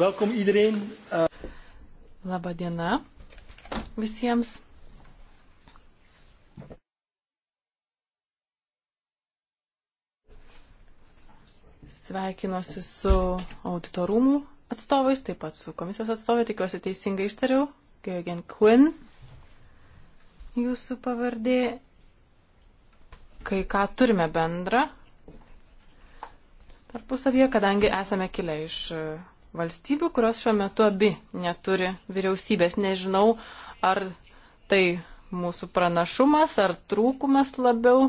Welkom iedereen. Eh. Labą dieną visiems. Sveikinuosi su auditorumų atstovais, taip pat su komisijos atstovai, tikiuosi teisingai ištariau, Georgian Quinn, jūsų pavardė. Kai ką turime bendra tarpusavyje, kadangi esame kilę iš valstybių, kurios šiuo metu abi neturi vyriausybės. Nežinau, ar tai mūsų pranašumas ar trūkumas labiau.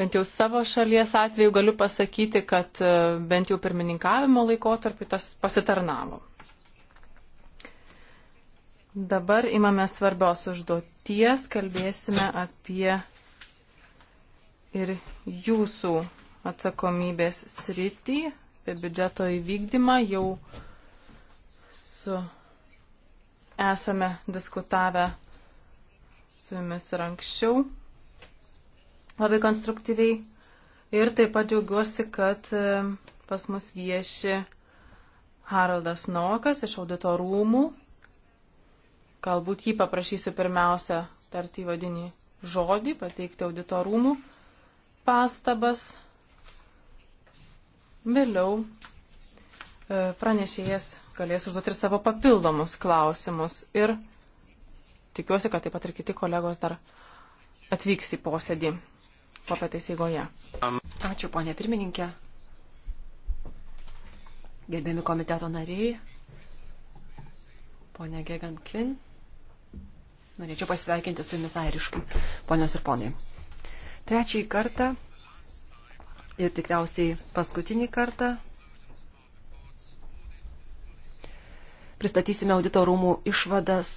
Bent jau savo šalies atveju galiu pasakyti, kad e, bent jau pirmininkavimo laikotarpį tas pasitarnavo. Dabar imame svarbios užduoties, kalbėsime apie ir jūsų atsakomybės sritį, apie biudžeto įvykdymą. Jau esame diskutavę su jumis ir anksčiau labai konstruktyviai. Ir taip pat džiaugiuosi, kad e, pas mus vieši Haraldas Novakas iš audito rūmų. Galbūt jį paprašysiu pirmiausia tarti vadinį žodį, pateikti audito rūmų pastabas. Vėliau e, pranešėjas galės užduoti ir savo papildomus klausimus. Ir tikiuosi, kad taip pat ir kiti kolegos dar atvyks į posėdį popietės eigoje. Ačiū, ponė pirmininkė. Gerbiami komiteto nariai, ponė Gegan Kvin. Norėčiau pasveikinti su jumis airiškai, ponios ir ponai. Trečiąjį kartą ir tikriausiai paskutinį kartą pristatysime auditorumų išvadas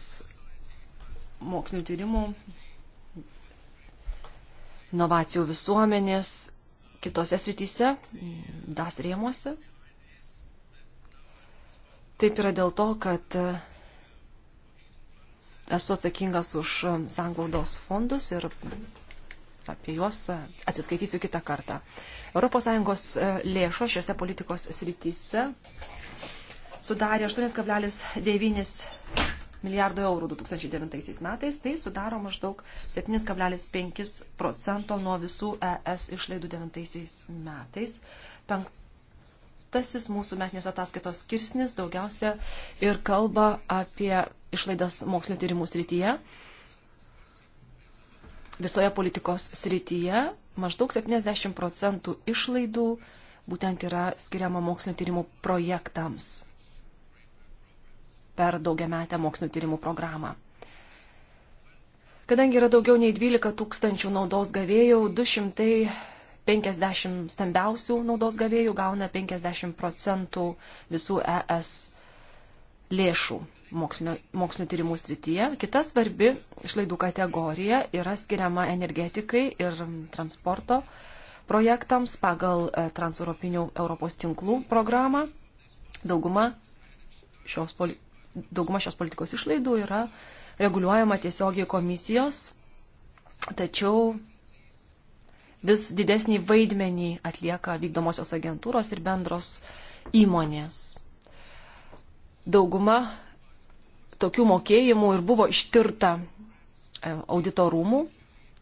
mokslinių tyrimų, inovacijų visuomenės, kitose srityse, das rėmuose. Taip yra dėl to, kad esu atsakingas už sanglaudos fondus ir apie juos atsiskaitysiu kitą kartą. ES lėšos šiuose politikos srityse sudarė 8,9 milijardo eurų 2009 metais, tai sudaro maždaug 7,5 procento nuo visų ES išlaidų 9 metais. Penktasis mūsų metinės ataskaitos skirsnis daugiausia ir kalba apie išlaidas mokslinio tyrimų srityje. Visoje politikos srityje maždaug 70 procentų išlaidų būtent yra skiriama mokslinio tyrimų projektams per daugiametę mokslinio tyrimų programą. Kadangi yra daugiau nei 12 tūkstančių naudos gavėjų, 250 stambiausių naudos gavėjų gauna 50 procentų visų ES lėšų mokslinio, mokslinio tyrimų srityje. Kita svarbi išlaidų kategorija yra skiriama energetikai ir transporto projektams pagal e, transeuropinių Europos tinklų programą. Dauguma šios dauguma šios politikos išlaidų yra reguliuojama tiesiogiai komisijos, tačiau vis didesnį vaidmenį atlieka vykdomosios agentūros ir bendros įmonės. Dauguma tokių mokėjimų ir buvo ištirta e, auditorumų,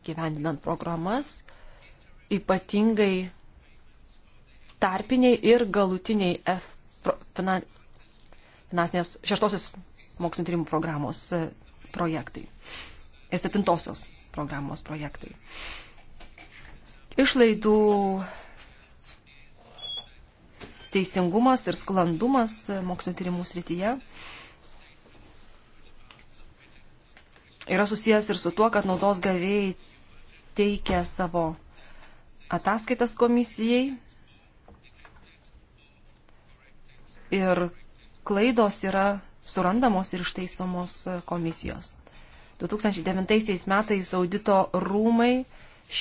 gyvendinant programas, ypatingai tarpiniai ir galutiniai F, finan, finansinės šeštosios mokslinio tyrimų programos e, projektai ir septintosios programos projektai. Išlaidų teisingumas ir sklandumas e, mokslinio tyrimų srityje yra susijęs ir su tuo, kad naudos gavėjai teikia savo ataskaitas komisijai ir klaidos yra surandamos ir ištaisomos komisijos. 2009 metais audito rūmai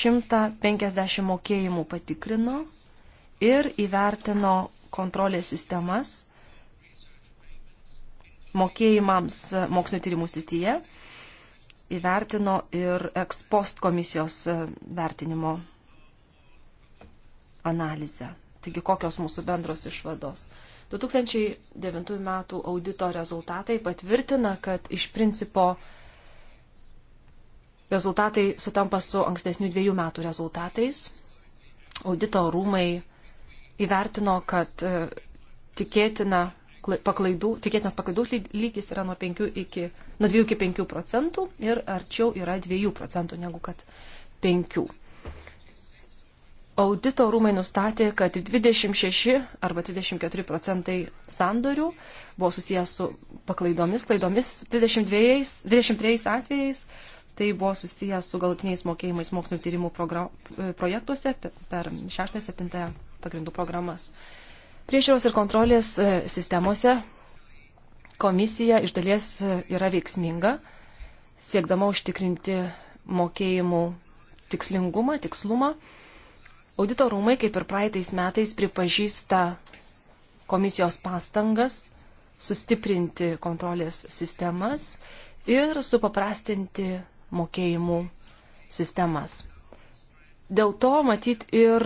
150 mokėjimų patikrino ir įvertino kontrolės sistemas mokėjimams mokslinio tyrimų srityje, įvertino ir ekspost komisijos e, vertinimo analizę. Taigi kokios mūsų bendros išvados? 2009 metų audito rezultatai patvirtina, kad iš principo rezultatai sutampa su ankstesnių dviejų metų rezultatais. Audito rūmai įvertino, kad e, tikėtina paklaidų, tikėtinas paklaidų lygis yra nuo, iki, nuo 2 iki 5 procentų ir arčiau yra 2 procentų negu kad 5 audito rūmai nustatė, kad 26 arba 24 procentai sandorių buvo susijęs su paklaidomis, klaidomis 22, 23 atvejais. Tai buvo susijęs su galutiniais mokėjimais mokslinio tyrimų projektuose per 6-7 pagrindų programas. Priežiūros ir kontrolės e, sistemose komisija iš dalies e, yra veiksminga, siekdama užtikrinti mokėjimų tikslingumą, tikslumą. tikslumą Audito rūmai, kaip ir praeitais metais, pripažįsta komisijos pastangas sustiprinti kontrolės sistemas ir supaprastinti mokėjimų sistemas. Dėl to matyt ir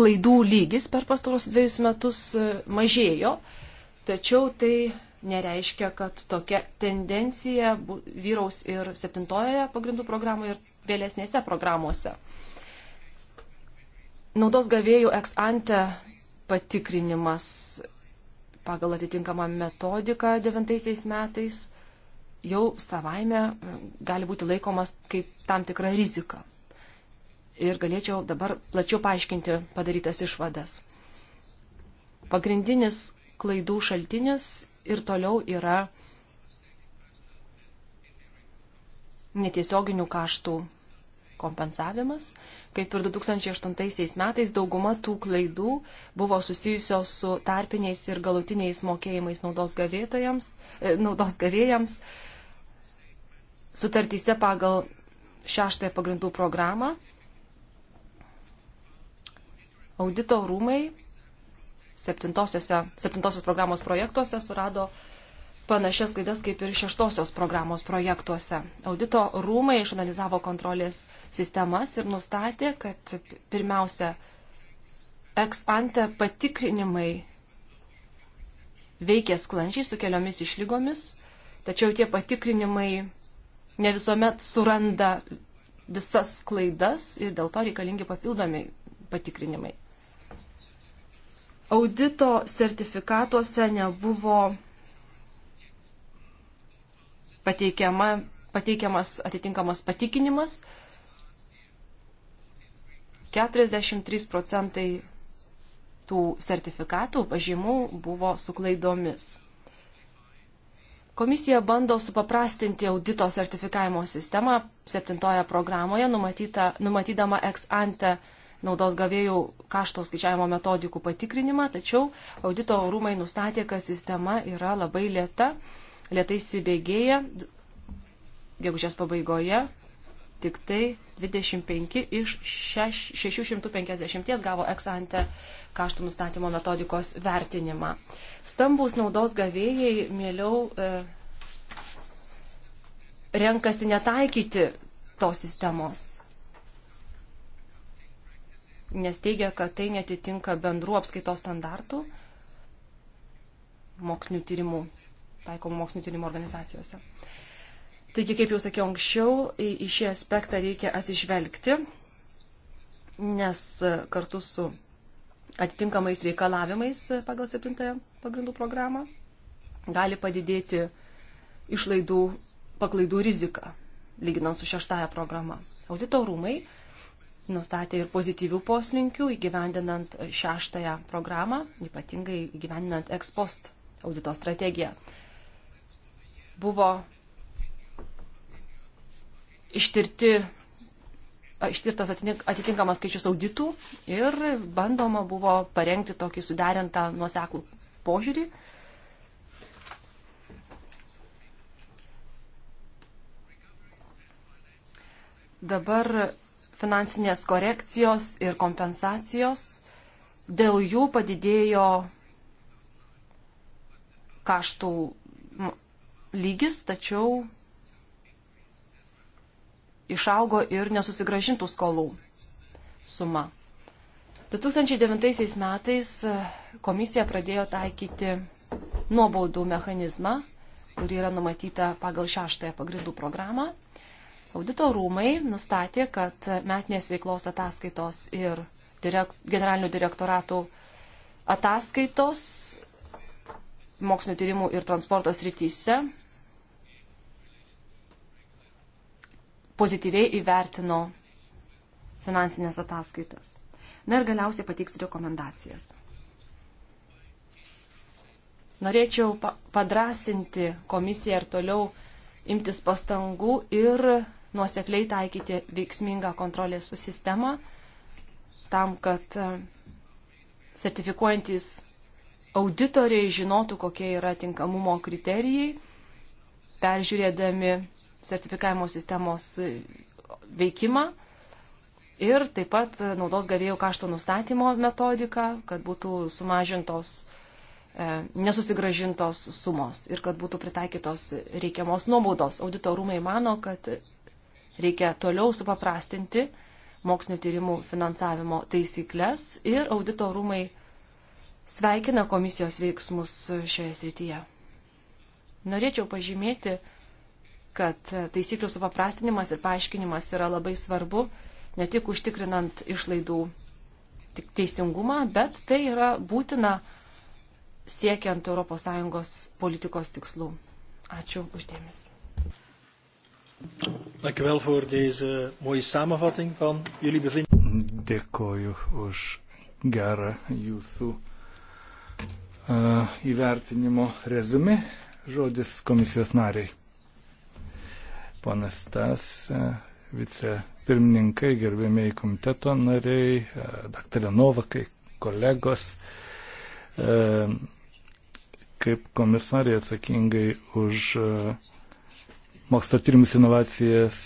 klaidų lygis per pastarus dviejus metus e, mažėjo, tačiau tai nereiškia, kad tokia tendencija vyraus ir septintojoje pagrindų programoje ir vėlesnėse programuose naudos gavėjų ex ante patikrinimas pagal atitinkamą metodiką devintaisiais metais jau savaime e, gali būti laikomas kaip tam tikra rizika. Ir galėčiau dabar plačiau paaiškinti padarytas išvadas. Pagrindinis klaidų šaltinis ir toliau yra netiesioginių kaštų kompensavimas. Kaip ir 2008 metais dauguma tų klaidų buvo susijusios su tarpiniais ir galutiniais mokėjimais naudos, e, naudos gavėjams sutartyse pagal šeštąją pagrindų programą. Audito rūmai septintosios programos projektuose surado panašias klaidas kaip ir šeštosios programos projektuose. Audito rūmai išanalizavo kontrolės sistemas ir nustatė, kad pirmiausia, ex ante patikrinimai veikia sklandžiai su keliomis išlygomis, tačiau tie patikrinimai ne visuomet suranda visas klaidas ir dėl to reikalingi papildomi patikrinimai. Audito sertifikatuose nebuvo pateikiama, pateikiamas atitinkamas patikinimas. 43 procentai tų sertifikatų pažymų buvo su klaidomis. Komisija bando supaprastinti audito sertifikavimo sistemą septintoje programoje, numatyta, numatydama ex ante naudos gavėjų kašto skaičiavimo metodikų patikrinimą, tačiau audito rūmai nustatė, kad sistema yra labai lėta lietai įsibėgėja, gegužės pabaigoje tik tai 25 iš 650 gavo eksante kaštų nustatymo metodikos vertinimą. Stambus naudos gavėjai mieliau e, renkasi netaikyti tos sistemos, nes teigia, kad tai netitinka bendrų apskaitos standartų mokslinių tyrimų taikomų mokslinio tyrimų organizacijose. Taigi, kaip jau sakiau anksčiau, į, į šį aspektą reikia atsižvelgti, nes kartu su atitinkamais reikalavimais pagal 7 pagrindų programą gali padidėti išlaidų paklaidų rizika, lyginant su šeštąją programą. Audito rūmai nustatė ir pozityvių poslinkių įgyvendinant šeštąją programą, ypatingai įgyvendinant ekspost audito strategiją buvo ištirti, ištirtas atitinkamas skaičius auditų ir bandoma buvo parengti tokį suderintą nuoseklų požiūrį. Dabar finansinės korekcijos ir kompensacijos, dėl jų padidėjo kaštų lygis, tačiau išaugo ir nesusigražintų skolų suma. 2009 metais e, komisija pradėjo taikyti nuobaudų mechanizmą, kuri yra numatyta pagal šeštąją pagrindų programą. Audito rūmai nustatė, kad metinės veiklos ataskaitos ir direkt, generalinių direktoratų ataskaitos mokslinio tyrimų ir transporto srityse pozityviai įvertino finansinės ataskaitas. Na ir galiausiai pateiksiu rekomendacijas. Norėčiau pa padrasinti komisiją ir toliau imtis pastangų ir nuosekliai taikyti veiksmingą kontrolės sistemą tam, kad e, sertifikuojantis auditoriai žinotų, kokie yra tinkamumo kriterijai, peržiūrėdami sertifikavimo sistemos veikimą ir taip pat naudos gavėjų kašto nustatymo metodiką, kad būtų sumažintos e, nesusigražintos sumos ir kad būtų pritaikytos reikiamos nuobaudos. Audito rūmai mano, kad reikia toliau supaprastinti mokslinio tyrimų finansavimo taisyklės ir audito rūmai sveikina komisijos veiksmus šioje srityje. Norėčiau pažymėti, kad taisyklių supaprastinimas ir paaiškinimas yra labai svarbu, ne tik užtikrinant išlaidų teisingumą, bet tai yra būtina siekiant ES politikos tikslų. Ačiū uždėmesi. Dank u wel voor deze mooie samenvatting van jullie bevindingen. Dėkoju už gerą jūsų įvertinimo rezumi. Žodis komisijos nariai. Ponas Tas, vicepirmininkai, gerbėmiai komiteto nariai, daktarė Novakai, kolegos. Kaip komisarė atsakingai už mokslo tyrimus inovacijas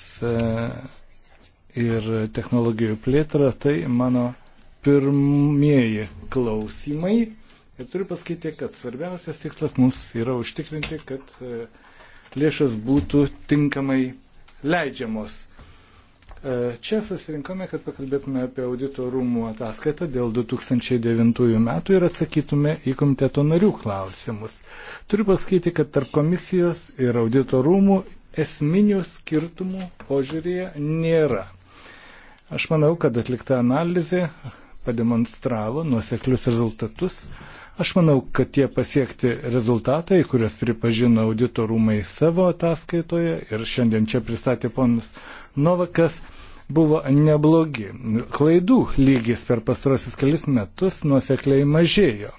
ir technologijų plėtrą, tai mano pirmieji klausimai Ir turiu pasakyti, kad svarbiausias tikslas mums yra užtikrinti, kad e, lėšas būtų tinkamai leidžiamos. E, čia susirinkome, kad pakalbėtume apie audito rūmų ataskaitą dėl 2009 metų ir atsakytume į komiteto narių klausimus. Turiu pasakyti, kad tarp komisijos ir audito rūmų esminių skirtumų požiūrėje nėra. Aš manau, kad atlikta analizė pademonstravo nuoseklius rezultatus Aš manau, kad tie pasiekti rezultatai, kuriuos pripažino auditorumai savo ataskaitoje ir šiandien čia pristatė ponas Novakas, buvo neblogi. Klaidų lygis per pastarosius kelis metus nuosekliai mažėjo.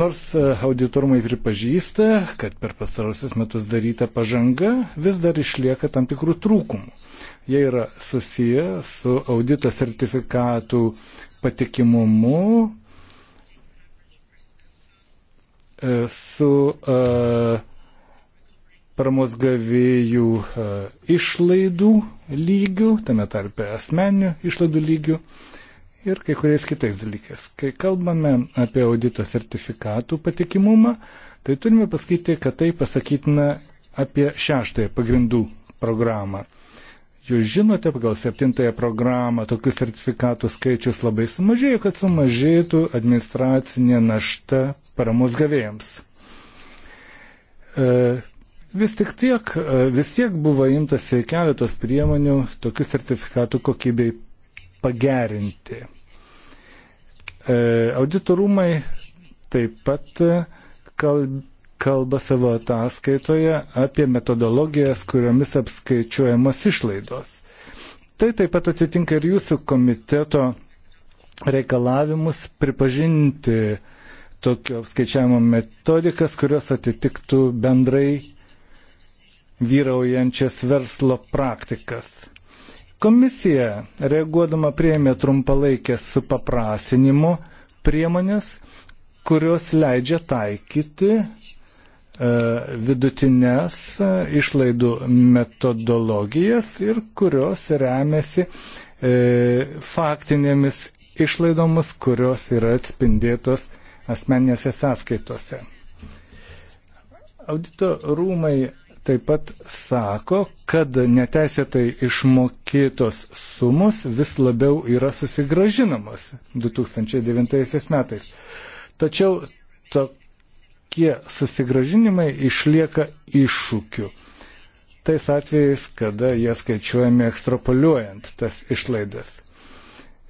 Nors e, auditorumai pripažįsta, kad per pastarosius metus daryta pažanga, vis dar išlieka tam tikrų trūkumų. Jie yra susiję su audito sertifikatų patikimumu, su e, paramos gavėjų e, išlaidų lygių, tame tarpe asmeninių išlaidų lygių ir kai kuriais kitais dalykais. Kai kalbame apie audito sertifikatų patikimumą, tai turime pasakyti, kad tai pasakytina apie šeštąją pagrindų programą. Jūs žinote, pagal septintąją programą tokių sertifikatų skaičius labai sumažėjo, kad sumažėtų administracinė našta paramos gavėjams. E, vis tik tiek, e, vis tiek buvo imtasi keletos priemonių tokių sertifikatų kokybei pagerinti. E, Auditorumai taip pat kalb, kalba savo ataskaitoje apie metodologijas, kuriomis apskaičiuojamos išlaidos. Tai taip pat atitinka ir jūsų komiteto reikalavimus pripažinti uh, tokio apskaičiavimo metodikas, kurios atitiktų bendrai vyraujančias verslo praktikas. Komisija, reaguodama prieimė trumpalaikės supaprasinimo priemonės, kurios leidžia taikyti e, vidutinės e, išlaidų metodologijas ir kurios remiasi e, faktinėmis išlaidomis, kurios yra atspindėtos asmeninėse sąskaitose. Audito rūmai taip pat sako, kad neteisėtai išmokėtos sumos vis labiau yra susigražinamos 2009 metais. Tačiau tokie susigražinimai išlieka iššūkiu. Tais atvejais, kada jie skaičiuojami ekstrapoliuojant tas išlaidas.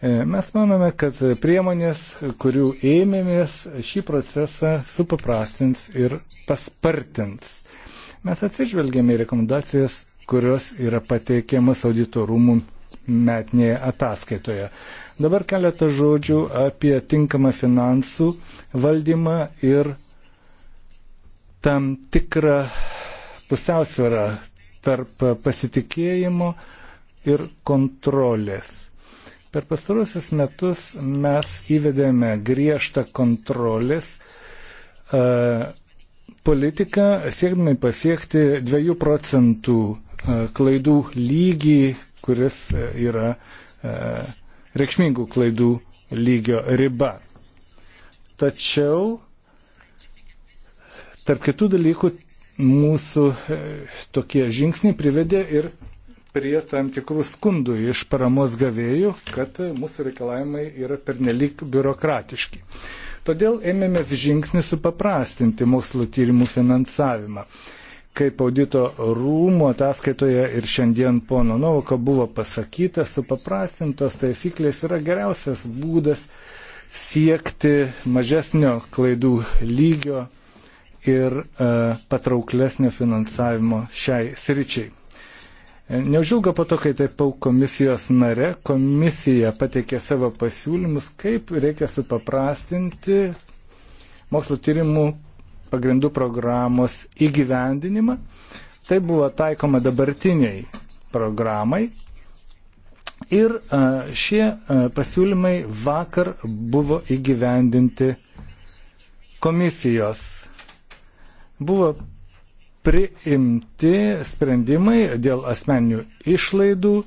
E, mes manome, kad priemonės, kurių ėmėmės, šį procesą supaprastins ir paspartins. Mes atsižvelgėme į rekomendacijas, kurios yra pateikiamas audito rūmų metinėje ataskaitoje. Dabar keletą žodžių apie tinkamą finansų valdymą ir tam tikrą pusiausvyrą tarp pasitikėjimo ir kontrolės Per pastarusius metus mes įvedėme griežtą kontrolės uh, politiką, siekdami pasiekti 2 procentų uh, klaidų lygį, kuris e, yra uh, reikšmingų klaidų lygio riba. Tačiau, tarp kitų dalykų, mūsų tokie žingsniai privedė ir prie tam tikrų skundų iš paramos gavėjų, kad mūsų reikalavimai yra pernelyg biurokratiški. Todėl ėmėmės žingsnį supaprastinti mokslo tyrimų finansavimą. Kaip audito rūmų ataskaitoje ir šiandien pono Novoko buvo pasakyta, supaprastintos taisyklės yra geriausias būdas siekti mažesnio klaidų lygio ir e, patrauklesnio finansavimo šiai sričiai. Neužilgo po to, kai tapau komisijos nare, komisija pateikė savo pasiūlymus, kaip reikia supaprastinti mokslo tyrimų pagrindų programos įgyvendinimą. Tai buvo taikoma dabartiniai programai. Ir šie pasiūlymai vakar buvo įgyvendinti komisijos. Buvo priimti sprendimai dėl asmeninių išlaidų e,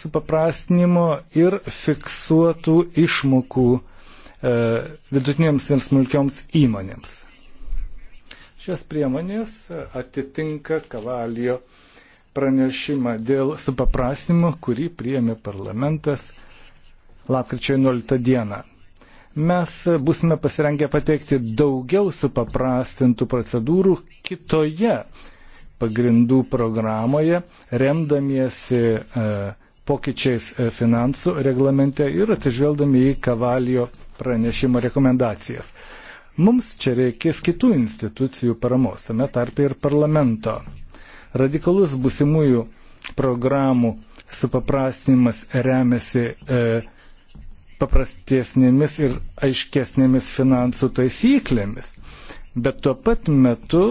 supaprastinimo ir fiksuotų išmokų e, vidutinėms ir smulkioms įmonėms. Šios priemonės atitinka Kavalijo pranešimą dėl supaprastinimo, kurį priėmė parlamentas lapkričio 11 dieną. Mes busime pasirengę pateikti daugiau supaprastintų procedūrų kitoje pagrindų programoje, remdamiesi e, pokyčiais e, finansų reglamente ir atsižvelgdami į kavalio pranešimo rekomendacijas. Mums čia reikės kitų institucijų paramos, tame tarpe ir parlamento. Radikalus busimųjų programų supaprastinimas remiasi e, paprastesnėmis ir aiškesnėmis finansų taisyklėmis. Bet tuo pat metu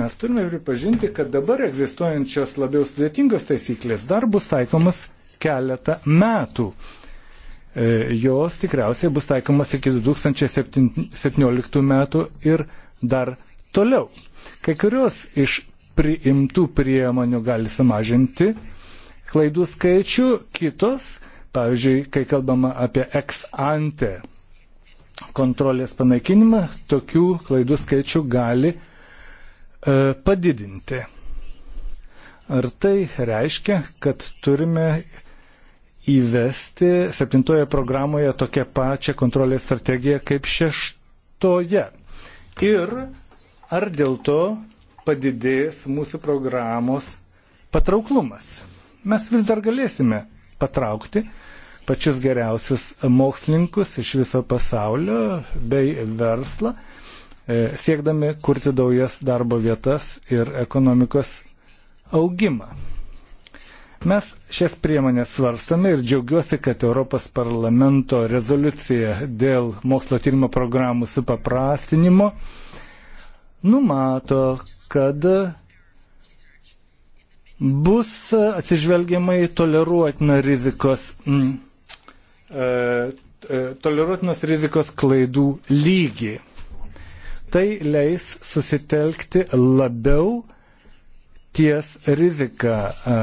mes turime pripažinti, kad dabar egzistuojančios labiau sudėtingos taisyklės dar bus taikomas keletą metų. E, jos tikriausiai bus taikomas iki 2017 metų ir dar toliau. Kai kurios iš priimtų priemonių gali sumažinti klaidų skaičių, kitos Pavyzdžiui, kai kalbama apie ex ante kontrolės panaikinimą, tokių klaidų skaičių gali e, padidinti. Ar tai reiškia, kad turime įvesti septintoje programoje tokią pačią kontrolės strategiją kaip šeštoje? Ir ar dėl to padidės mūsų programos patrauklumas? Mes vis dar galėsime patraukti pačius geriausius mokslininkus iš viso pasaulio bei verslą, e, siekdami kurti daujas darbo vietas ir ekonomikos augimą. Mes šias priemonės svarstame ir džiaugiuosi, kad Europos parlamento rezoliucija dėl mokslo tyrimo programų supaprastinimo numato, kad bus atsižvelgiamai toleruotina rizikos mm, E, e, toleruotinos rizikos klaidų lygį. Tai leis susitelkti labiau ties rizika e,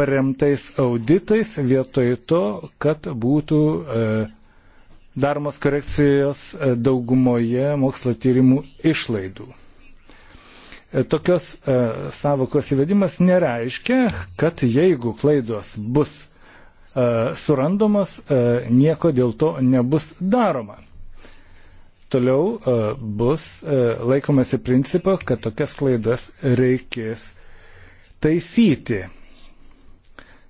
paremtais auditais vietoj to, kad būtų daromos korekcijos daugumoje mokslo tyrimų išlaidų. Tokios savokos įvedimas nereiškia, kad jeigu klaidos bus E, surandomas, e, nieko dėl to nebus daroma. Toliau e, bus laikomasi principo, kad tokias klaidas reikės taisyti.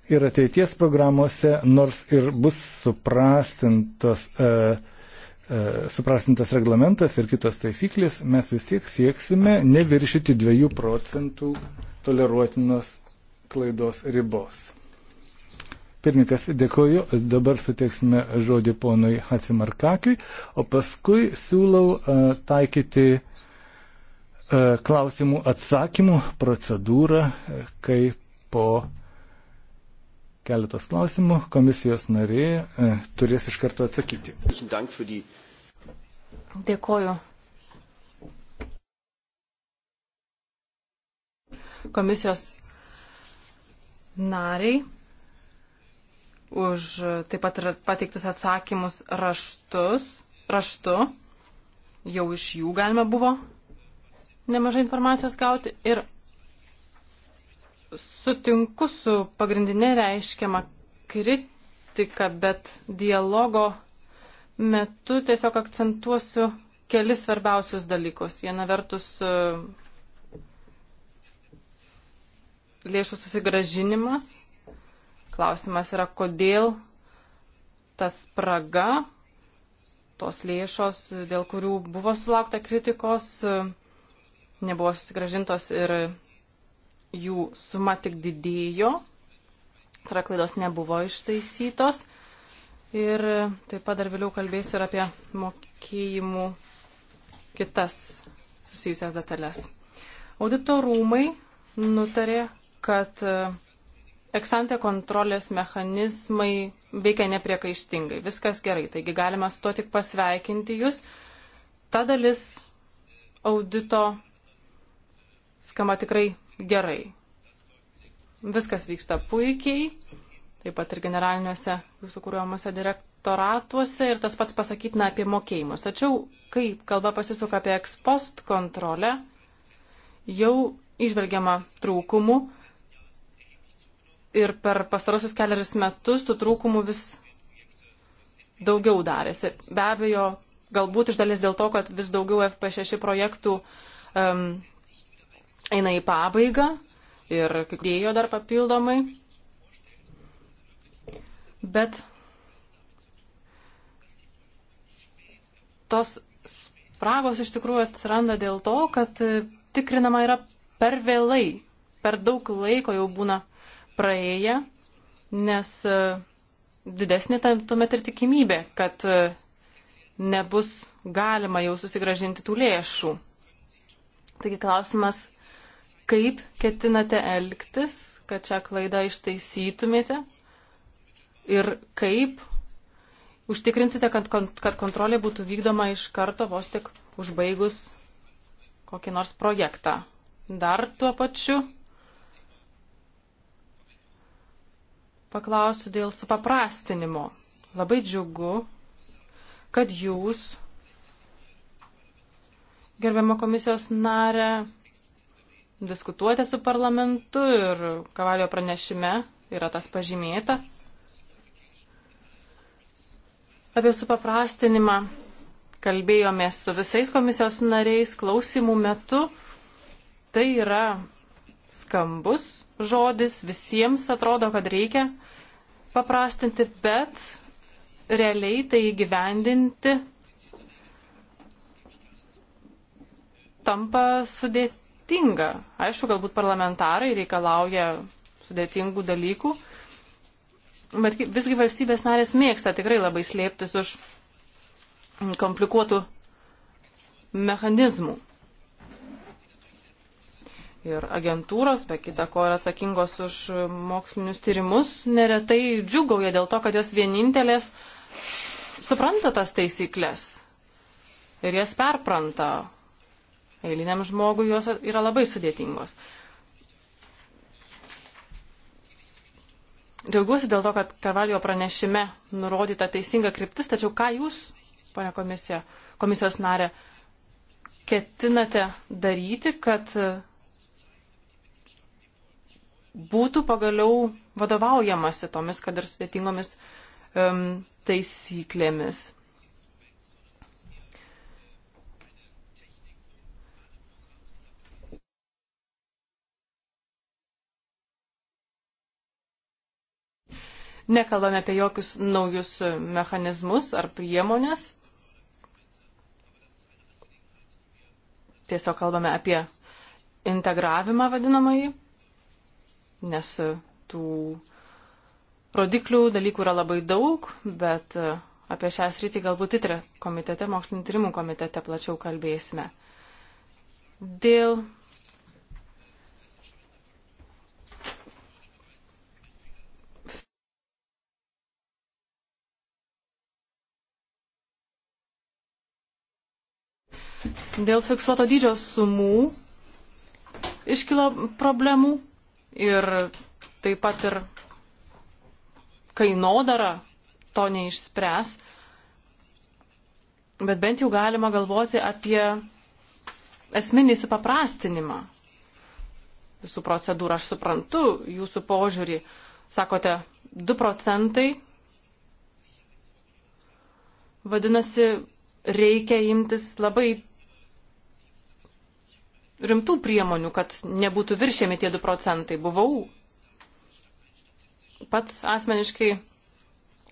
Ir ateities programuose, nors ir bus suprastintas, uh, uh, suprastintas reglamentas ir kitos taisyklės, mes vis tiek sieksime neviršyti 2 procentų toleruotinos klaidos ribos. Pirmininkas, dėkoju. Dabar suteiksime žodį ponui Hatsimarkakiui, o paskui siūlau e, taikyti e, klausimų atsakymų procedūrą, e, kai po keletos klausimų komisijos narė turės iš karto atsakyti. Dėkoju. Komisijos nariai už taip pat ir pateiktus atsakymus raštus, raštu. Jau iš jų galima buvo nemažai informacijos gauti. Ir sutinku su pagrindinė reiškiama kritika, bet dialogo metu tiesiog akcentuosiu kelis svarbiausius dalykus. Viena vertus e, lėšų susigražinimas Klausimas yra, kodėl tas praga, tos lėšos, dėl kurių buvo sulaukta kritikos, nebuvo susigražintos ir jų suma tik didėjo, tai klaidos nebuvo ištaisytos. Ir taip pat dar vėliau kalbėsiu ir apie mokėjimų kitas susijusias detalės. Audito rūmai nutarė, kad uh, Eksantė kontrolės mechanizmai veikia nepriekaištingai. Viskas gerai, taigi galima su to tik pasveikinti jūs. Ta dalis audito skamba tikrai gerai. Viskas vyksta puikiai, taip pat ir generaliniuose jūsų kūriamuose direktoratuose ir tas pats pasakytina apie mokėjimus. Tačiau, kai kalba pasisuka apie ekspost kontrolę, jau išvelgiama trūkumų ir per pastarosius keliarius metus tų trūkumų vis daugiau darėsi. Be abejo, galbūt iš dalies dėl to, kad vis daugiau FP6 projektų um, eina į pabaigą ir kai dėjo dar papildomai. Bet tos spragos iš tikrųjų atsiranda dėl to, kad tikrinama yra per vėlai, per daug laiko jau būna uh, praėję, nes e, didesnė tam tuomet ir tikimybė, kad e, nebus galima jau susigražinti tų lėšų. Taigi klausimas, kaip ketinate elgtis, kad šią klaidą ištaisytumėte ir kaip užtikrinsite, kad, kad kontrolė būtų vykdoma iš karto vos tik užbaigus kokį nors projektą. Dar tuo pačiu paklausiu dėl supaprastinimo. Labai džiugu, kad jūs, gerbiama komisijos narė, diskutuojate su parlamentu ir kavalio pranešime yra tas pažymėta. Apie supaprastinimą kalbėjomės su visais komisijos nariais klausimų metu. Tai yra skambus žodis, visiems atrodo, kad reikia paprastinti, bet realiai tai įgyvendinti tampa sudėtinga. Aišku, galbūt parlamentarai reikalauja sudėtingų dalykų, bet visgi valstybės narės mėgsta tikrai labai slėptis už komplikuotų mechanizmų ir agentūros, be kita ko, yra atsakingos už mokslinius tyrimus, neretai džiugauja dėl to, kad jos vienintelės supranta tas taisyklės ir jas perpranta. Eiliniam žmogui jos yra labai sudėtingos. Džiaugiuosi dėl to, kad Karvalio pranešime nurodyta teisinga kryptis, tačiau ką jūs, ponia komisija, komisijos narė, ketinate daryti, kad būtų pagaliau vadovaujamasi tomis, kad ir sudėtingomis um, taisyklėmis. Nekalbame apie jokius naujus mechanizmus ar priemonės. Tiesiog kalbame apie integravimą vadinamąjį nes e, tų rodiklių dalykų yra labai daug, bet e, apie šią sritį galbūt itre komitete, mokslinio tyrimų komitete plačiau kalbėsime. Dėl Dėl fiksuoto dydžio sumų iškilo problemų ir taip pat ir kainodara to neišspręs, bet bent jau galima galvoti apie esminį supaprastinimą visų procedūrų. Aš suprantu jūsų požiūrį. Sakote, 2 procentai. Vadinasi, reikia imtis labai rimtų priemonių, kad nebūtų viršėmi tie 2 procentai. Buvau pats asmeniškai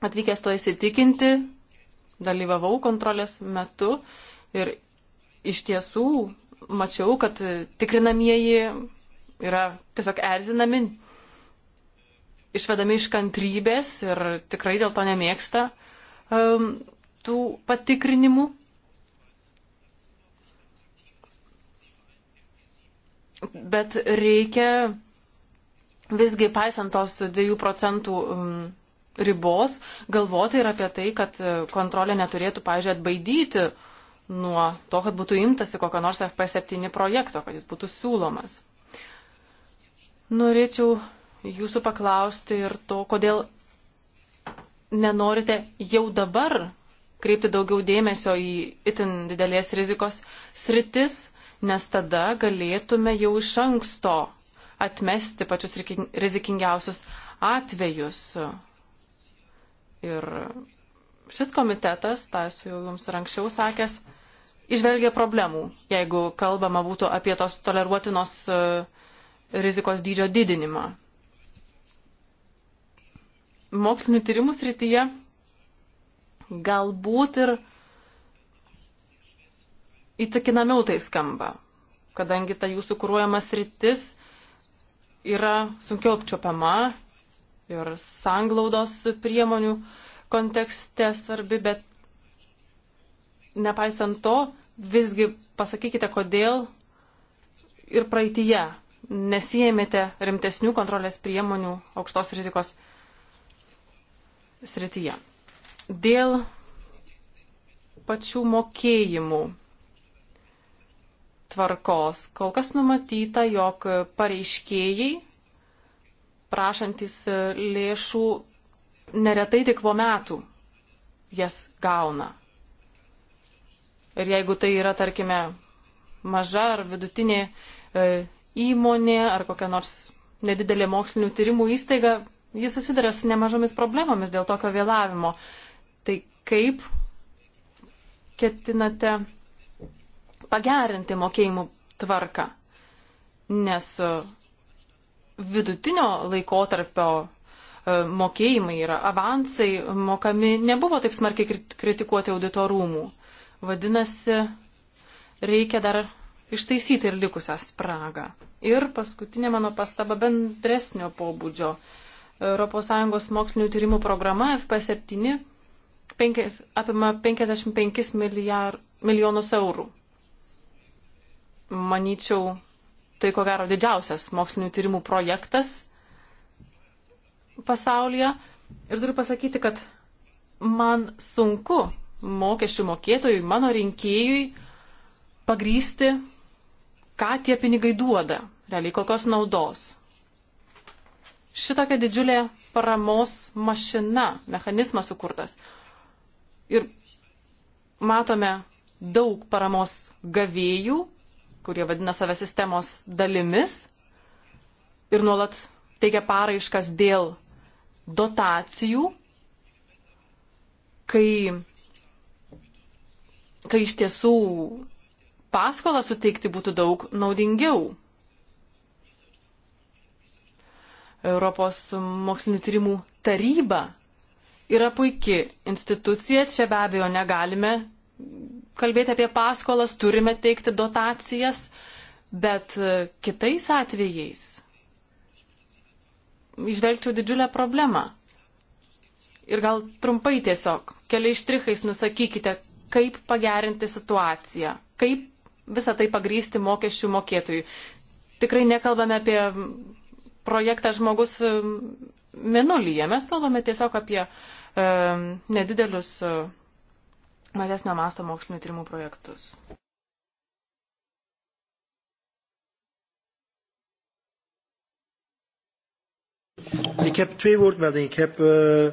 atvykęs to įsitikinti, dalyvavau kontrolės metu ir iš tiesų mačiau, kad tikrinamieji yra tiesiog erzinami, išvedami iš kantrybės ir tikrai dėl to nemėgsta um, tų patikrinimų. bet reikia visgi paisant tos 2 procentų um, ribos galvoti ir apie tai, kad e, kontrolė neturėtų, pažiūrėjau, atbaidyti nuo to, kad būtų imtasi kokio nors FP7 projekto, kad jis būtų siūlomas. Norėčiau jūsų paklausti ir to, kodėl nenorite jau dabar kreipti daugiau dėmesio į itin didelės rizikos sritis nes tada galėtume jau iš anksto atmesti pačius rizikingiausius atvejus. Ir šis komitetas, tą esu jau jums ir anksčiau sakęs, išvelgia problemų, jeigu kalbama būtų apie tos toleruotinos e, rizikos dydžio didinimą. Mokslinių tyrimų srityje galbūt ir įtikinamiau tai skamba, kadangi ta jūsų kūruojamas rytis yra sunkiau apčiopiama ir sanglaudos priemonių kontekste svarbi, bet nepaisant to, visgi pasakykite, kodėl ir praeitįje nesijėmėte rimtesnių kontrolės priemonių aukštos rizikos srityje. Dėl pačių mokėjimų tvarkos. Kol kas numatyta, jog pareiškėjai, prašantis e, lėšų, neretai tik po metų jas gauna. Ir jeigu tai yra, tarkime, maža ar vidutinė e, įmonė ar kokia nors nedidelė mokslinių tyrimų įstaiga, jis susiduria su nemažomis problemomis dėl tokio vėlavimo. Tai kaip ketinate pagerinti mokėjimų tvarką, nes e, vidutinio laikotarpio e, mokėjimai yra avansai mokami nebuvo taip smarkiai kritikuoti auditorumų. Vadinasi, reikia dar ištaisyti ir likusią spragą. Ir paskutinė mano pastaba bendresnio pobūdžio. ES mokslinių tyrimų programa FP7 5, apima 55 milijar, milijonus eurų manyčiau, tai ko gero didžiausias mokslinių tyrimų projektas pasaulyje. Ir turiu pasakyti, kad man sunku mokesčių mokėtojui, mano rinkėjui pagrysti, ką tie pinigai duoda, realiai kokios naudos. Šitokia didžiulė paramos mašina, mechanizmas sukurtas. Ir matome daug paramos gavėjų, kurie vadina save sistemos dalimis ir nuolat teikia paraiškas dėl dotacijų, kai, kai iš tiesų paskolą suteikti būtų daug naudingiau. Europos mokslinių tyrimų taryba yra puikia institucija, čia be abejo negalime kalbėti apie paskolas, turime teikti dotacijas, bet e, kitais atvejais išvelgčiau didžiulę problemą. Ir gal trumpai tiesiog, keliais štrichais nusakykite, kaip pagerinti situaciją, kaip visą tai pagrysti mokesčių mokėtojui. Tikrai nekalbame apie projektą žmogus e, minulyje, mes kalbame tiesiog apie e, nedidelius. E, mažesnio masto mokslinių tyrimų projektus. Ik heb twee woordmeldingen. Ik heb uh,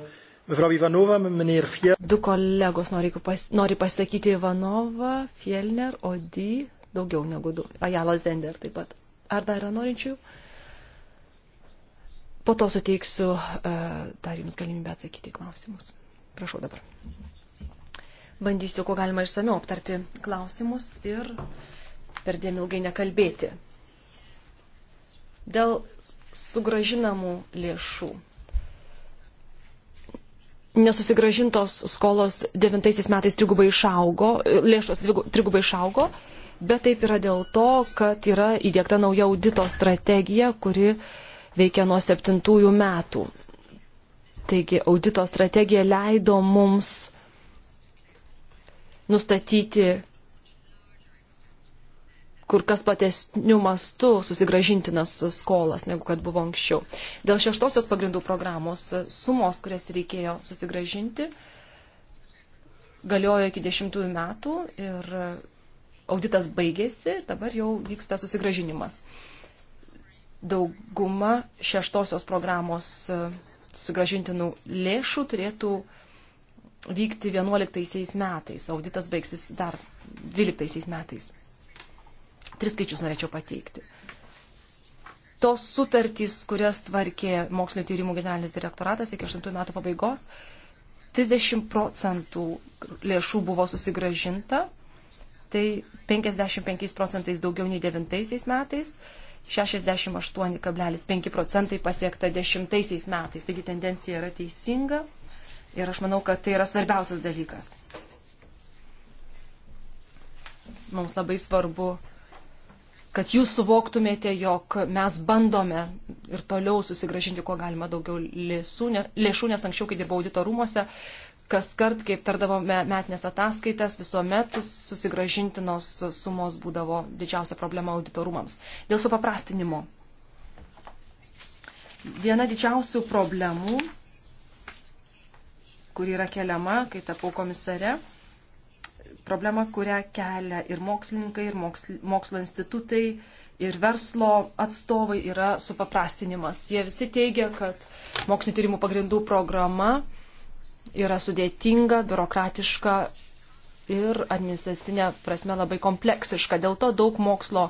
mevrouw Ivanova en meneer Fjell. Du kolegos nori, pas, nori pasakyti Ivanova, Fjellner, Odi, daugiau negu du. Ajala Zender taip pat. Ar dar yra norinčių? Po to suteiksiu uh, dar jums galimybę atsakyti klausimus. Prašau dabar. Bandysiu, kuo galima išsamiau aptarti klausimus ir per dėm ilgai nekalbėti. Dėl sugražinamų lėšų. Nesusigražintos skolos 9 metais trigubai išaugo, lėšos trigubai išaugo, bet taip yra dėl to, kad yra įdėkta nauja audito strategija, kuri veikia nuo 7 metų. Taigi audito strategija leido mums nustatyti kur kas platesnių mastų susigražintinas skolas, negu kad buvo anksčiau. Dėl šeštosios pagrindų programos sumos, kurias reikėjo susigražinti, galiojo iki dešimtųjų metų ir auditas baigėsi, dabar jau vyksta susigražinimas. Dauguma šeštosios programos susigražintinų lėšų turėtų uh, vykti 11 metais, auditas baigsis dar 12 metais. Tris skaičius norėčiau pateikti. Tos sutartys, kurias tvarkė mokslinio tyrimų generalinis direktoratas iki 8 metų pabaigos, 30 procentų lėšų buvo susigražinta, tai 55 procentais daugiau nei 9 metais, 68,5 procentai pasiekta 10 metais, taigi tendencija yra teisinga Ir aš manau, kad tai yra svarbiausias dalykas. Mums labai svarbu, kad jūs suvoktumėte, jog mes bandome ir toliau susigražinti, kuo galima daugiau lėsų, ne, lėšų, nes anksčiau, kai dirbau audito rūmose, kas kart, kaip tardavome metinės ataskaitas, visuomet susigražintinos sumos būdavo didžiausia problema auditorumams. Dėl supaprastinimo. Viena didžiausių problemų kuri yra keliama, kai tapau komisare. Problema, kurią kelia ir mokslininkai, ir moksl, mokslo institutai, ir verslo atstovai yra supaprastinimas. Jie visi teigia, kad mokslinio tyrimų pagrindų programa yra sudėtinga, biurokratiška ir administracinė prasme labai kompleksiška. Dėl to daug mokslo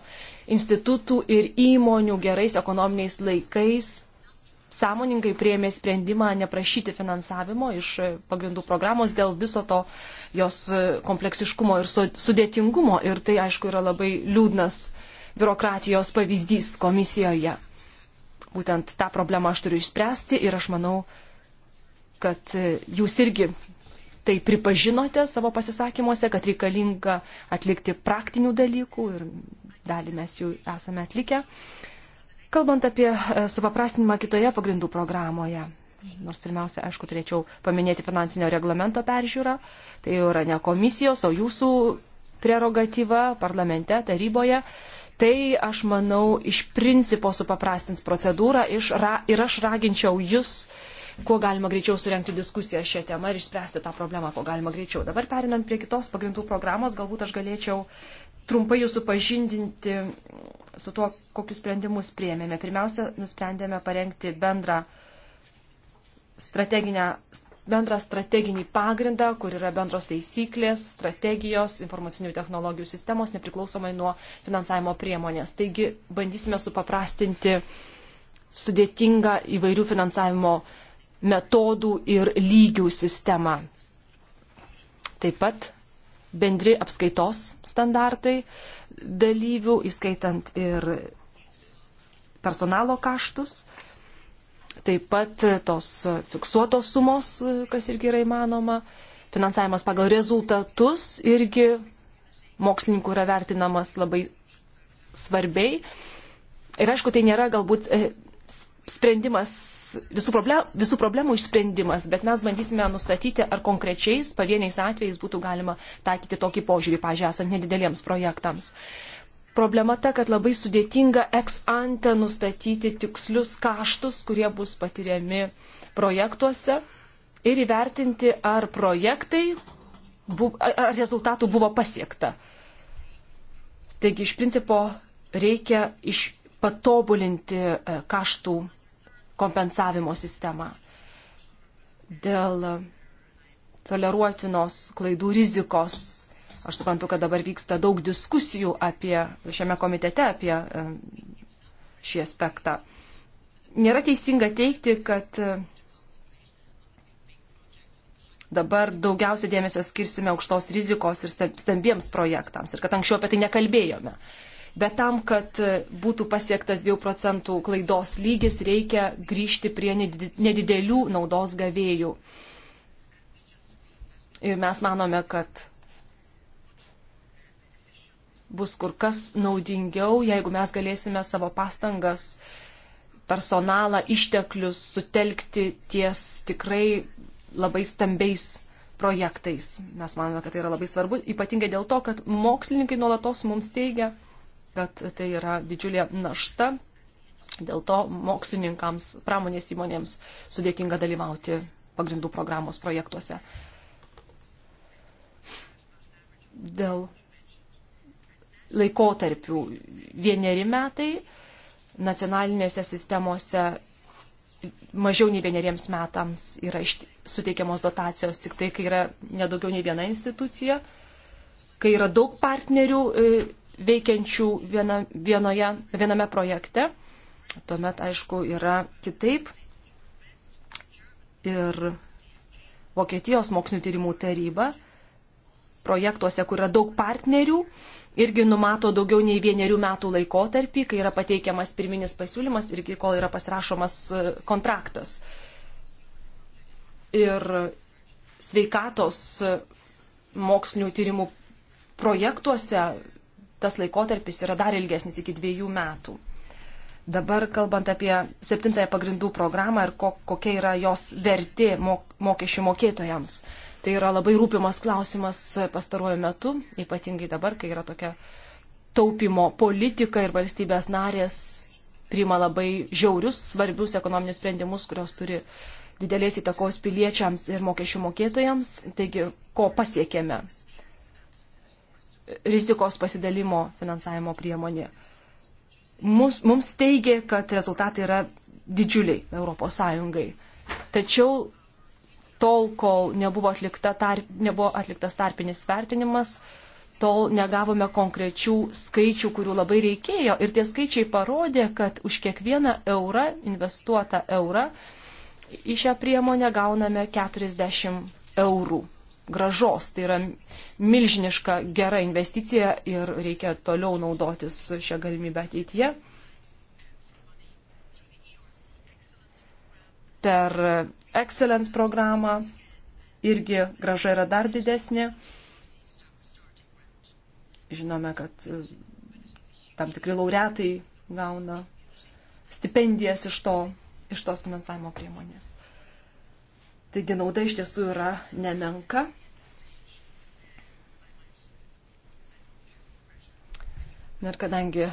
institutų ir įmonių gerais ekonominiais laikais sąmoningai priemė sprendimą neprašyti finansavimo iš pagrindų programos dėl viso to jos kompleksiškumo ir sudėtingumo. Ir tai, aišku, yra labai liūdnas biurokratijos pavyzdys komisijoje. Būtent tą problemą aš turiu išspręsti ir aš manau, kad jūs irgi tai pripažinote savo pasisakymuose, kad reikalinga atlikti praktinių dalykų ir dalį mes jų esame atlikę. Uh, Kalbant apie e, supaprastinimą kitoje pagrindų programoje, nors pirmiausia, aišku, turėčiau paminėti finansinio reglamento peržiūrą, tai jau yra ne komisijos, o jūsų prerogatyva parlamente, taryboje, tai aš manau iš principo supaprastins procedūrą iš ra, ir aš raginčiau jūs, kuo galima greičiau surenkti diskusiją šią temą ir išspręsti tą problemą, kuo galima greičiau. Dabar perinant prie kitos pagrindų programos, galbūt aš galėčiau trumpai jūs supažindinti su tuo, kokius sprendimus priėmėme. Pirmiausia, nusprendėme parengti bendrą, bendrą strateginį pagrindą, kur yra bendros taisyklės, strategijos, informacinių technologijų sistemos, nepriklausomai nuo finansavimo priemonės. Taigi bandysime supaprastinti sudėtingą įvairių finansavimo metodų ir lygių sistemą. Taip pat bendri apskaitos standartai dalyvių, įskaitant ir personalo kaštus. Taip pat tos fiksuotos sumos, kas irgi yra įmanoma, finansavimas pagal rezultatus irgi mokslininkų yra vertinamas labai svarbiai. Ir aišku, tai nėra galbūt e, sprendimas, visų, problem, visų problemų išsprendimas, bet mes bandysime nustatyti, ar konkrečiais pavieniais atvejais būtų galima taikyti tokį požiūrį, pažiūrėjau, esant nedideliems projektams. Problema ta, kad labai sudėtinga ex ante nustatyti tikslius kaštus, kurie bus patiriami projektuose ir įvertinti, ar projektai, buv, ar rezultatų buvo pasiekta. Taigi iš principo reikia iš patobulinti e, kaštų kompensavimo sistemą dėl toleruotinos klaidų rizikos. Aš suprantu, kad dabar vyksta daug diskusijų apie, šiame komitete apie e, šį aspektą. Nėra teisinga teikti, kad e, dabar daugiausia dėmesio skirsime aukštos rizikos ir stambiems projektams ir kad anksčiau apie tai nekalbėjome. Uh, Bet tam, kad būtų pasiektas 2 procentų klaidos lygis, reikia grįžti prie nedidelių naudos gavėjų. Ir mes manome, kad bus kur kas naudingiau, jeigu mes galėsime savo pastangas, personalą, išteklius sutelkti ties tikrai labai stambiais projektais. Mes manome, kad tai yra labai svarbu, ypatingai dėl to, kad mokslininkai nuolatos mums teigia, kad tai yra didžiulė našta, dėl to mokslininkams, pramonės įmonėms sudėtinga dalyvauti pagrindų programos projektuose. Dėl laikotarpių vieneri metai nacionalinėse sistemose mažiau nei vieneriems metams yra suteikiamos dotacijos, tik tai, kai yra nedaugiau nei viena institucija, kai yra daug partnerių e, veikiančių viena, vienoje, viename projekte. Tuomet, aišku, yra kitaip. Ir Vokietijos mokslinio tyrimų taryba projektuose, kur yra daug partnerių, irgi numato daugiau nei vienerių metų laikotarpį, kai yra pateikiamas pirminis pasiūlymas ir iki kol yra pasirašomas e, kontraktas. Ir sveikatos e, mokslinių tyrimų projektuose tas laikotarpis yra dar ilgesnis iki dviejų metų. Dabar kalbant apie septintąją pagrindų programą ir ko, kokia yra jos vertė mok, mokesčių mokėtojams. Tai yra labai rūpimas klausimas pastaruoju metu, ypatingai dabar, kai yra tokia taupimo politika ir valstybės narės priima labai žiaurius, svarbius ekonominius sprendimus, kurios turi didelės įtakos piliečiams ir mokesčių mokėtojams. Taigi, ko pasiekėme rizikos pasidalimo finansavimo priemonė. Mums, mums teigia, kad rezultatai yra didžiuliai ES. Tačiau tol, kol nebuvo, atlikta tarp, nebuvo atliktas tarpinis vertinimas, tol negavome konkrečių skaičių, kurių labai reikėjo. Ir tie skaičiai parodė, kad už kiekvieną eurą, investuotą eurą, į šią priemonę gauname 40 eurų gražos. Tai yra milžiniška gera investicija ir reikia toliau naudotis šią galimybę ateityje. Per Excellence programą irgi graža yra dar didesnė. Žinome, kad e, tam tikri laureatai gauna stipendijas iš, to, iš tos finansavimo priemonės. Taigi nauda iš tiesų yra nemenka. Ir kadangi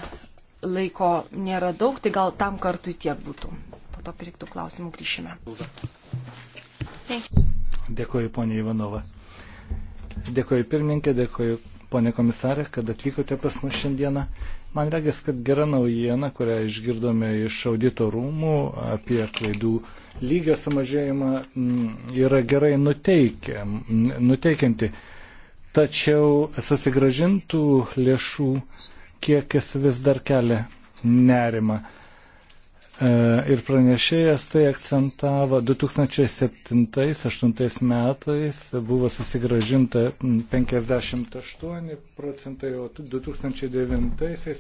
laiko nėra daug, tai gal tam kartui tiek būtų. Po to prie tų klausimų grįšime. Dėkuoju, ponė Ivanova. Dėkuoju pirmininkė, dėkuoju ponė komisarė, kad atvykote pas mus šiandieną. Man regis, kad gera naujiena, kurią išgirdome iš audito rūmų apie klaidų lygio sumažėjimą mm, yra gerai nuteikia, mm, nuteikianti. Tačiau susigražintų lėšų kiekis vis dar kelia nerimą. E, ir pranešėjas tai akcentavo 2007-2008 metais buvo susigražinta 58 mm, procentai, o 2009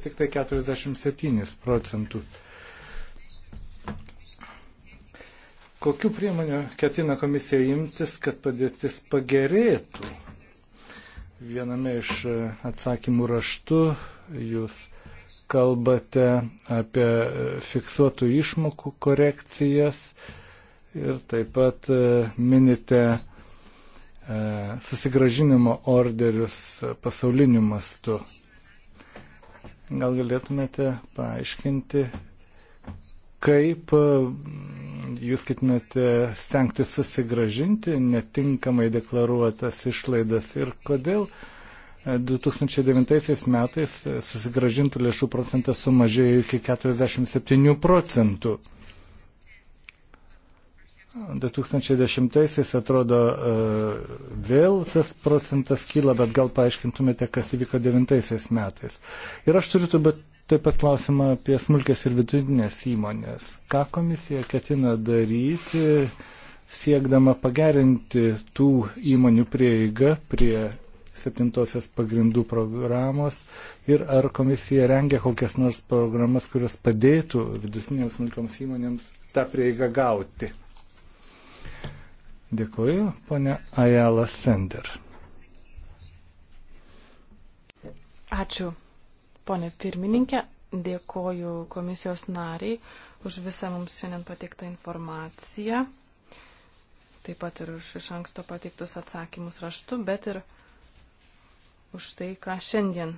tik tai 47 procentų. Kokiu priemoniu ketina komisija imtis, kad padėtis pagerėtų? Viename iš e, atsakymų raštų jūs kalbate apie e, fiksuotų išmokų korekcijas ir taip pat e, minite susigražinimo orderius pasauliniu mastu. Gal galėtumėte paaiškinti, kaip e, jūs ketinate stengti susigražinti netinkamai deklaruotas išlaidas ir kodėl 2009 e, metais e, susigražintų lėšų procentas sumažėjo iki 47 procentų. 2010-aisiais atrodo vėl tas procentas kyla, bet gal paaiškintumėte, kas įvyko 9-aisiais metais. Ir aš turiu taip pat Taip pat klausimą apie smulkės ir vidutinės įmonės. Ką komisija ketina daryti, siekdama pagerinti tų įmonių prieigą prie septintosios pagrindų programos ir ar komisija rengia kokias nors programas, kurios padėtų vidutinėms smulkioms įmonėms tą prieigą gauti. Dėkuoju, ponia Ajala Sender. Ačiū, Pone pirmininkė, dėkoju komisijos nariai už visą mums šiandien pateiktą informaciją, taip pat ir už iš anksto pateiktus atsakymus raštu, bet ir už tai, ką šiandien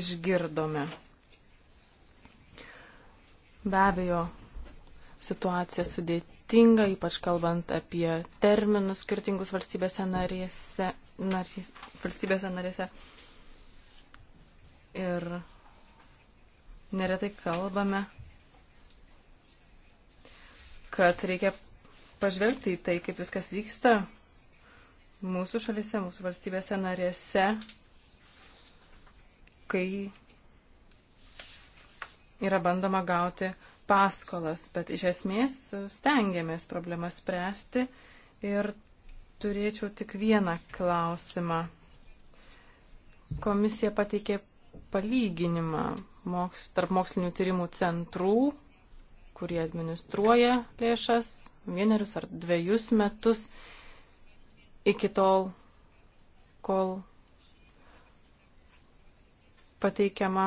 išgirdome. Be abejo, situacija sudėtinga, ypač kalbant apie terminus skirtingus valstybėse narėse. Narys, valstybėse narėse. Ir neretai kalbame, kad reikia pažvelgti į tai, kaip viskas vyksta mūsų šalise, mūsų valstybėse narėse, kai yra bandoma gauti paskolas, bet iš esmės stengiamės problemą spręsti ir turėčiau tik vieną klausimą. Komisija pateikė palyginimą moks, tarp mokslinių tyrimų centrų, kurie administruoja lėšas vienerius ar dviejus metus iki tol, kol pateikiama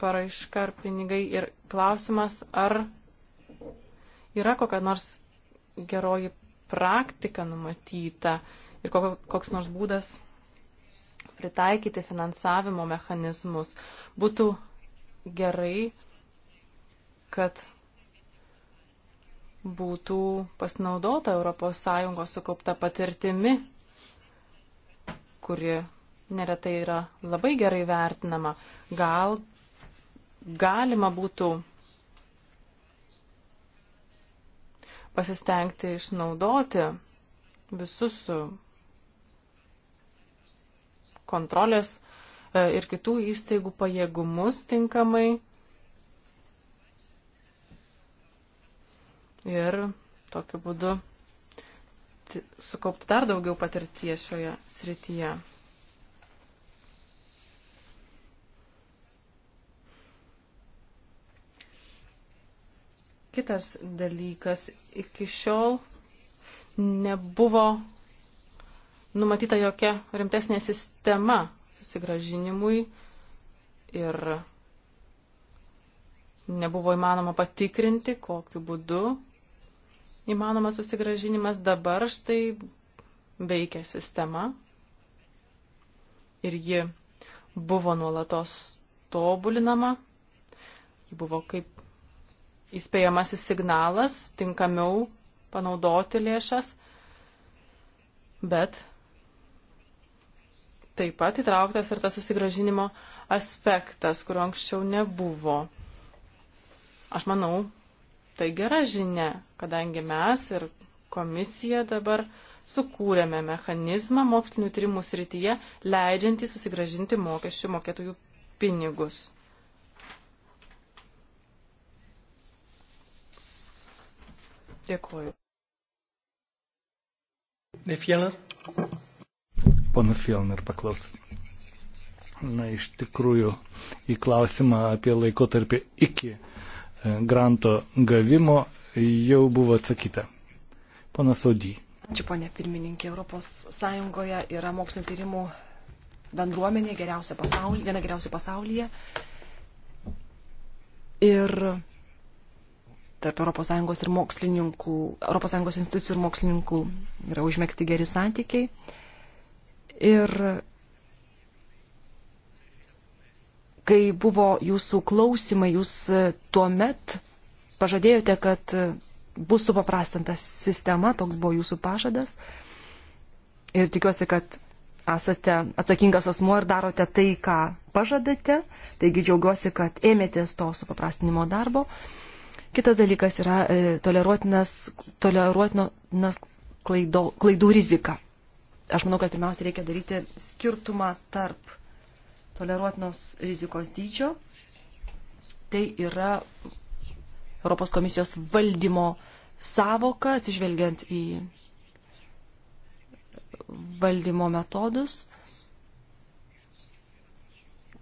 paraiška ar pinigai ir klausimas, ar yra kokia nors geroji praktika numatyta ir koks nors būdas pritaikyti finansavimo mechanizmus. Būtų gerai, kad būtų pasinaudota ES sukaupta patirtimi, kuri neretai yra labai gerai vertinama. Gal galima būtų pasistengti išnaudoti visus kontrolės E, ir kitų įstaigų pajėgumus tinkamai. Ir tokiu būdu sukaupti dar daugiau patirties šioje srityje. Kitas dalykas, iki šiol nebuvo numatyta jokia rimtesnė sistema susigražinimui ir nebuvo įmanoma patikrinti, kokiu būdu įmanoma susigražinimas. Dabar štai veikia sistema ir ji buvo nuolatos tobulinama. Ji buvo kaip įspėjamasis signalas tinkamiau panaudoti lėšas, bet taip pat įtrauktas ir tas susigražinimo aspektas, kurio anksčiau nebuvo. Aš manau, tai gera žinia, kadangi mes ir komisija dabar sukūrėme mechanizmą mokslinių tyrimų srityje, leidžiantį susigražinti mokesčių mokėtojų pinigus. Dėkuoju. Nefjela. Ponas Fielner paklaus. Na, iš tikrųjų, į klausimą apie laikotarpį iki e, granto gavimo jau buvo atsakyta. Ponas Audy. Ačiū, ponė pirmininkė. ES yra mokslinio tyrimų bendruomenė, geriausia pasaulyje, viena geriausia pasaulyje. Ir tarp ES ir mokslininkų, ES institucijų ir mokslininkų yra užmėgsti geri santykiai. Ir kai buvo jūsų klausimai, jūs tuo met pažadėjote, kad bus supaprastinta sistema, toks buvo jūsų pažadas. Ir tikiuosi, kad esate atsakingas asmuo ir darote tai, ką pažadate. Taigi džiaugiuosi, kad ėmėtės to supaprastinimo darbo. Kitas dalykas yra e, toleruotinas, toleruotinas klaido, klaidų rizika aš manau, kad pirmiausia reikia daryti skirtumą tarp toleruotinos rizikos dydžio. Tai yra Europos komisijos valdymo savoka, atsižvelgiant į valdymo metodus,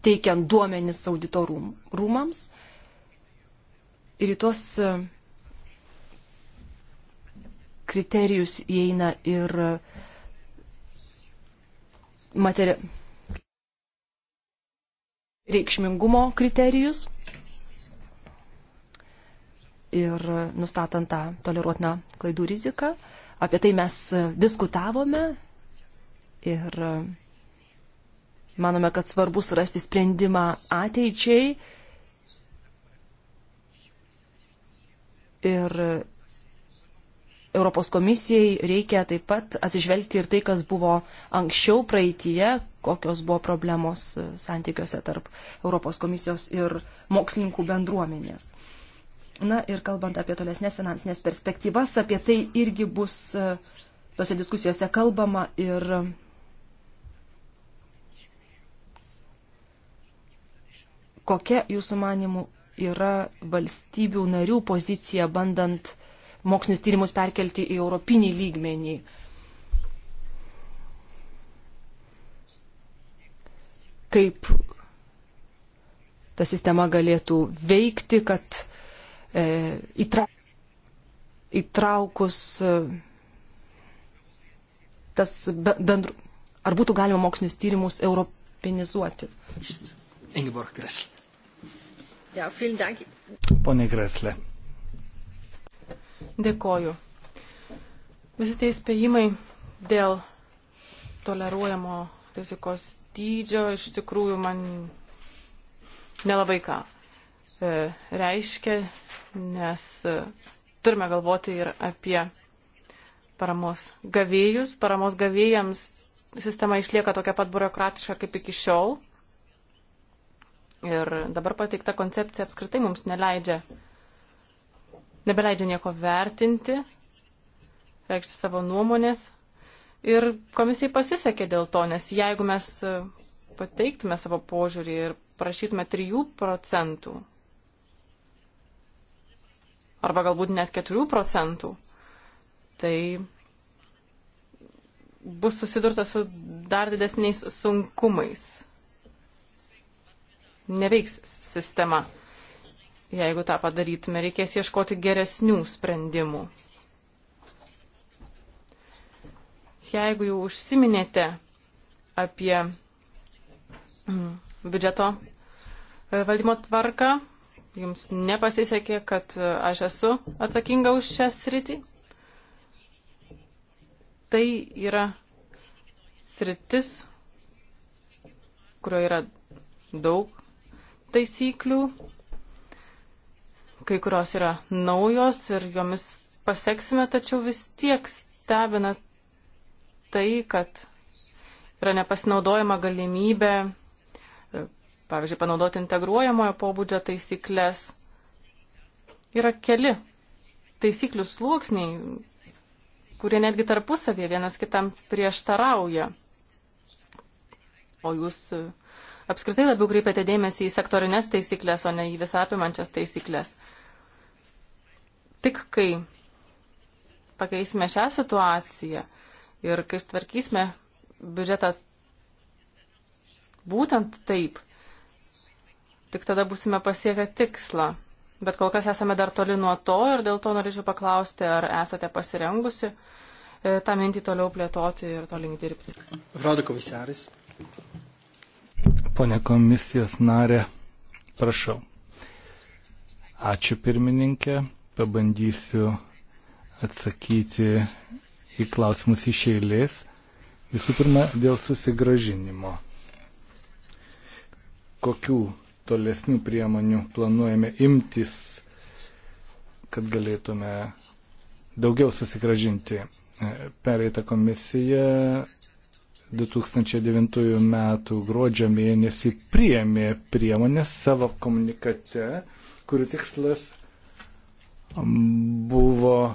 teikiant duomenis audito rūm, rūmams. Ir į tuos e, kriterijus įeina ir uh, materi... reikšmingumo kriterijus ir nustatant tą toleruotiną klaidų riziką. Apie tai mes diskutavome ir manome, kad svarbu surasti sprendimą ateičiai. Ir Europos komisijai reikia taip pat atsižvelgti ir tai, kas buvo anksčiau praeitie, kokios buvo problemos e, santykiuose tarp Europos komisijos ir mokslininkų bendruomenės. Na ir kalbant apie tolesnės finansinės perspektyvas, apie tai irgi bus e, tose diskusijose kalbama ir kokia jūsų manimų yra valstybių narių pozicija bandant uh, mokslinius tyrimus perkelti į europinį lygmenį. Kaip ta sistema galėtų veikti, kad e, įtra, įtraukus e, tas bendru, ar būtų galima mokslinius tyrimus europinizuoti. Ingeborg Greslė. Ja, Pone Greslė. Dėkoju. Visi tie įspėjimai dėl toleruojamo rizikos dydžio iš tikrųjų man nelabai ką e, reiškia, nes e, turime galvoti ir apie paramos gavėjus. Paramos gavėjams sistema išlieka tokia pat biurokratiška kaip iki šiol. Ir dabar pateikta koncepcija apskritai mums neleidžia nebeleidžia nieko vertinti, reikšti savo nuomonės. Ir komisijai pasisekė dėl to, nes jeigu mes e, pateiktume savo požiūrį ir prašytume 3 procentų, arba galbūt net 4 procentų, tai bus susidurta su dar didesniais sunkumais. Neveiks sistema. Jeigu tą padarytume, reikės ieškoti geresnių sprendimų. Jeigu jau užsiminėte apie mm, biudžeto e, valdymo tvarką, jums nepasisekė, kad e, aš esu atsakinga už šią sritį. Tai yra sritis, kurioje yra daug taisyklių, kai kurios yra naujos ir jomis pasieksime, tačiau vis tiek stebina tai, kad yra nepasinaudojama galimybė, e, pavyzdžiui, panaudoti integruojamojo pobūdžio taisyklės. Yra keli taisyklių sluoksniai, kurie netgi tarpusavėje vienas kitam prieštarauja. O jūs e, apskritai labiau kreipiate dėmesį į sektorines taisyklės, o ne į visapimančias taisyklės. Tik kai pakeisime šią situaciją ir kai tvarkysime biudžetą būtent taip, tik tada būsime pasiekę tikslą. Bet kol kas esame dar toli nuo to ir dėl to norėčiau paklausti, ar esate pasirengusi e, tą mintį toliau plėtoti ir toliau dirbti. Rodo komisaris. Pone komisijos narė, prašau. Ačiū pirmininkė, pabandysiu atsakyti į klausimus iš eilės. Visų pirma, dėl susigražinimo. Kokių tolesnių priemonių planuojame imtis, kad galėtume daugiau susigražinti. Pereitą komisiją 2009 m. gruodžio mėnesį priėmė priemonės savo komunikate, kurių tikslas buvo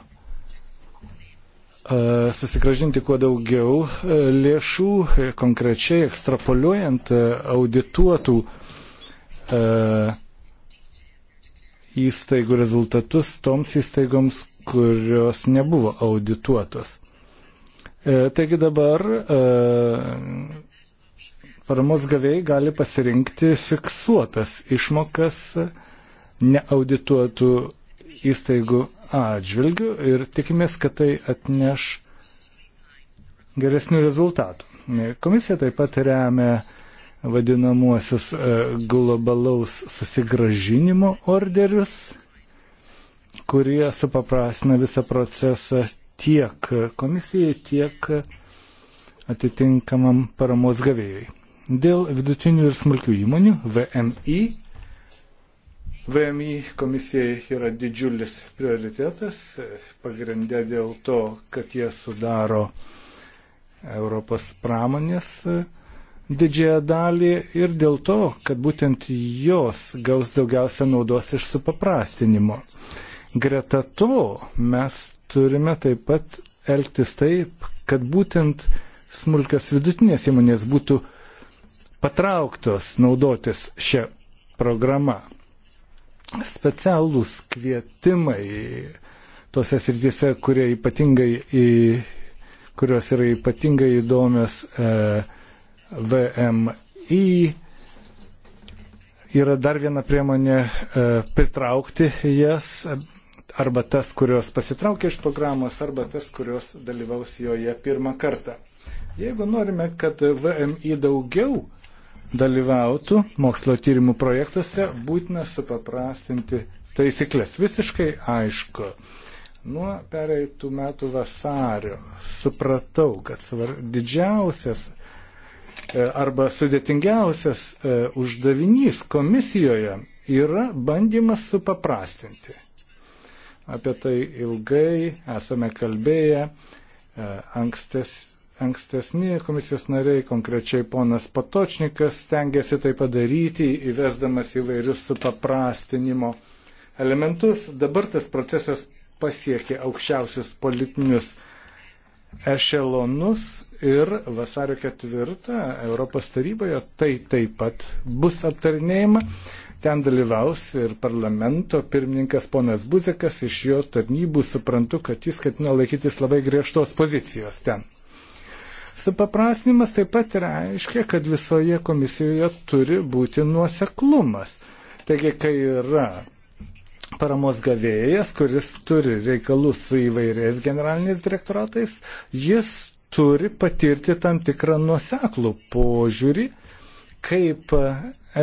e, susigražinti kuo daugiau e, lėšų, e, konkrečiai ekstrapoliuojant audituotų įstaigų rezultatus toms įstaigoms, kurios nebuvo audituotos. Taigi dabar paramos gavėjai gali pasirinkti fiksuotas išmokas neaudituotų įstaigų atžvilgių ir tikimės, kad tai atneš geresnių rezultatų. Komisija taip pat remia vadinamuosius e, globalaus susigražinimo orderius, kurie supaprasina visą procesą tiek komisijai, tiek atitinkamam paramos gavėjui. Dėl vidutinių ir smulkių įmonių VMI VMI komisijai yra didžiulis prioritetas, pagrindę dėl to, kad jie sudaro Europos pramonės e, didžiąją dalį ir dėl to, kad būtent jos gaus daugiausia naudos iš supaprastinimo. Greta to mes turime taip pat elgtis taip, kad būtent smulkios vidutinės įmonės būtų patrauktos naudotis šią programą specialūs kvietimai tose srityse, kurie ypatingai, į, kurios yra ypatingai įdomios e, VMI. Yra dar viena priemonė e, pritraukti jas, arba tas, kurios pasitraukia iš programos, arba tas, kurios dalyvaus joje pirmą kartą. Jeigu norime, kad VMI daugiau dalyvautų mokslo tyrimų projektuose, būtina supaprastinti taisyklės. Visiškai aišku. Nuo pereitų metų vasario supratau, kad svar, didžiausias e, arba sudėtingiausias e, uždavinys komisijoje yra bandymas supaprastinti. Apie tai ilgai esame kalbėję e, ankstesnį ankstesni komisijos nariai, konkrečiai ponas Patočnikas, stengiasi tai padaryti, įvesdamas įvairius supaprastinimo elementus. Dabar tas procesas pasiekė aukščiausius politinius ešelonus ir vasario ketvirtą Europos taryboje tai taip pat bus aptarinėjama. Ten dalyvaus ir parlamento pirmininkas ponas Buzekas, iš jo tarnybų suprantu, kad jis ketina laikytis labai griežtos pozicijos ten. Supaprastinimas taip pat reiškia, kad visoje komisijoje turi būti nuoseklumas. Taigi, kai yra paramos gavėjas, kuris turi reikalų su įvairiais generaliniais direktoratais, jis turi patirti tam tikrą nuoseklų požiūrį, kaip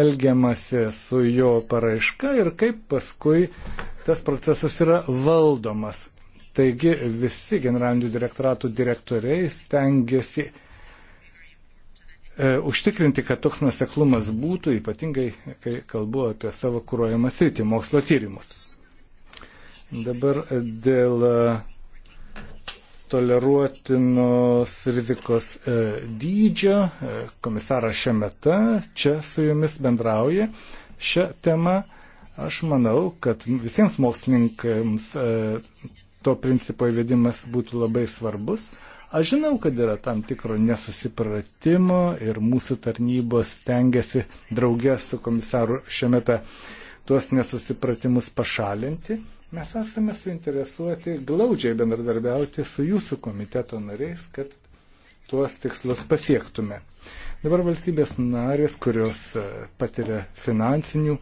elgiamasi su jo paraiška ir kaip paskui tas procesas yra valdomas. Taigi visi generalinių direktoratų direktoriai stengiasi e, užtikrinti, kad toks nuseklumas būtų, ypatingai, kai kalbu apie savo kūrojamą sritį, mokslo tyrimus. Dabar dėl e, toleruotinos rizikos e, dydžio, e, komisaras Šemeta čia su jumis bendrauja šią temą. Aš manau, kad visiems mokslininkams e, to principo įvedimas būtų labai svarbus. Aš žinau, kad yra tam tikro nesusipratimo ir mūsų tarnybos tengiasi draugės su komisaru šiameta tuos nesusipratimus pašalinti. Mes esame suinteresuoti glaudžiai bendradarbiauti su jūsų komiteto nariais, kad tuos tikslus pasiektume. Dabar valstybės narės, kurios e, patiria finansinių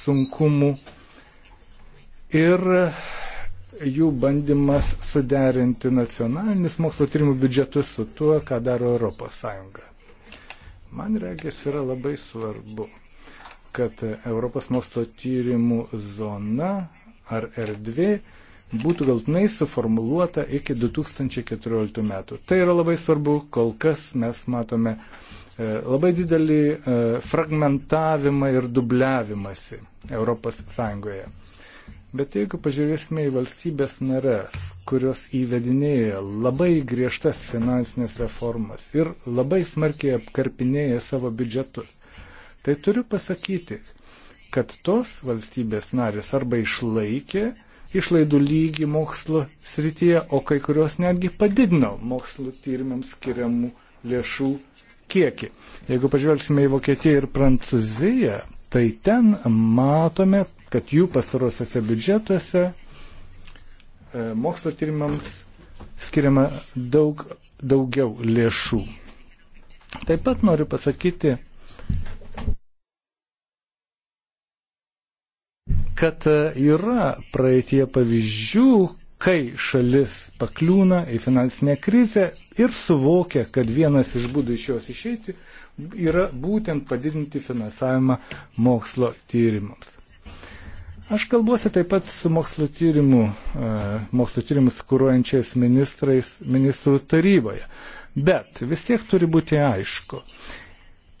sunkumų ir jų bandymas suderinti nacionalinis mokslo tyrimų biudžetus su tuo, ką daro ES. Man regis yra labai svarbu, kad Europos mokslo tyrimų zona ar erdvė būtų galtinai suformuluota iki 2014 metų. Tai yra labai svarbu, kol kas mes matome e, labai didelį e, fragmentavimą ir dubliavimąsi Europos Sąjungoje. Bet jeigu pažiūrėsime į valstybės nares, kurios įvedinėja labai griežtas finansinės reformas ir labai smarkiai apkarpinėja savo biudžetus, tai turiu pasakyti, kad tos valstybės narės arba išlaikė išlaidų lygį mokslo srityje, o kai kurios netgi padidino mokslo tyrimams skiriamų lėšų kiekį. Jeigu pažvelgsime į Vokietiją ir Prancūziją, tai ten matome, kad jų pastarosiuose biudžetuose e, mokslo tyrimams skiriama daug daugiau lėšų. Taip pat noriu pasakyti, kad e, yra praeitie pavyzdžių, kai šalis pakliūna į finansinę krizę ir suvokia, kad vienas iš būdų iš jos išeiti yra būtent padidinti finansavimą mokslo tyrimams. Aš kalbuosi taip pat su mokslo, tyrimu, e, mokslo tyrimus kūruojančiais ministrais ministrų taryboje. Bet vis tiek turi būti aišku,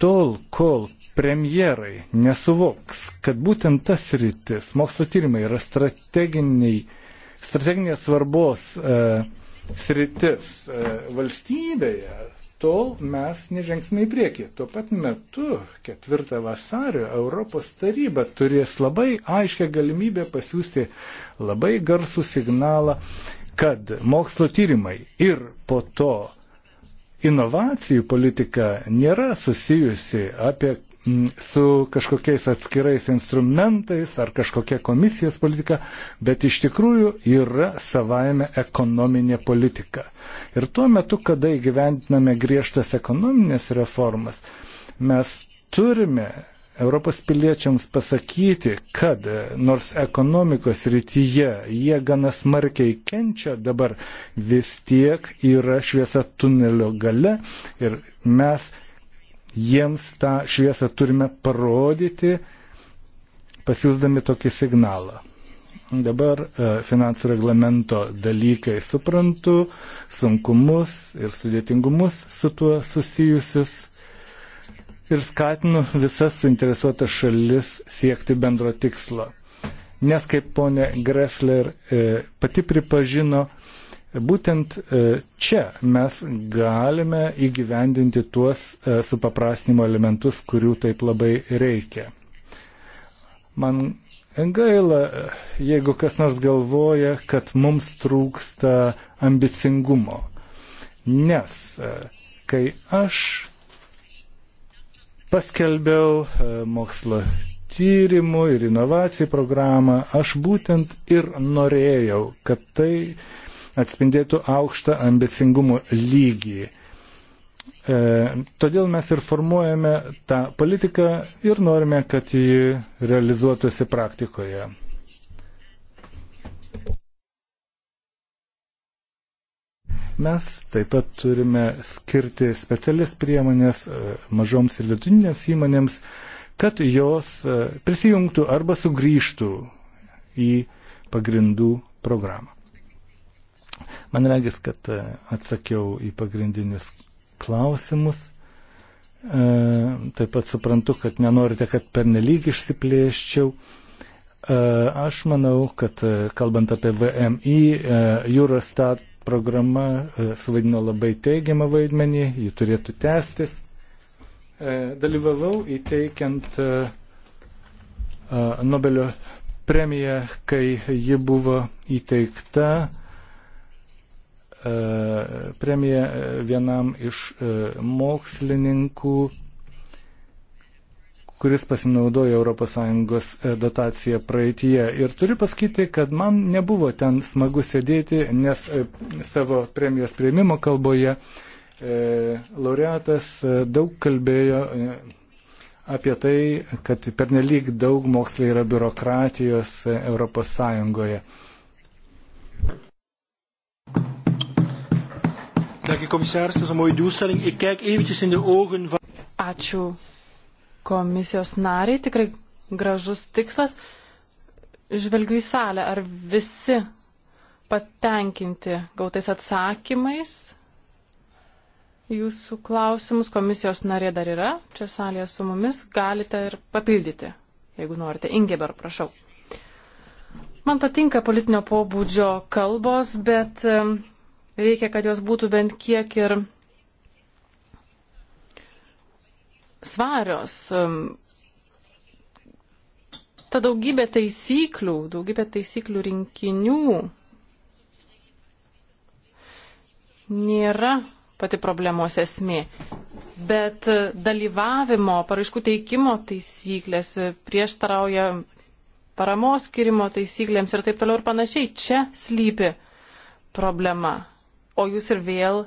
tol, kol premjerai nesuvoks, kad būtent tas rytis, mokslo tyrimai yra strateginės svarbos e, sritis e, valstybėje, tol mes nežengsime į priekį. Tuo pat metu, 4 vasario, Europos taryba turės labai aiškę galimybę pasiūsti labai garsų signalą, kad mokslo tyrimai ir po to inovacijų politika nėra susijusi apie Mm, su kažkokiais atskirais instrumentais ar kažkokia komisijos politika, bet iš tikrųjų yra savaime ekonominė politika. Ir tuo metu, kada įgyvendiname griežtas ekonominės reformas, mes turime Europos piliečiams pasakyti, kad nors ekonomikos rytyje jie gana smarkiai kenčia, dabar vis tiek yra šviesa tunelio gale ir mes jiems tą šviesą turime parodyti, pasiūsdami tokį signalą. Dabar e, finansų reglamento dalykai suprantu, sunkumus ir sudėtingumus su tuo susijusius ir skatinu visas suinteresuotas šalis siekti bendro tikslo. Nes kaip ponė Gressler e, pati pripažino, Būtent e, čia mes galime įgyvendinti tuos e, supaprastinimo elementus, kurių taip labai reikia. Man gaila, jeigu kas nors galvoja, kad mums trūksta ambicingumo. Nes e, kai aš paskelbiau mokslo tyrimų ir inovacijų programą, aš būtent ir norėjau, kad tai atspindėtų aukštą ambicingumo lygį. E, todėl mes ir formuojame tą politiką ir norime, kad ji realizuotųsi praktikoje. Mes taip pat turime skirti specialias priemonės e, mažoms ir vidutinėms įmonėms, kad jos e, prisijungtų arba sugrįžtų į pagrindų programą. Man regis, kad e, atsakiau į pagrindinius klausimus. E, taip pat suprantu, kad nenorite, kad pernelyg išsiplėščiau. E, aš manau, kad kalbant apie VMI, Eurostat programa suvaidino labai teigiamą vaidmenį, ji turėtų tęstis. Dalyvavau įteikiant Nobelio premiją, kai ji buvo įteikta E, premiją e, vienam iš e, mokslininkų, kuris pasinaudojo ES dotaciją praeitie. Ir turiu pasakyti, kad man nebuvo ten smagu sėdėti, nes savo premijos prieimimo kalboje laureatas daug kalbėjo apie tai, kad pernelyg daug mokslo yra biurokratijos ES. Dank u commissaris, dat is een mooie doelstelling. Ik kijk eventjes in de ogen van... Ačiū komisijos nariai, tikrai gražus tikslas. Žvelgiu į salę, ar visi patenkinti gautais atsakymais jūsų klausimus. Komisijos narė dar yra, čia salėje su mumis, galite ir papildyti, jeigu norite. Ingeber, prašau. Man patinka politinio pobūdžio kalbos, bet Reikia, kad jos būtų bent kiek ir svarios. Ta daugybė taisyklių, daugybė taisyklių rinkinių nėra pati problemos esmė. Bet dalyvavimo, paraiškų teikimo taisyklės prieštarauja paramos skirimo taisyklėms ir taip toliau ir panašiai. Čia slypi problema o jūs ir vėl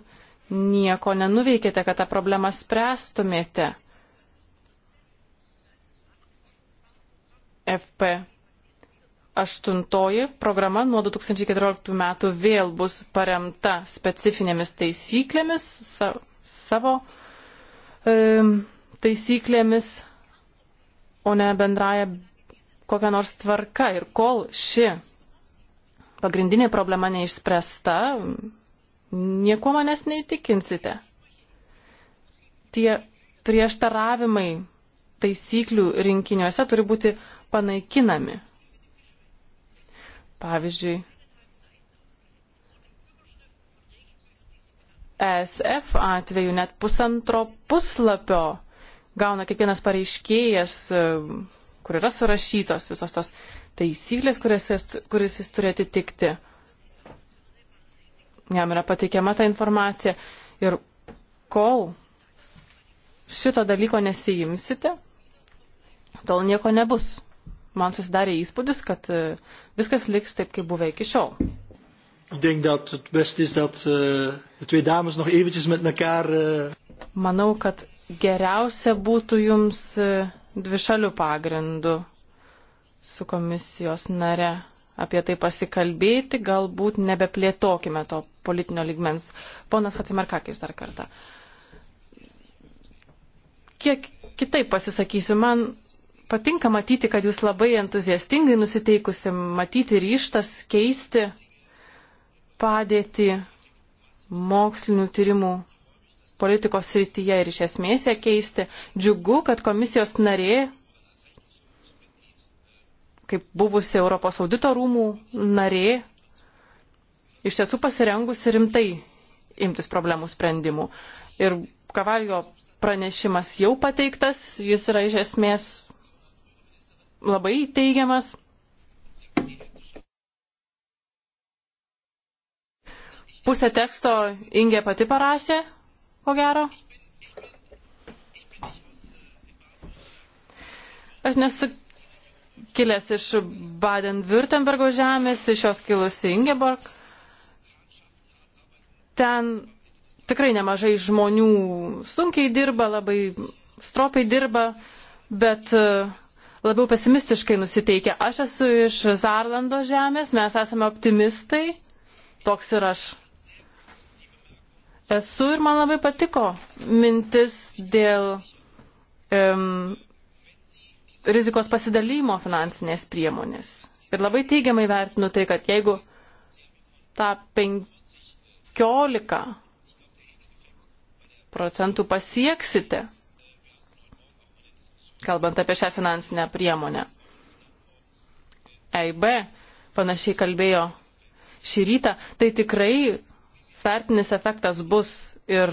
nieko nenuveikėte, kad tą problemą spręstumėte. FP aštuntoji programa nuo 2014 metų vėl bus paremta specifinėmis taisyklėmis, sa savo e, taisyklėmis, o ne bendraja kokia nors tvarka. Ir kol ši pagrindinė problema neišspręsta, nieko manęs neįtikinsite. Tie prieštaravimai taisyklių rinkiniuose turi būti panaikinami. Pavyzdžiui, ESF atveju net pusantro puslapio gauna kiekvienas pareiškėjas, e, kur yra surašytos visos tos taisyklės, kuris jis turi atitikti jam yra pateikiama ta informacija. Ir kol šito dalyko nesijimsite, tol nieko nebus. Man susidarė įspūdis, kad e, viskas liks taip, kaip buvo iki šiol. Ik denk dat het best is dat uh, de twee dames nog eventjes met elkaar. Uh... Manau, kad geriausia būtų jums e, dvišalių pagrindų su komisijos nare apie tai pasikalbėti, galbūt nebeplėtokime to politinio ligmens. Ponas Hatsimarkakis dar kartą. Kiek kitaip pasisakysiu, man patinka matyti, kad jūs labai entuziastingai nusiteikusi, matyti ryštas keisti padėti mokslinių tyrimų politikos srityje ir iš esmės ją keisti. Džiugu, kad komisijos narė kaip buvusi Europos audito rūmų narė, iš tiesų pasirengusi rimtai imtis problemų sprendimų. Ir Kavaljo pranešimas jau pateiktas, jis yra iš esmės labai teigiamas. Pusę teksto Ingė pati parašė, ko gero. Aš nesu kilęs iš Baden-Württembergo žemės, iš jos kilusi Ingeborg. Ten tikrai nemažai žmonių sunkiai dirba, labai stropiai dirba, bet e, labiau pesimistiškai nusiteikę. Aš esu iš Zarlando žemės, mes esame optimistai, toks ir aš. Esu ir man labai patiko mintis dėl um, rizikos pasidalymo finansinės priemonės. Ir labai teigiamai vertinu tai, kad jeigu tą 15 procentų pasieksite, kalbant apie šią finansinę priemonę. EIB panašiai kalbėjo šį rytą, tai tikrai svertinis efektas bus ir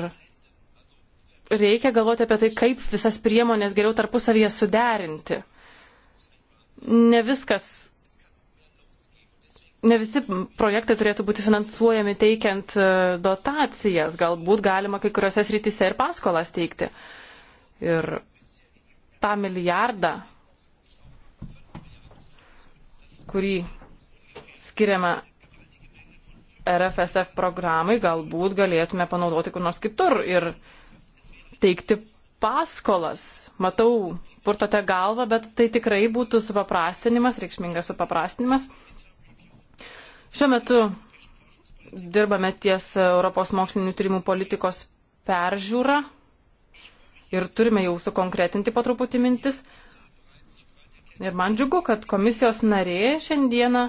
reikia galvoti apie tai, kaip visas priemonės geriau tarpusavyje suderinti. Ne viskas ne visi projektai turėtų būti finansuojami teikiant e, dotacijas, galbūt galima kai kuriuose srityse ir paskolas teikti. Ir tą milijardą, kurį skiriame RFSF programai, galbūt galėtume panaudoti kur nors kitur ir teikti paskolas. Matau, purtote galvą, bet tai tikrai būtų supaprastinimas, reikšmingas supaprastinimas. Šiuo metu dirbame ties Europos mokslinių tyrimų politikos peržiūra ir turime jau sukonkretinti patruputį mintis. Ir man džiugu, kad komisijos narė šiandieną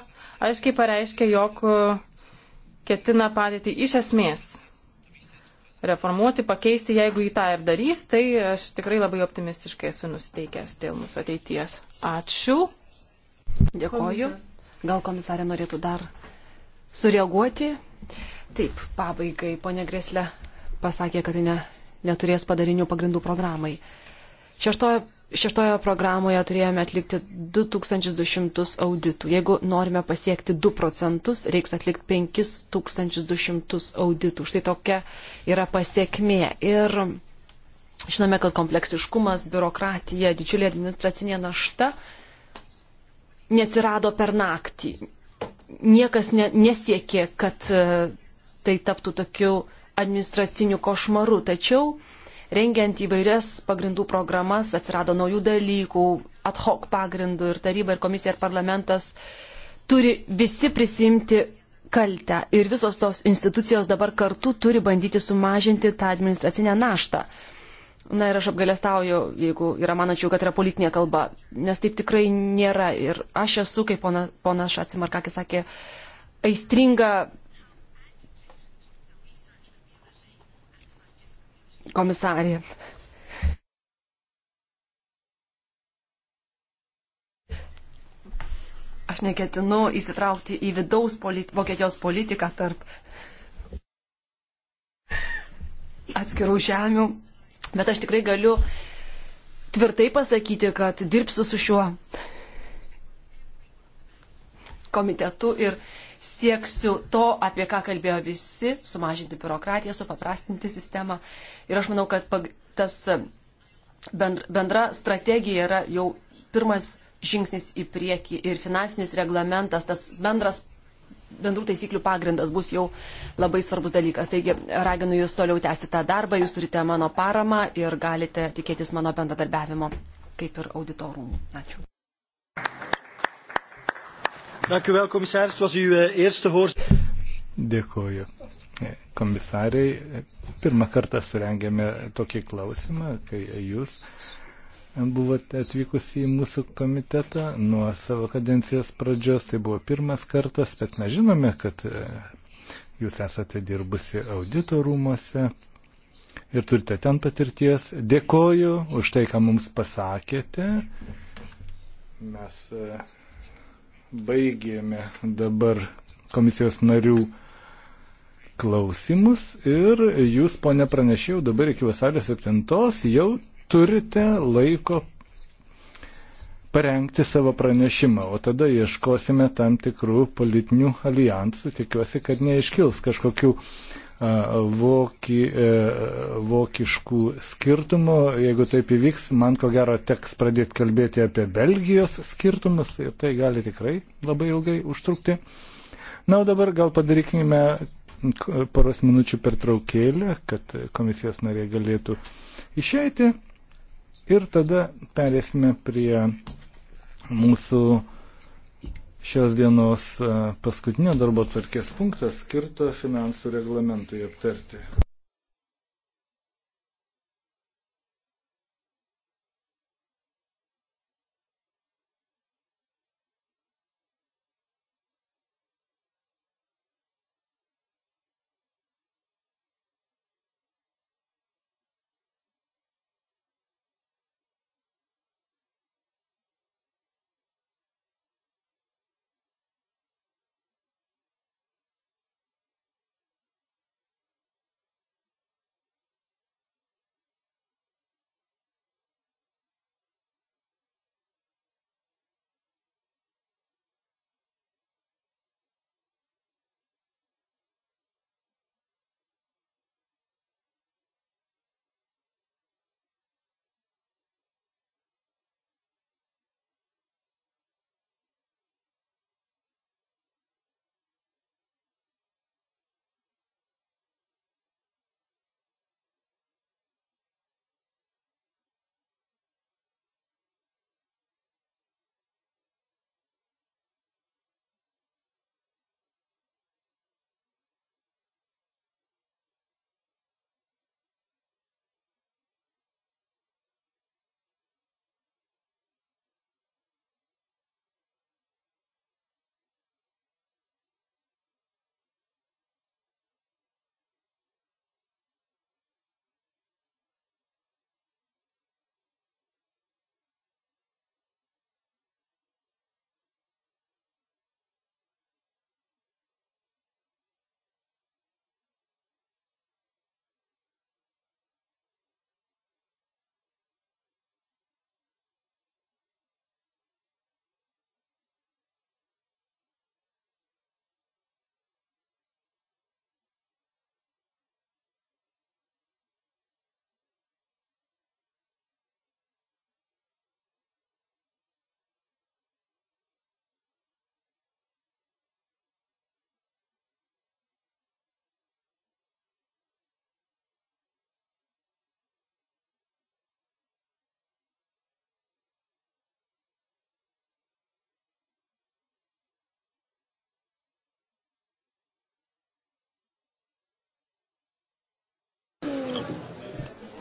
aiškiai pareiškė, jog ketina padėti iš esmės reformuoti, pakeisti, jeigu jį tą ir darys, tai aš tikrai labai optimistiškai esu nusteikęs dėl mūsų ateities. Ačiū. Dėkoju. Gal komisarė norėtų dar sureaguoti? Taip, pabaigai, ponė Greslė pasakė, kad tai ne, neturės padarinių pagrindų programai. Šeštoje šeštojo programoje turėjome atlikti 2200 auditų. Jeigu norime pasiekti 2 procentus, reiks atlikti 5200 auditų. Štai tokia yra pasiekmė. Ir žinome, kad kompleksiškumas, biurokratija, didžiulė administracinė našta neatsirado per naktį. Niekas ne, nesiekė, kad e, tai taptų tokiu administraciniu košmaru. Tačiau uh, rengiant įvairias pagrindų programas atsirado naujų dalykų, ad hoc pagrindų ir taryba, ir komisija, ir parlamentas turi visi prisimti kaltę ir visos tos institucijos dabar kartu turi bandyti sumažinti tą administracinę naštą. Na ir aš apgalėstauju, jeigu yra manačiau, kad yra politinė kalba, nes taip tikrai nėra. Ir aš esu, kaip pona, pona Šacimarkakis sakė, aistringa komisarė. Aš neketinu įsitraukti į vidaus politi Vokietijos politiką tarp atskirų žemių, bet aš tikrai galiu tvirtai pasakyti, kad dirbsiu su šiuo komitetu ir sieksiu to, apie ką kalbėjo visi - sumažinti biurokratiją, supaprastinti sistemą. Ir aš manau, kad tas e, bendra strategija yra jau pirmas žingsnis į priekį ir finansinis reglamentas, tas bendras bendrų taisyklių pagrindas bus jau labai svarbus dalykas. Taigi raginu Jūs toliau tęsti tą darbą, Jūs turite mano paramą ir galite tikėtis mano bendradarbiavimo kaip ir auditorumų. Ačiū. Dank u wel, commissaris. Het was uw eh, eerste hoorzitter. Dėkoju. E, Komisarai, pirmą kartą surengėme tokį klausimą, kai jūs buvote atvykusi į mūsų komitetą nuo savo kadencijos pradžios. Tai buvo pirmas kartas, bet mes žinome, kad e, jūs esate dirbusi audito rūmose ir turite ten patirties. Dėkoju už tai, ką mums pasakėte. Mes e, baigėme dabar komisijos narių klausimus ir jūs, ponė, pranešėjau dabar iki vasario 7 jau turite laiko parengti savo pranešimą, o tada ieškosime tam tikrų politinių alijansų. Tikiuosi, kad neiškils kažkokių uh, voki, e, vokiškų skirtumų. Jeigu taip įvyks, man ko gero teks pradėti kalbėti apie Belgijos skirtumus ir tai gali tikrai labai ilgai užtrukti. Na, o dabar gal padarykime poros minučių pertraukėlę, kad komisijos narė galėtų išeiti ir tada perėsime prie mūsų Šios dienos e, paskutinio darbo tvarkės punktas skirto finansų reglamentui aptarti.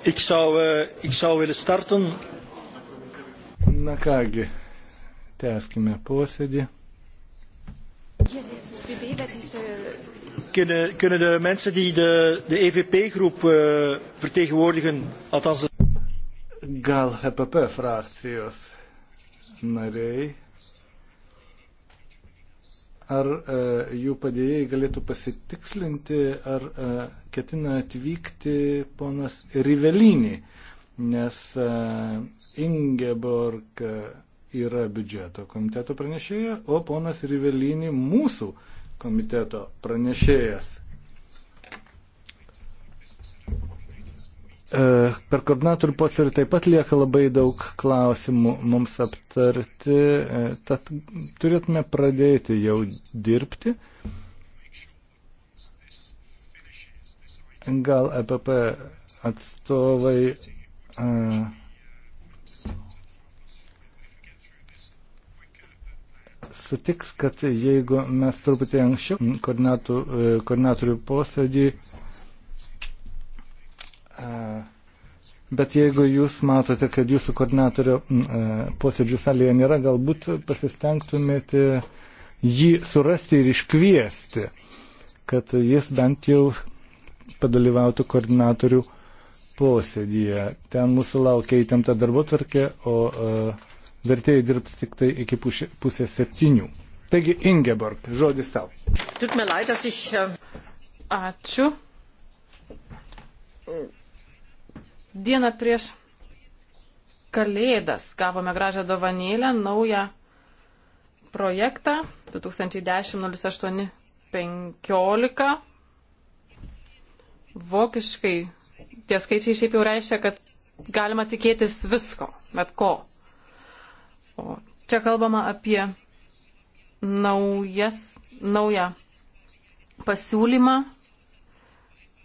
Ik zou, uh, ik zou willen starten. Na kągi, tęskime posėdį. Kunnen, kunnen de mensen die de, de EVP-groep uh, eh, vertegenwoordigen, althans... Gal EPP-fracties nariai Ar e, jų padėjėjai galėtų pasitikslinti, ar e, ketina atvykti ponas Rivelinį, nes e, Ingeborg yra biudžeto komiteto pranešėja, o ponas Rivelinį mūsų komiteto pranešėjas. E, per koordinatorių posėdį taip pat lieka labai daug klausimų mums aptarti, e, tad turėtume pradėti jau dirbti. Gal EPP atstovai a, e, sutiks, kad jeigu mes truputį anksčiau koordinatorių posėdį a, Bet jeigu jūs matote, kad jūsų koordinatorio posėdžių salėje nėra, galbūt pasistengtumėte jį surasti ir iškviesti, kad jis bent jau padalyvautų koordinatorių posėdyje. Ten mūsų laukia įtempta darbo tvarkė, o vertėjai dirbs tik tai iki pusės septynių. Taigi, Ingeborg, žodis tau. Äh, Ačiū Dieną prieš Kalėdas gavome gražią dovanėlę, naują projektą 2010-08-15. Vokiškai tie skaičiai šiaip jau reiškia, kad galima tikėtis visko, bet ko. O čia kalbama apie naujas, naują pasiūlymą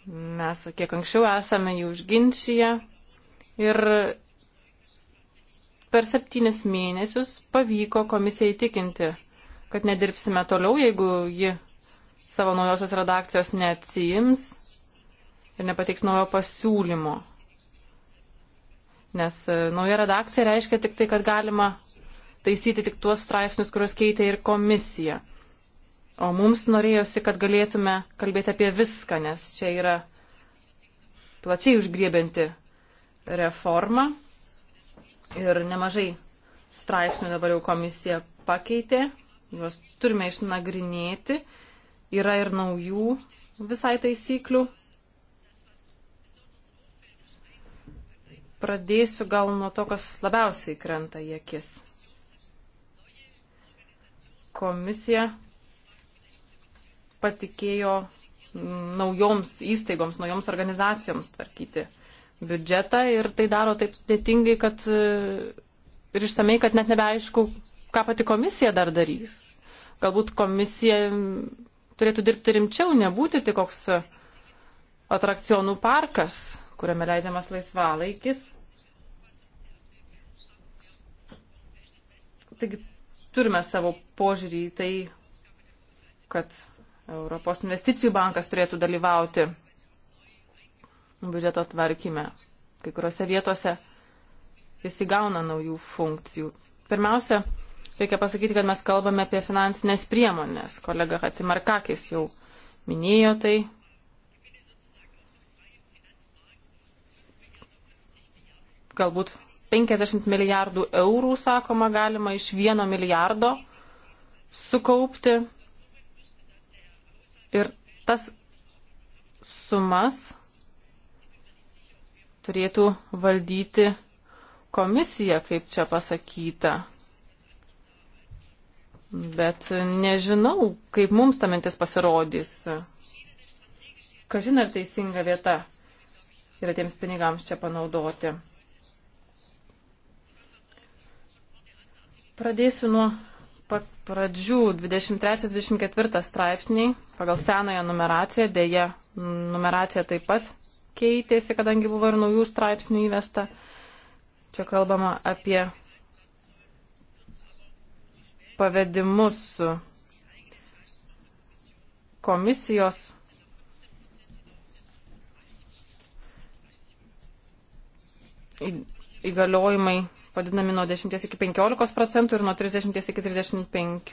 Mes kiek anksčiau esame jų užginčiję ir per septynis mėnesius pavyko komisijai įtikinti, kad nedirbsime toliau, jeigu ji savo naujosios redakcijos neatsijims ir nepateiks naujo pasiūlymo. Nes e, nauja redakcija reiškia tik tai, kad galima taisyti tik tuos straipsnius, kuriuos keitė ir komisija. O mums norėjosi, kad galėtume kalbėti apie viską, nes čia yra plačiai užgriebianti reforma ir nemažai straipsnių dabar jau komisija pakeitė, juos turime išnagrinėti, yra ir naujų visai taisyklių. Pradėsiu gal nuo to, kas labiausiai krenta į akis. Komisija patikėjo naujoms įstaigoms, naujoms organizacijoms tvarkyti biudžetą ir tai daro taip sudėtingai, kad e, ir išsamei, kad net nebeaišku, ką pati komisija dar darys. Galbūt komisija turėtų dirbti rimčiau, nebūti tik koks atrakcionų parkas, kuriame leidžiamas laisvalaikis. Taigi turime savo požiūrį į tai, kad Europos investicijų bankas turėtų dalyvauti biudžeto tvarkyme. Kai kuriuose vietose jis įgauna naujų funkcijų. Pirmiausia, reikia pasakyti, kad mes kalbame apie finansinės priemonės. Kolega Hatsimarkakis jau minėjo tai. Galbūt 50 milijardų eurų, sakoma, galima iš vieno milijardo sukaupti Ir tas sumas turėtų valdyti komisija, kaip čia pasakyta. Bet nežinau, kaip mums ta mintis pasirodys. Kažin ar teisinga vieta yra tiems pinigams čia panaudoti. Pradėsiu nuo pat pradžių 23-24 straipsniai pagal senąją numeraciją, dėje numeracija taip pat keitėsi, kadangi buvo ir naujų straipsnių įvesta. Čia kalbama apie pavedimus komisijos. Įgaliojimai padidinami nuo 10 iki 15 procentų ir nuo 30 iki 35.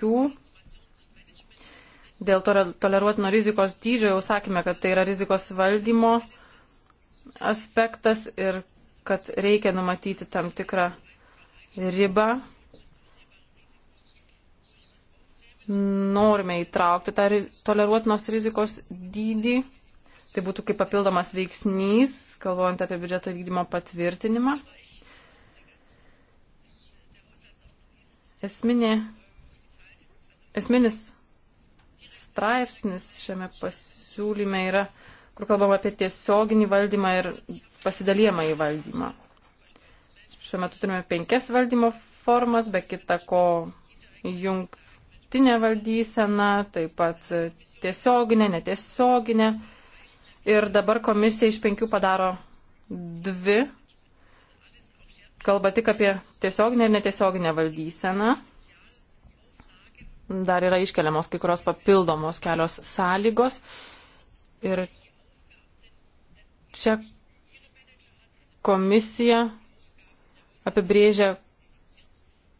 Dėl to toleruotino rizikos dydžio jau sakėme, kad tai yra rizikos valdymo aspektas ir kad reikia numatyti tam tikrą ribą. Norime įtraukti tą toleruotinos rizikos dydį. Tai būtų kaip papildomas veiksnys, kalbant apie biudžeto vykdymo patvirtinimą. Esminė, esminis straipsnis šiame pasiūlyme yra, kur kalbama apie tiesioginį valdymą ir pasidalymą į valdymą. Šiuo metu turime penkias valdymo formas, be kita ko jungtinė valdysena, taip pat tiesioginė, netiesioginė. Ir dabar komisija iš penkių padaro dvi kalba tik apie tiesioginę ir netiesioginę valdyseną. Dar yra iškeliamos kai kurios papildomos kelios sąlygos. Ir čia komisija apibrėžia,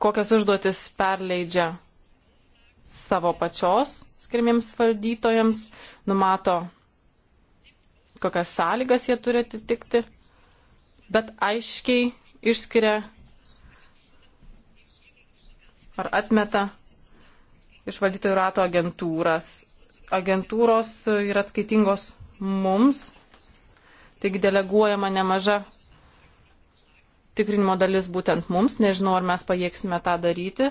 kokias užduotis perleidžia savo pačios skirmiems valdytojams, numato, kokias sąlygas jie turi atitikti, bet aiškiai išskiria ar atmeta iš valdytojų rato agentūras. Agentūros yra atskaitingos mums, taigi deleguojama nemaža tikrinimo dalis būtent mums, nežinau, ar mes pajėgsime tą daryti.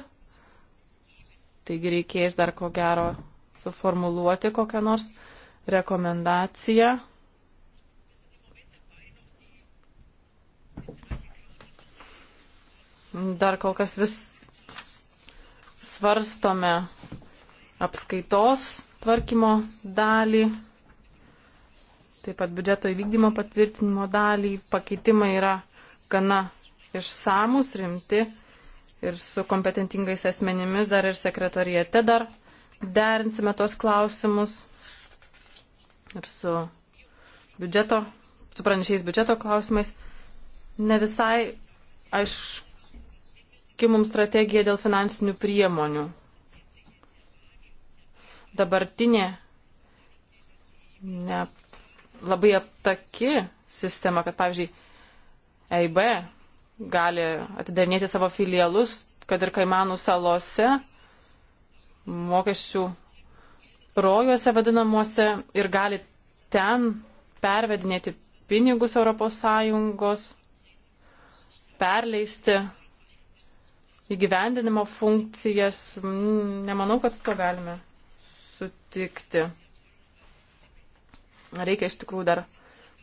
Taigi reikės dar ko gero suformuluoti kokią nors rekomendaciją dar kol kas vis svarstome apskaitos tvarkymo dalį, taip pat biudžeto įvykdymo patvirtinimo dalį. Pakeitimai yra gana išsamus, rimti ir su kompetentingais asmenimis dar ir sekretorijate dar derinsime tos klausimus ir su biudžeto, su pranešiais biudžeto klausimais. Ne visai aišku aiški mums strategija dėl finansinių priemonių. Dabartinė ne, labai aptaki sistema, kad pavyzdžiui EIB gali atidarinėti savo filialus, kad ir Kaimanų salose, mokesčių rojuose vadinamuose ir gali ten pervedinėti pinigus ES, perleisti įgyvendinimo funkcijas. Nemanau, kad su to galime sutikti. Reikia iš tikrųjų dar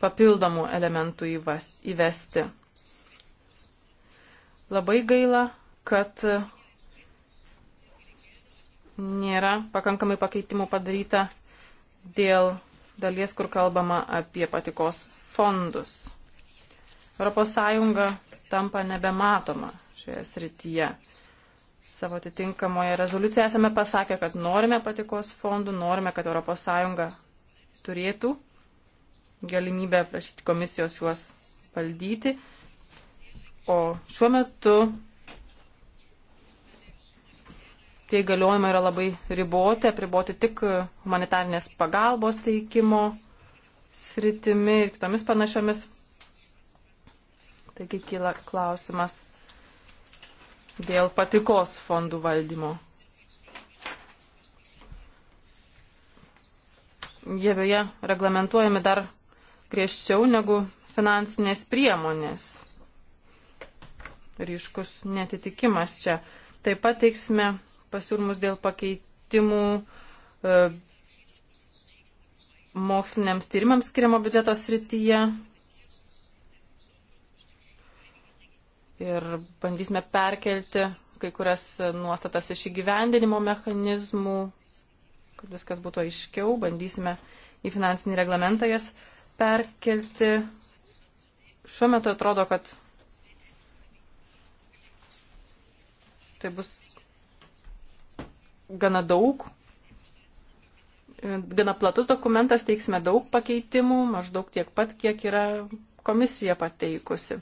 papildomų elementų įvesti. Labai gaila, kad nėra pakankamai pakeitimų padaryta dėl dalies, kur kalbama apie patikos fondus. ES tampa nebematoma šioje srityje. Savo atitinkamoje rezoliucijoje esame pasakę, kad norime patikos fondų, norime, kad ES turėtų galimybę prašyti komisijos juos valdyti. O šiuo metu tie įgaliojimai yra labai riboti, apriboti tik humanitarnės pagalbos teikimo sritimi ir kitomis panašiomis. Taigi kyla klausimas, dėl patikos fondų valdymo. Jie beje reglamentuojami dar griežčiau negu finansinės priemonės. Ryškus netitikimas čia. Taip pat teiksime pasiūlymus dėl pakeitimų e, moksliniams tyrimams skiriamo biudžeto srityje, ir bandysime perkelti kai kurias nuostatas iš įgyvendinimo mechanizmų, kad viskas būtų aiškiau, bandysime į finansinį reglamentą jas perkelti. Šiuo metu atrodo, kad tai bus gana daug, gana platus dokumentas, teiksime daug pakeitimų, maždaug tiek pat, kiek yra komisija pateikusi.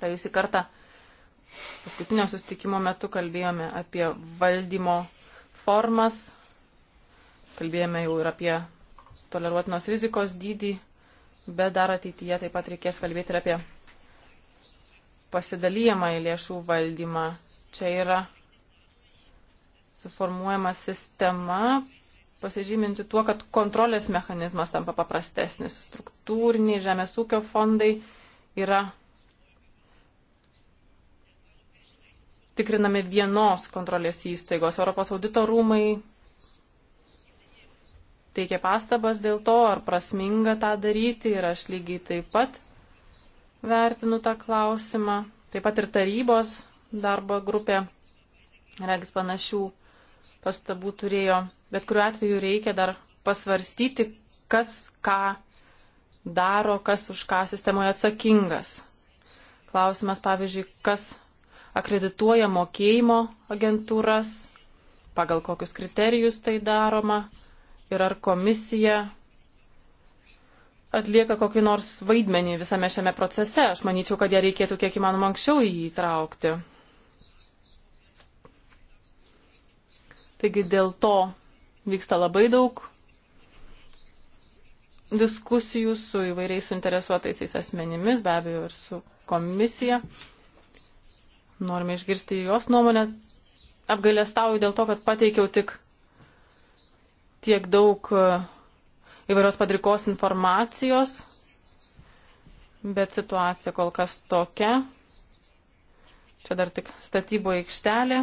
Praėjusį kartą paskutinio sustikimo metu kalbėjome apie valdymo formas, kalbėjome jau ir apie toleruotinos rizikos dydį, bet dar ateityje taip pat reikės kalbėti ir apie pasidalyjamą į lėšų valdymą. Čia yra suformuojama sistema, pasižyminti tuo, kad kontrolės mechanizmas tampa paprastesnis. Struktūriniai žemės ūkio fondai yra tikrinami vienos kontrolės įstaigos. Europos audito rūmai teikė pastabas dėl to, ar prasminga tą daryti ir aš lygiai taip pat vertinu tą klausimą. Taip pat ir tarybos darbo grupė, regis panašių pastabų turėjo, bet kuriuo atveju reikia dar pasvarstyti, kas ką daro, kas už ką sistemoje atsakingas. Klausimas, pavyzdžiui, kas akredituoja mokėjimo agentūras, pagal kokius kriterijus tai daroma ir ar komisija atlieka kokį nors vaidmenį visame šiame procese. Aš manyčiau, kad ją reikėtų kiek įmanoma anksčiau į jį įtraukti. Taigi dėl to vyksta labai daug diskusijų su įvairiais suinteresuotaisiais asmenimis, be abejo ir su komisija norime išgirsti ir jos nuomonę. Apgailestauju dėl to, kad pateikiau tik tiek daug e, įvairios padrikos informacijos, bet situacija kol kas tokia. Čia dar tik statybo aikštelė.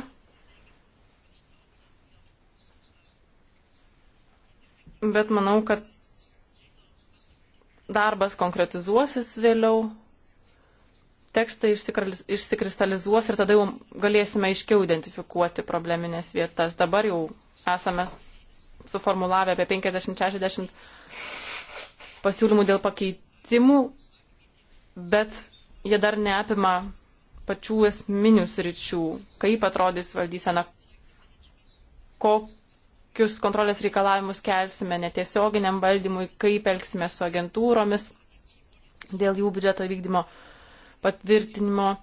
Bet manau, kad darbas konkretizuosis vėliau tekstai išsikristalizuos ir tada jau galėsime aiškiau identifikuoti probleminės vietas. Dabar jau esame suformulavę apie 50-60 pasiūlymų dėl pakeitimų, bet jie dar neapima pačių esminių sričių, kaip atrodys valdysena, kokius kontrolės reikalavimus kelsime netiesioginiam valdymui, kaip elgsime su agentūromis dėl jų biudžeto vykdymo patvirtinimo,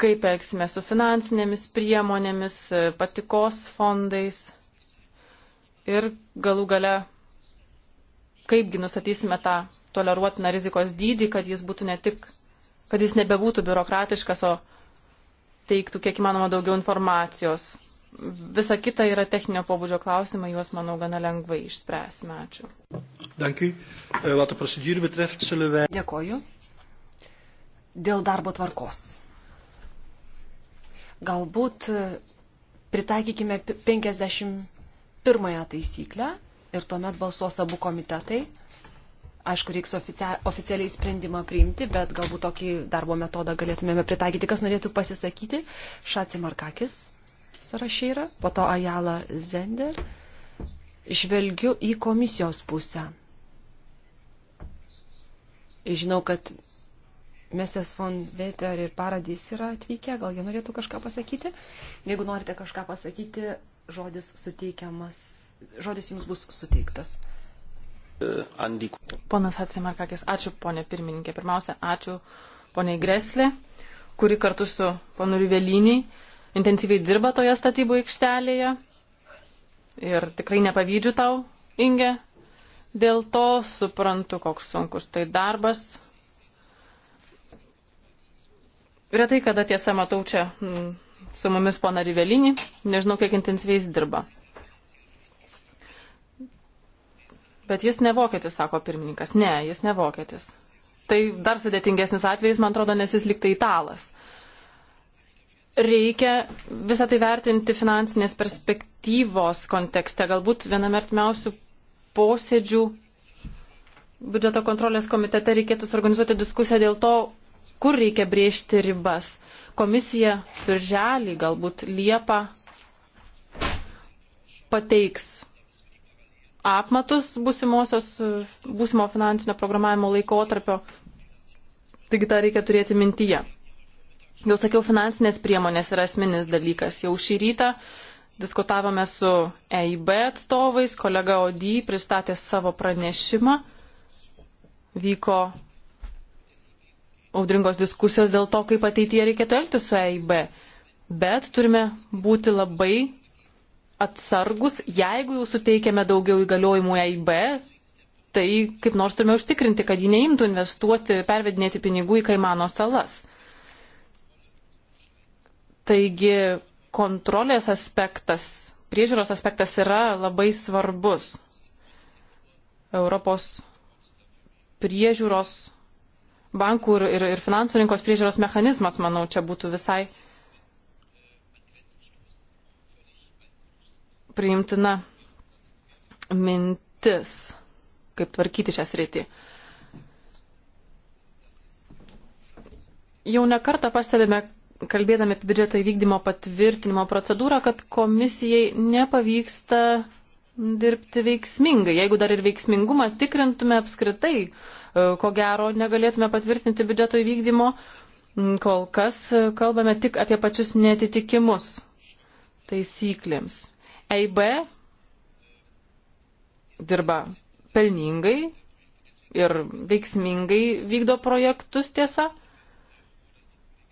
kaip elgsime su finansinėmis priemonėmis, patikos fondais ir galų gale, kaipgi nustatysime tą toleruotiną rizikos dydį, kad jis būtų ne tik, kad jis nebebūtų biurokratiškas, o teiktų kiek įmanoma daugiau informacijos. Visa kita yra techninio pobūdžio klausimai, juos, manau, gana lengvai išspręsime. Ačiū. E, Dėkoju dėl darbo tvarkos. Galbūt pritaikykime 51 taisyklę ir tuomet balsuos abu komitetai. Aišku, reiks oficialiai sprendimą priimti, bet galbūt tokį darbo metodą galėtumėme pritaikyti. Kas norėtų pasisakyti? Šaci Markakis sąrašė yra, po to Ajala Zender. Žvelgiu į komisijos pusę. Žinau, kad Mesės von Veter ir Paradys yra atvykę, gal jie norėtų kažką pasakyti. Jeigu norite kažką pasakyti, žodis suteikiamas, žodis jums bus suteiktas. Andy. Ponas Hatsimarkakis, ačiū ponė pirmininkė. Pirmiausia, ačiū ponė Greslė, kuri kartu su ponu Riveliniai intensyviai dirba toje statybų aikštelėje. Ir tikrai nepavydžiu tau, Inge. Dėl to suprantu, koks sunkus tai darbas, Retai kada tiesa matau čia mm, su mumis pana Rivelinį, nežinau, kiek intensyviai jis dirba. Bet jis ne vokietis, sako pirmininkas. Ne, jis ne vokietis. Tai dar sudėtingesnis atvejis, man atrodo, nes jis liktai italas. Reikia visą tai vertinti finansinės perspektyvos kontekste. Galbūt viename artimiausių posėdžių biudžeto kontrolės komitete reikėtų suorganizuoti diskusiją dėl to, kur reikia brėžti ribas. Komisija birželį, galbūt Liepą pateiks apmatus būsimosios, būsimo finansinio programavimo laikotarpio. Taigi tą reikia turėti mintyje. Jau sakiau, finansinės priemonės yra asmeninis dalykas. Jau šį rytą diskutavome su EIB atstovais, kolega Odį pristatė savo pranešimą, vyko audringos diskusijos dėl to, kaip ateityje reikėtų elgtis su EIB. Bet turime būti labai atsargus, jeigu jau suteikėme daugiau įgaliojimų EIB, tai kaip nors turime užtikrinti, kad ji neimtų investuoti, pervedinėti pinigų į Kaimano salas. Taigi kontrolės aspektas, priežiūros aspektas yra labai svarbus. Europos priežiūros bankų ir, ir, ir finansų rinkos priežiūros mechanizmas, manau, čia būtų visai priimtina mintis, kaip tvarkyti šią sritį. Jau nekartą pastebėme, kalbėdami apie biudžeto įvykdymo patvirtinimo procedūrą, kad komisijai nepavyksta dirbti veiksmingai. Jeigu dar ir veiksmingumą tikrintume apskritai, uh, E, ko gero negalėtume patvirtinti biudžeto įvykdymo. Mm, kol kas e, kalbame tik apie pačius netitikimus taisyklėms. EIB dirba pelningai ir veiksmingai vykdo projektus tiesa.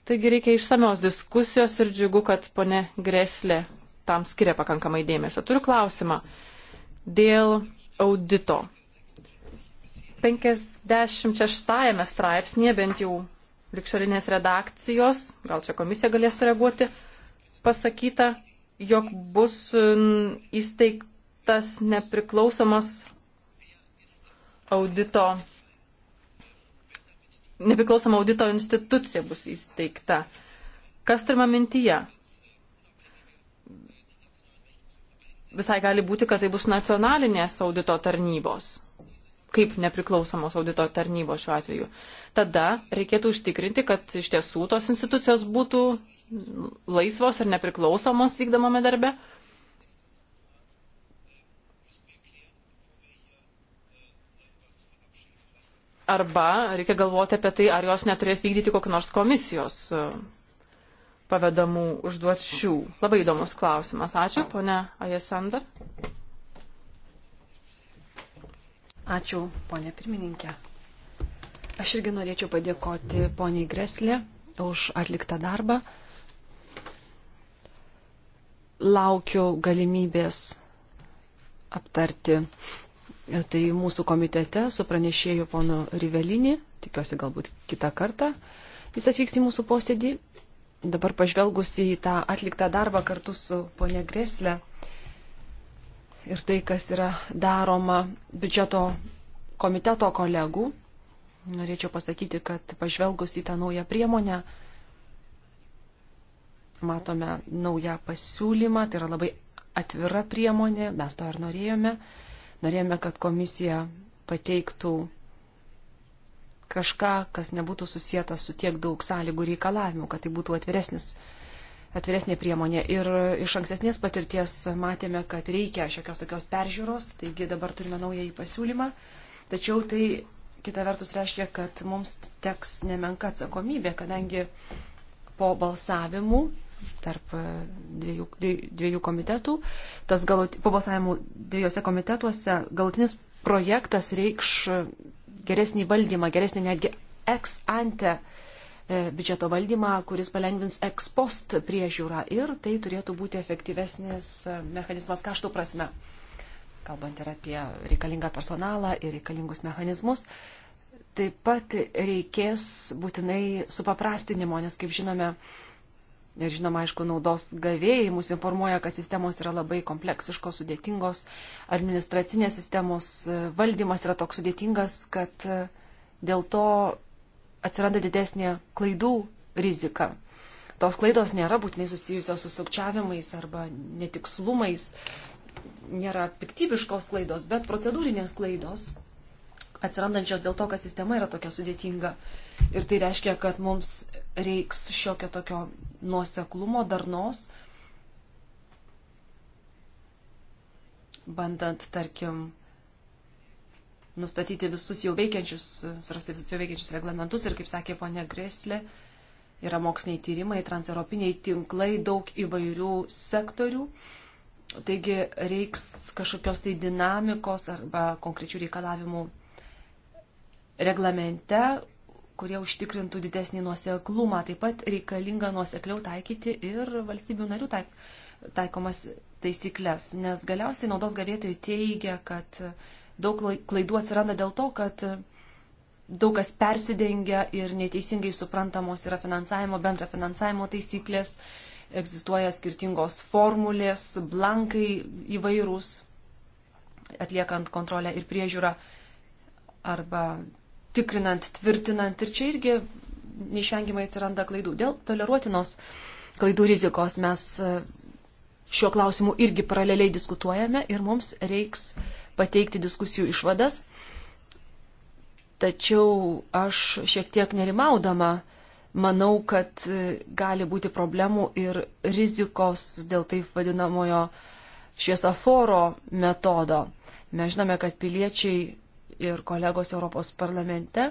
Taigi reikia išsamios diskusijos ir džiugu, kad ponė Greslė tam skiria pakankamai dėmesio. Turiu klausimą dėl audito. 56 straipsnėje, bent jau likšalinės redakcijos, gal čia komisija galės sureaguoti, pasakyta, jog bus įsteigtas nepriklausomas audito, nepriklausoma audito institucija bus įsteigta. Kas turima mintyje? Visai gali būti, kad tai bus nacionalinės audito tarnybos kaip nepriklausomos audito tarnybos šiuo atveju. Tada reikėtų užtikrinti, kad iš tiesų tos institucijos būtų laisvos ir nepriklausomos vykdomame darbe. Arba reikia galvoti apie tai, ar jos neturės vykdyti kokios nors komisijos e, pavedamų užduočių. Labai įdomus klausimas. Ačiū, ponia Ajesandar. Ačiū, ponė pirmininkė. Aš irgi norėčiau padėkoti poniai Greslė už atliktą darbą. Laukiu galimybės aptarti tai mūsų komitete su pranešėju ponu Rivelinį, tikiuosi galbūt kitą kartą jis atvyks į mūsų posėdį. Dabar pažvelgus į tą atliktą darbą kartu su ponia Greslė, ir tai, kas yra daroma biudžeto komiteto kolegų. Norėčiau pasakyti, kad pažvelgus į tą naują priemonę, matome naują pasiūlymą, tai yra labai atvira priemonė, mes to ir norėjome. Norėjome, kad komisija pateiktų kažką, kas nebūtų susijęta su tiek daug sąlygų reikalavimų, kad tai būtų atviresnis atviresnė priemonė. Ir iš ankstesnės patirties matėme, kad reikia šiokios tokios peržiūros, taigi dabar turime naują į pasiūlymą. Tačiau tai kita vertus reiškia, kad mums teks nemenka atsakomybė, kadangi po balsavimų tarp e, dviejų, dviejų komitetų, tas galut, po balsavimų dviejose komitetuose galutinis projektas reikš geresnį valdymą, geresnį netgi ex ante uh, E, biudžeto valdymą, kuris palengvins ekspost priežiūrą ir tai turėtų būti efektyvesnis e, mechanizmas kaštų prasme. Kalbant ir apie reikalingą personalą ir reikalingus mechanizmus, taip pat reikės būtinai supaprastinimo, nes kaip žinome, ir žinoma, aišku, naudos gavėjai mus informuoja, kad sistemos yra labai kompleksiškos, sudėtingos, administracinės sistemos e, valdymas yra toks sudėtingas, kad dėl to atsiranda didesnė klaidų rizika. Tos klaidos nėra būtinai susijusios su sukčiavimais arba netikslumais, nėra piktybiškos klaidos, bet procedūrinės klaidos atsirandančios dėl to, kad sistema yra tokia sudėtinga. Ir tai reiškia, kad mums reiks šiokio tokio nuoseklumo, darnos, bandant, tarkim, nustatyti visus jau veikiančius, surasti visus jau veikiančius reglamentus ir, kaip sakė ponė Greslė, yra moksliniai tyrimai, transeuropiniai tinklai, daug įvairių sektorių. Taigi reiks kažkokios tai dinamikos arba konkrečių reikalavimų reglamente, kurie užtikrintų didesnį nuoseklumą. Taip pat reikalinga nuosekliau taikyti ir valstybių narių taik, taikomas taisyklės, nes galiausiai naudos gavėtojai teigia, kad uh, daug klaidų atsiranda dėl to, kad e, daug kas persidengia ir neteisingai suprantamos yra finansavimo, bendra finansavimo taisyklės, egzistuoja skirtingos formulės, blankai įvairūs, atliekant kontrolę ir priežiūrą arba tikrinant, tvirtinant. Ir čia irgi neišvengiamai atsiranda klaidų. Dėl toleruotinos klaidų rizikos mes e, šiuo klausimu irgi paraleliai diskutuojame ir mums reiks uh, pateikti diskusijų išvadas. Tačiau aš šiek tiek nerimaudama manau, kad e, gali būti problemų ir rizikos dėl taip vadinamojo šviesaforo metodo. Mes žinome, kad piliečiai ir kolegos Europos parlamente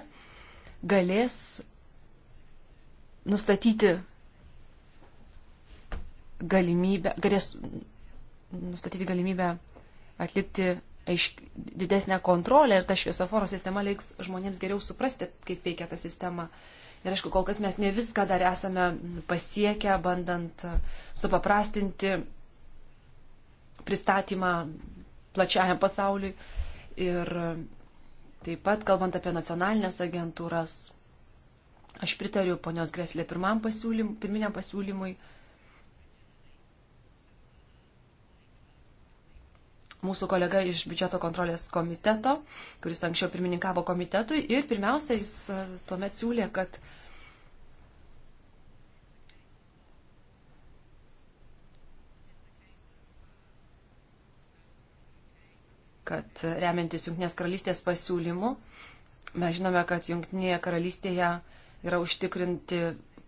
galės nustatyti galimybę, galės nustatyti galimybę atlikti aišk, didesnę kontrolę ir ta šviesoforo sistema leiks žmonėms geriau suprasti, kaip veikia ta sistema. Ir aišku, kol kas mes ne viską dar esame pasiekę, bandant e, supaprastinti pristatymą plačiajam pasauliui. Ir e, taip pat, kalbant apie nacionalinės agentūras, aš pritariu ponios Greslė pirmam pasiūlym, pirminiam pasiūlymui. mūsų kolega iš biudžeto kontrolės komiteto, kuris anksčiau pirmininkavo komitetui ir pirmiausia jis e, tuomet siūlė, kad kad remiantis Junktinės karalystės pasiūlymu, mes žinome, kad Junktinėje karalystėje yra užtikrinti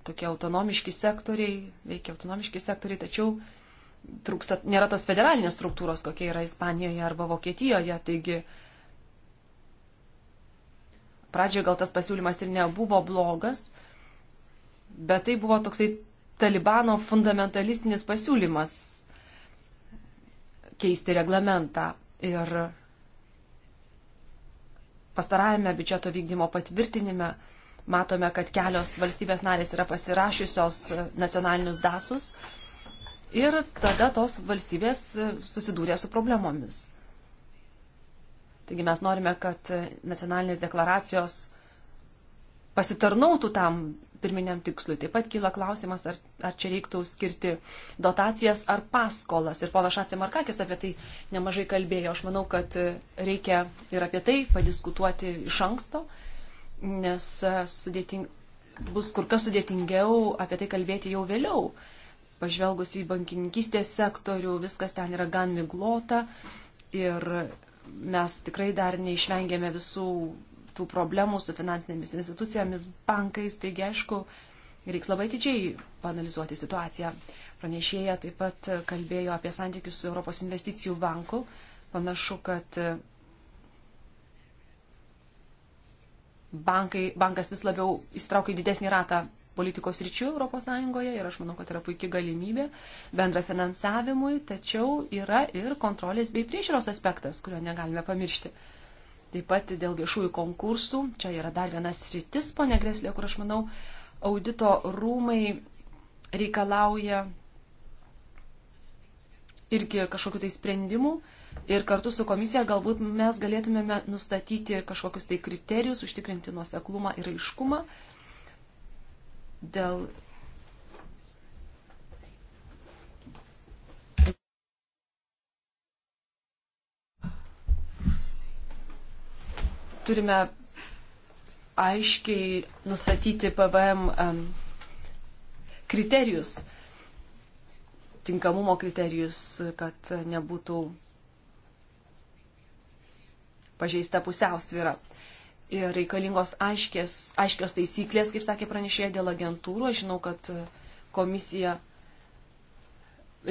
tokie autonomiški sektoriai, veikia autonomiški sektoriai, tačiau trūksta, nėra tos federalinės struktūros, kokia yra Ispanijoje arba Vokietijoje. Taigi pradžioje gal tas pasiūlymas ir nebuvo blogas, bet tai buvo toksai Talibano fundamentalistinis pasiūlymas keisti reglamentą. Ir pastarajame biudžeto vykdymo patvirtinime matome, kad kelios valstybės narės yra pasirašiusios nacionalinius dasus Ir tada tos valstybės susidūrė su problemomis. Taigi mes norime, kad nacionalinės deklaracijos pasitarnautų tam pirminiam tikslui. Taip pat kyla klausimas, ar, ar čia reiktų skirti dotacijas ar paskolas. Ir ponas Šacė Markakis apie tai nemažai kalbėjo. Aš manau, kad reikia ir apie tai padiskutuoti iš anksto, nes sudėting, bus kur kas sudėtingiau apie tai kalbėti jau vėliau pažvelgus į bankininkystės sektorių, viskas ten yra gan miglota ir mes tikrai dar neišvengėme visų tų problemų su finansinėmis institucijomis, bankais, taigi aišku, reiks labai didžiai panalizuoti situaciją. Pranešėja taip pat kalbėjo apie santykius su Europos investicijų banku. Panašu, kad bankai, bankas vis labiau įsitraukia į didesnį ratą politikos ryčių ES ir aš manau, kad yra puikia galimybė bendra finansavimui, tačiau yra ir kontrolės bei priežiūros aspektas, kurio negalime pamiršti. Taip pat dėl viešųjų konkursų, čia yra dar vienas rytis, ponė Greslė, kur aš manau, audito rūmai reikalauja irgi kažkokiu tai sprendimu ir kartu su komisija galbūt mes galėtumėme nustatyti kažkokius tai kriterijus, užtikrinti nuoseklumą ir aiškumą. Uh, dėl turime aiškiai nustatyti PVM kriterijus, tinkamumo kriterijus, kad nebūtų pažeista pusiausvyra ir reikalingos aiškės, aiškios taisyklės, kaip sakė pranešėja dėl agentūrų. Aš žinau, kad komisija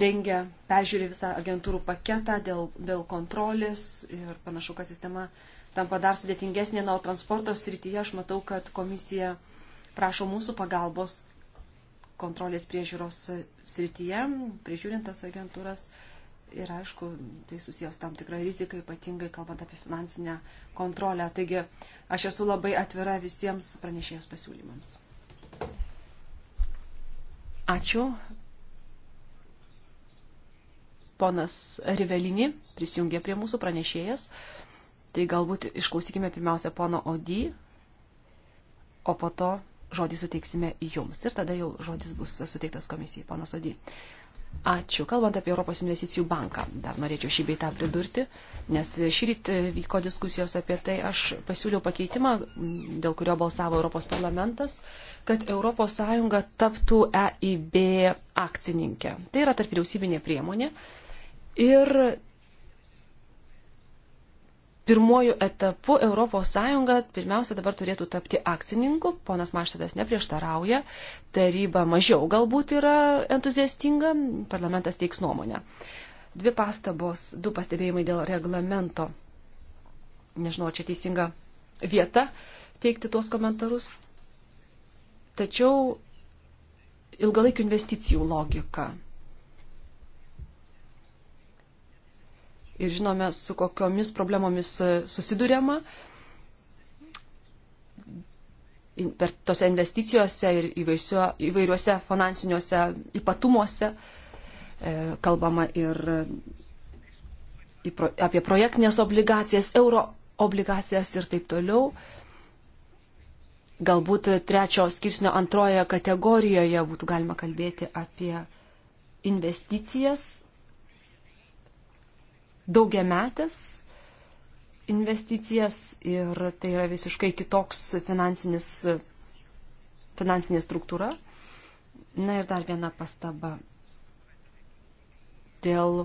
rengia, peržiūri visą agentūrų paketą dėl, dėl kontrolės ir panašu, kad sistema tampa dar sudėtingesnė. Na, o transporto srityje aš matau, kad komisija prašo mūsų pagalbos kontrolės priežiūros srityje, prižiūrintas agentūras. Uh, Ir aišku, tai susijęs tam tikrą riziką, ypatingai kalbant apie finansinę kontrolę. Taigi aš esu labai atvira visiems pranešėjos pasiūlymams. Ačiū. Ponas Rivelini prisijungė prie mūsų pranešėjas. Tai galbūt išklausykime pirmiausia pono Odį, o po to žodį suteiksime jums. Ir tada jau žodis bus suteiktas komisijai, ponas Odį. Ačiū. Kalbant apie Europos investicijų banką, dar norėčiau šį beitą pridurti, nes šį rytą e, vyko diskusijos apie tai, aš pasiūliau pakeitimą, dėl kurio balsavo Europos parlamentas, kad ES taptų EIB akcininkė. Tai yra tarp vyriausybinė priemonė ir pirmuoju etapu ES pirmiausia dabar turėtų tapti akcininku, ponas Maštadas neprieštarauja, taryba mažiau galbūt yra entuziastinga, parlamentas teiks nuomonę. Dvi pastabos, du pastebėjimai dėl reglamento. Nežinau, čia teisinga vieta teikti tuos komentarus. Tačiau ilgalaikių investicijų logika ir žinome, su kokiomis problemomis e, susidurėma per tose investicijose ir įvairiuose finansiniuose ypatumuose. E, kalbama ir e, apie projektinės obligacijas, euro obligacijas ir taip toliau. Galbūt trečio skirsnio antroje kategorijoje būtų galima kalbėti apie investicijas daugiametės investicijas ir tai yra visiškai kitoks finansinis, finansinė struktūra. Na ir dar viena pastaba dėl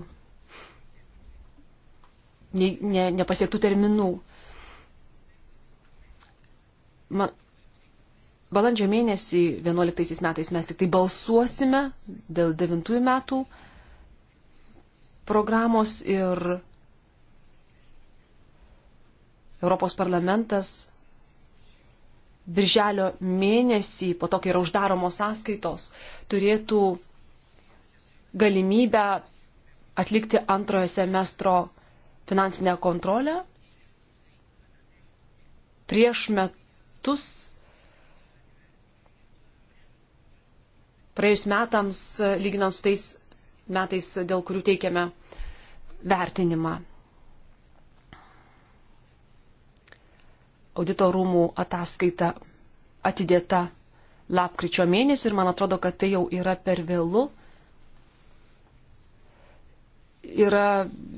ne, ne, nepasiektų terminų. Man, balandžio mėnesį 11 metais mes tik tai balsuosime dėl 9 metų programos ir Europos parlamentas birželio mėnesį, po to, kai yra uždaromos sąskaitos, turėtų galimybę atlikti antrojo semestro finansinę kontrolę. Prieš metus, praėjus metams, lyginant su tais metais, dėl kurių teikiame vertinimą. Audito rūmų ataskaita atidėta lapkričio mėnesį ir man atrodo, kad tai jau yra per vėlų. Yra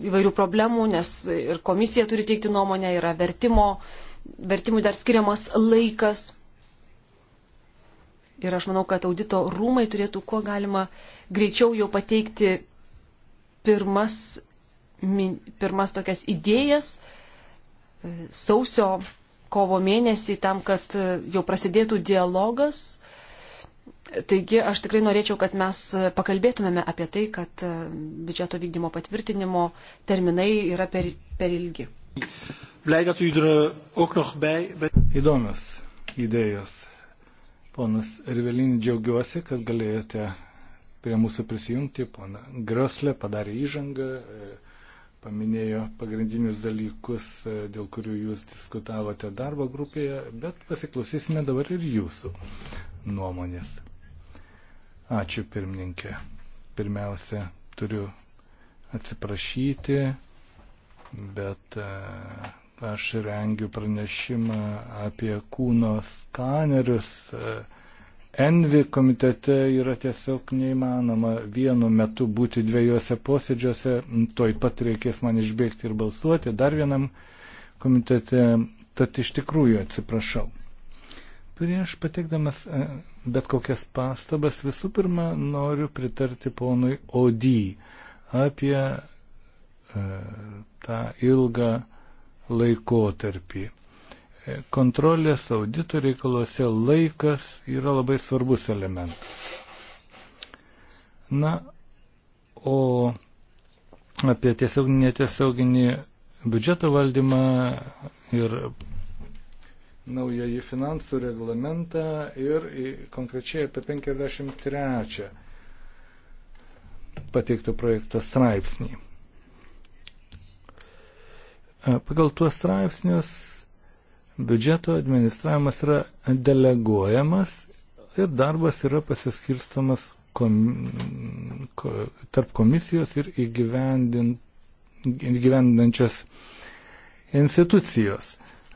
įvairių problemų, nes ir komisija turi teikti nuomonę, yra vertimo, vertimui dar skiriamas laikas. Ir aš manau, kad audito rūmai turėtų kuo galima greičiau jau pateikti pirmas, min, pirmas tokias idėjas e, sausio kovo mėnesį tam, kad e, jau prasidėtų dialogas. Taigi aš tikrai norėčiau, kad mes pakalbėtumėme apie tai, kad e, biudžeto vykdymo patvirtinimo terminai yra per, per ilgi. Er, eh, Įdomios idėjos. Ponas Rivelin, džiaugiuosi, kad galėjote prie mūsų prisijungti. Pona Grosle padarė įžangą, e, paminėjo pagrindinius dalykus, e, dėl kurių jūs diskutavote darbo grupėje, bet pasiklausysime dabar ir jūsų nuomonės. Ačiū pirmininkė. Pirmiausia, turiu atsiprašyti, bet e, Aš rengiu pranešimą apie kūno skanerius. Envi komitete yra tiesiog neįmanoma vienu metu būti dviejose posėdžiuose, toj pat reikės man išbėgti ir balsuoti dar vienam komitete, tad iš tikrųjų atsiprašau. Prieš pateikdamas e, bet kokias pastabas, visų pirma, noriu pritarti ponui Odį apie e, tą ilgą laikotarpį. E, kontrolės audito reikaluose laikas yra labai svarbus elementas. Na, o apie tiesioginį, netiesioginį biudžeto valdymą ir naująjį finansų reglamentą ir konkrečiai apie 53 pateiktų projektą straipsnį. E, pagal tuos straipsnius biudžeto administravimas yra deleguojamas ir darbas yra pasiskirstamas kom, ko, tarp komisijos ir įgyvendinančios institucijos.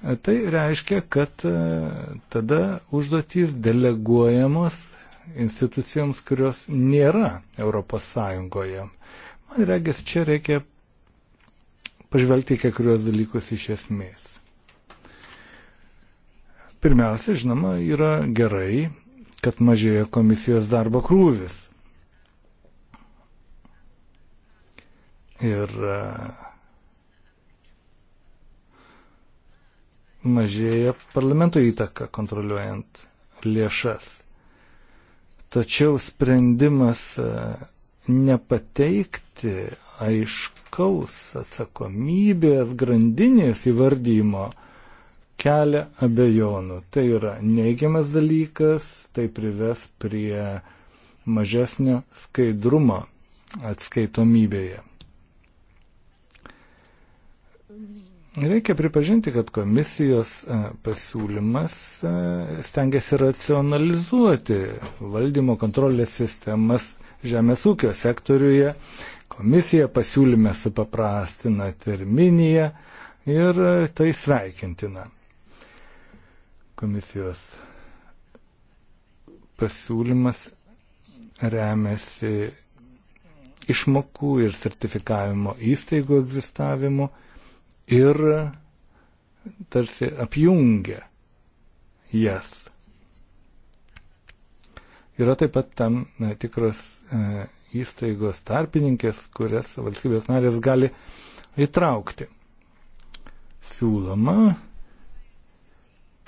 E, tai reiškia, kad e, tada užduotys deleguojamos institucijoms, kurios nėra ES. Man regis, čia reikia pažvelgti kai kuriuos dalykus iš esmės. Pirmiausia, žinoma, yra gerai, kad mažėja komisijos darbo krūvis. Ir e, mažėja parlamento įtaka kontroliuojant lėšas. Tačiau sprendimas e, nepateikti aiškaus atsakomybės grandinės įvardymo kelia abejonų. Tai yra neigiamas dalykas, tai prives prie mažesnio skaidrumo atskaitomybėje. Reikia pripažinti, kad komisijos e, pasiūlymas e, stengiasi racionalizuoti valdymo kontrolės sistemas žemės ūkio sektoriuje. Komisija pasiūlyme supaprastina terminiją ir tai sveikintina. Komisijos pasiūlymas remiasi išmokų ir sertifikavimo įstaigų egzistavimu ir tarsi apjungia jas. Yra taip pat tam na, tikros e, įstaigos tarpininkės, kurias valstybės narės gali įtraukti. Siūloma,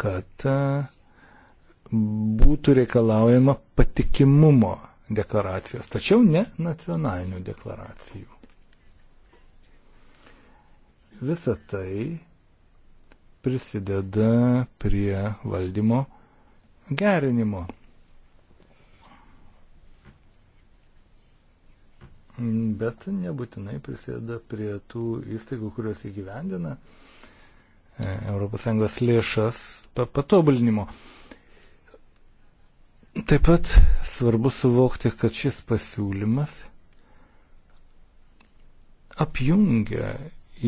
kad e, būtų reikalaujama patikimumo deklaracijos, tačiau ne nacionalinių deklaracijų. Visa tai prisideda prie valdymo gerinimo bet nebūtinai prisėda prie tų įstaigų, kurios įgyvendina e, ES lėšas patobulinimo. Taip pat svarbu suvokti, kad šis pasiūlymas apjungia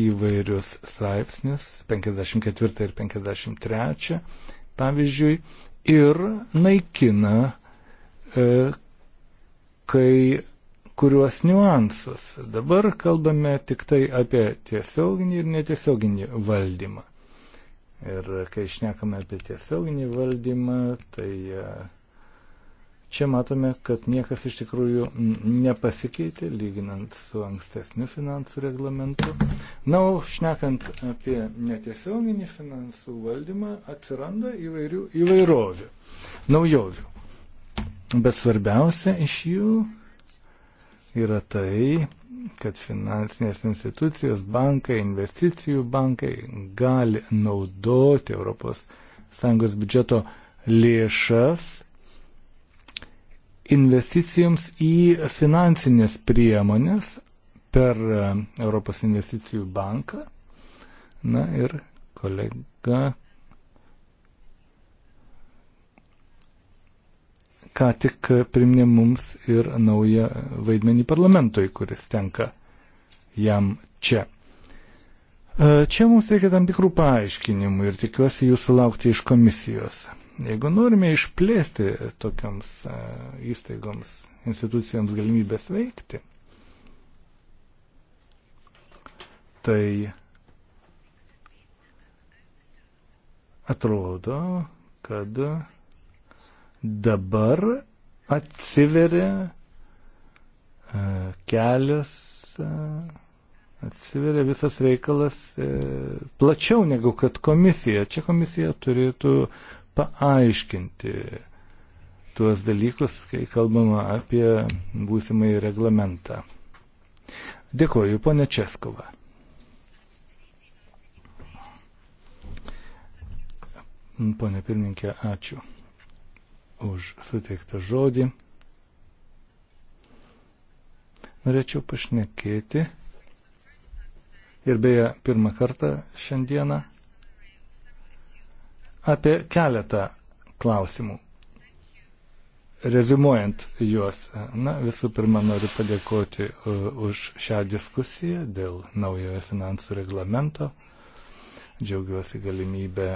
įvairius straipsnius 54 ir 53, pavyzdžiui, ir naikina, e, kai kuriuos niuansus. Dabar kalbame tik tai apie tiesioginį ir netiesioginį valdymą. Ir kai išnekame apie tiesioginį valdymą, tai e, čia matome, kad niekas iš tikrųjų nepasikeitė, lyginant su ankstesniu finansų reglamentu. Na, o šnekant apie netiesioginį finansų valdymą, atsiranda įvairių įvairovių, naujovių. Bet svarbiausia iš jų yra tai, kad finansinės institucijos, bankai, investicijų bankai gali naudoti ES biudžeto lėšas investicijoms į finansinės priemonės per Europos investicijų banką. Na ir kolega ką tik priminė mums ir naują vaidmenį parlamentui, kuris tenka jam čia. E, čia mums reikia tam tikrų paaiškinimų ir tikiuosi jų sulaukti iš komisijos. Jeigu norime išplėsti tokiams e, įstaigoms, institucijoms galimybės veikti, tai atrodo, kad dabar atsiveria e, kelias, e, atsiveria visas reikalas e, plačiau negu kad komisija. Čia komisija turėtų paaiškinti tuos dalykus, kai kalbama apie būsimai reglamentą. Dėkoju, ponė Českova. Pone pirmininkė, ačiū už suteiktą žodį. Norėčiau pašnekėti ir beje pirmą kartą šiandieną apie keletą klausimų. Rezumuojant juos, na, visų pirma, noriu padėkoti e, už šią diskusiją dėl naujojo finansų reglamento. Džiaugiuosi galimybę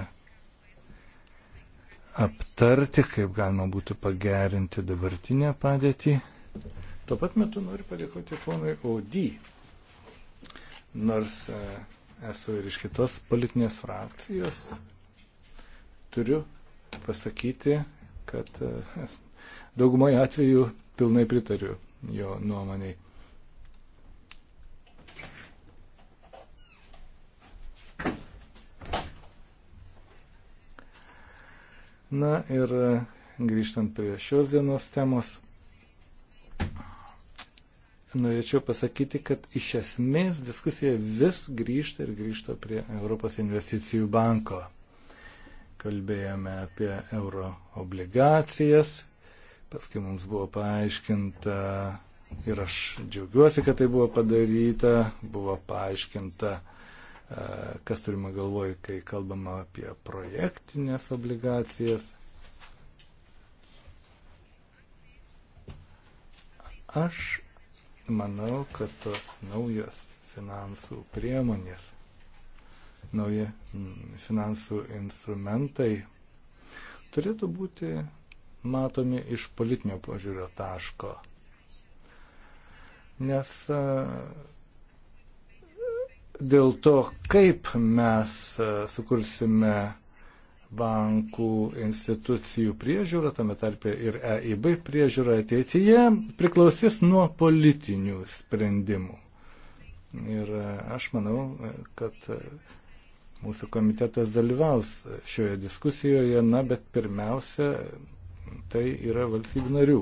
aptarti, kaip galima būtų pagerinti dabartinę padėtį. Tuo pat metu noriu padėkoti ponui Audy, nors e, esu ir iš kitos politinės frakcijos. Turiu pasakyti, kad e, daugumoje atveju pilnai pritariu jo nuomoniai. Na ir e, grįžtant prie šios dienos temos, norėčiau pasakyti, kad iš esmės diskusija vis grįžta ir grįžta prie Europos investicijų banko. Kalbėjome apie euro obligacijas, paskui mums buvo paaiškinta ir aš džiaugiuosi, kad tai buvo padaryta, buvo paaiškinta uh, kas turima galvoj, kai kalbama apie projektinės obligacijas. Aš manau, kad tos naujos finansų priemonės, nauji mm, finansų instrumentai turėtų būti matomi iš politinio požiūrio taško. Nes dėl to, kaip mes e, sukursime bankų institucijų priežiūrą, tame tarpe ir EIB priežiūrą ateityje, priklausys nuo politinių sprendimų. Ir e, aš manau, e, kad mūsų komitetas dalyvaus šioje diskusijoje, na, bet pirmiausia, tai yra valstybių narių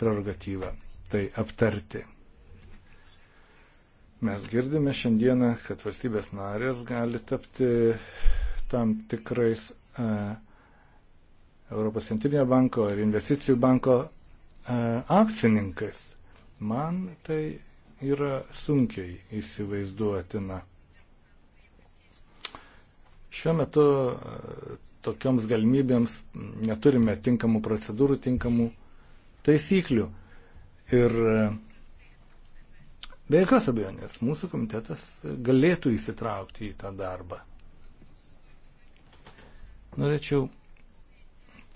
prerogatyva tai aptarti. Mes girdime šiandieną, kad valstybės narės gali tapti tam tikrais e, Europos centrinio banko ir investicijų banko e, akcininkais. Man tai yra sunkiai įsivaizduotina. Šiuo metu e, tokioms galimybėms neturime tinkamų procedūrų, tinkamų taisyklių. Ir e, Be jokios abejonės, mūsų komitetas galėtų įsitraukti į tą darbą. Norėčiau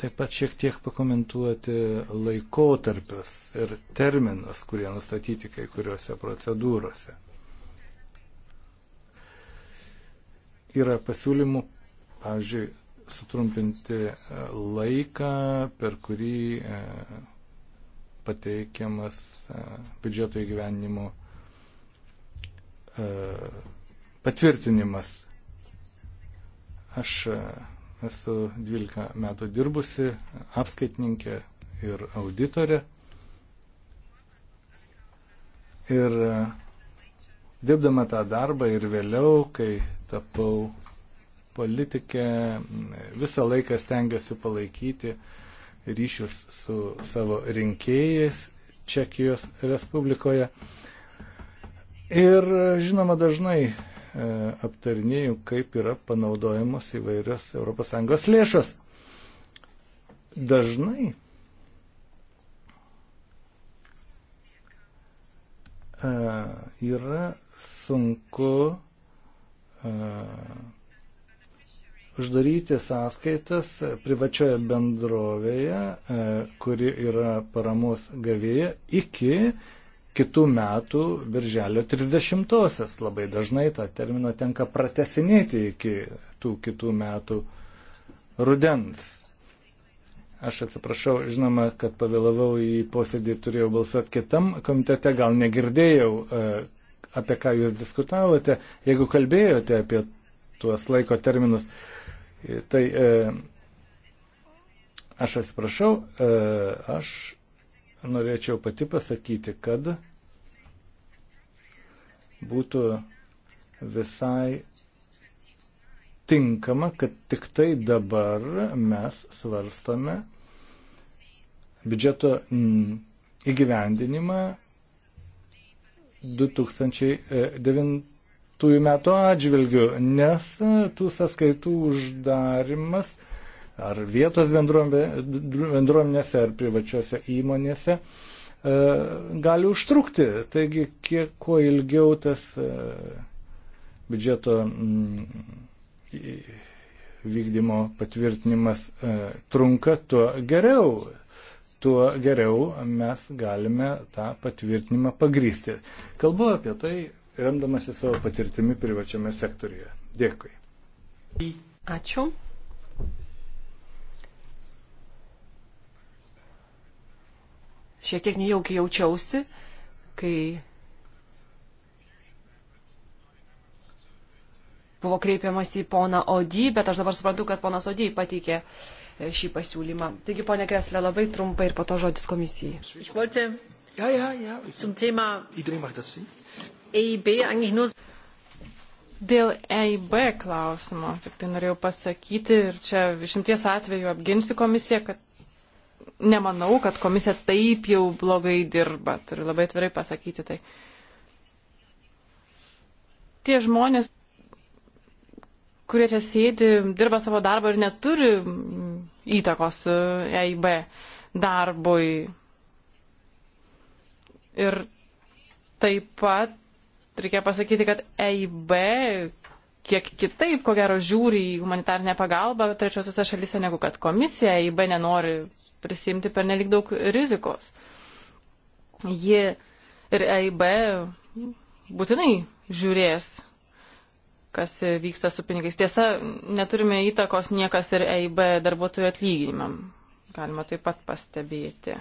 taip pat šiek tiek pakomentuoti laikotarpius ir terminus, kurie nustatyti kai kuriuose procedūrose. Yra pasiūlymų, pavyzdžiui, sutrumpinti laiką, per kurį e, pateikiamas e, biudžeto įgyvenimo E, patvirtinimas. Aš e, esu 12 metų dirbusi apskaitininkė ir auditorė. Ir e, dirbdama tą darbą ir vėliau, kai tapau politikė, visą laiką stengiuosi palaikyti ryšius su savo rinkėjais Čekijos Respublikoje. Ir žinoma, dažnai e, aptarinėjau, kaip yra panaudojamos įvairios ES lėšas. Dažnai e, yra sunku e, uždaryti sąskaitas privačioje bendrovėje, kuri yra paramos gavėja, iki kitų metų birželio 30-osios. Labai dažnai tą terminą tenka pratesinėti iki tų kitų metų rudens. Aš atsiprašau, žinoma, kad pavėlavau į posėdį, turėjau balsuoti kitam komitete, gal negirdėjau, e, apie ką jūs diskutavote. Jeigu kalbėjote apie tuos laiko terminus, e, tai e, aš atsiprašau, aš norėčiau pati pasakyti, kad būtų visai tinkama, kad tik tai dabar mes svarstome biudžeto mm, įgyvendinimą 2009 e, metų atžvilgių, nes tų sąskaitų uždarimas ar vietos bendruomenėse, ar privačiose įmonėse, e, gali užtrukti. Taigi, kiek, kuo ilgiau tas e, biudžeto mm, vykdymo patvirtinimas e, trunka, tuo geriau tuo geriau mes galime tą patvirtinimą pagrysti. Kalbu apie tai, remdamasi savo patirtimi privačiame sektoriuje. Dėkui. Ačiū. šiek tiek nejaukiai jaučiausi, kai buvo kreipiamas į poną Odį, bet aš dabar suprantu, kad ponas Odį pateikė e, šį pasiūlymą. Taigi, ponė Kreslė, labai trumpai ir po to žodis komisijai. Ja, ja, ja. E Dėl EIB klausimo, tik tai norėjau pasakyti ir čia išimties atveju apginsiu komisiją, kad nemanau, kad komisija taip jau blogai dirba. Turiu labai atvirai pasakyti tai. Tie žmonės, kurie čia sėdi, dirba savo darbą ir neturi įtakos EIB darbui. Ir taip pat reikia pasakyti, kad EIB kiek kitaip, ko gero, žiūri į humanitarnę pagalbą trečiosiuose šalyse, negu kad komisija EIB nenori prisimti per nelik daug rizikos. Ji ir EIB būtinai žiūrės, kas vyksta su pinigais. Tiesa, neturime įtakos niekas ir EIB darbuotojų atlyginimam. Galima taip pat pastebėti.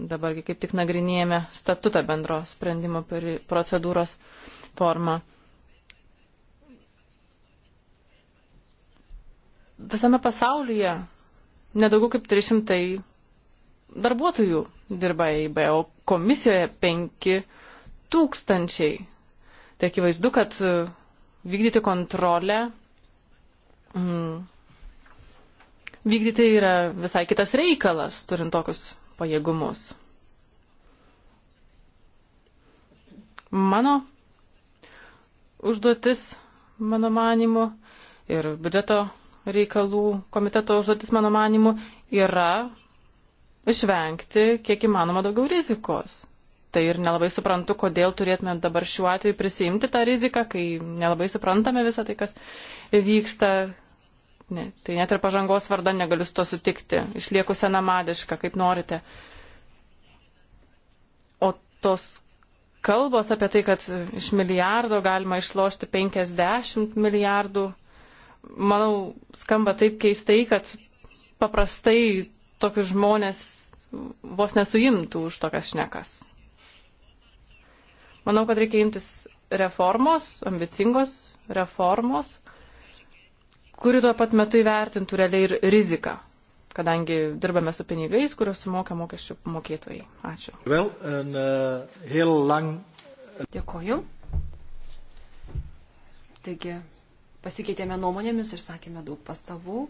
Dabargi kaip tik nagrinėjame statutą bendro sprendimo procedūros formą. Visame pasaulyje nedaugiau kaip 300 darbuotojų dirba EIB, o komisijoje 5 tūkstančiai. Tai akivaizdu, kad e, vykdyti kontrolę, mm, vykdyti yra visai kitas reikalas, turint tokius pajėgumus. Mano užduotis, mano manimu, ir biudžeto reikalų komiteto užduotis, mano manimu, yra išvengti kiek įmanoma daugiau rizikos. Tai ir nelabai suprantu, kodėl turėtume dabar šiuo atveju prisimti tą riziką, kai nelabai suprantame visą tai, kas vyksta. Ne, tai net ir pažangos vardan negaliu su to sutikti. Išlieku senamadišką, kaip norite. O tos kalbos apie tai, kad iš milijardo galima išlošti 50 milijardų, manau, skamba taip keistai, kad paprastai tokius žmonės vos nesuimtų už tokias šnekas. Manau, kad reikia imtis reformos, ambicingos reformos, kuri tuo pat metu įvertintų realiai ir riziką, kadangi dirbame su pinigais, kuriuos sumoka mokesčių mokėtojai. Ačiū. Well, and, uh, lang... Dėkoju. Taigi, pasikeitėme nuomonėmis, išsakėme daug pastabų.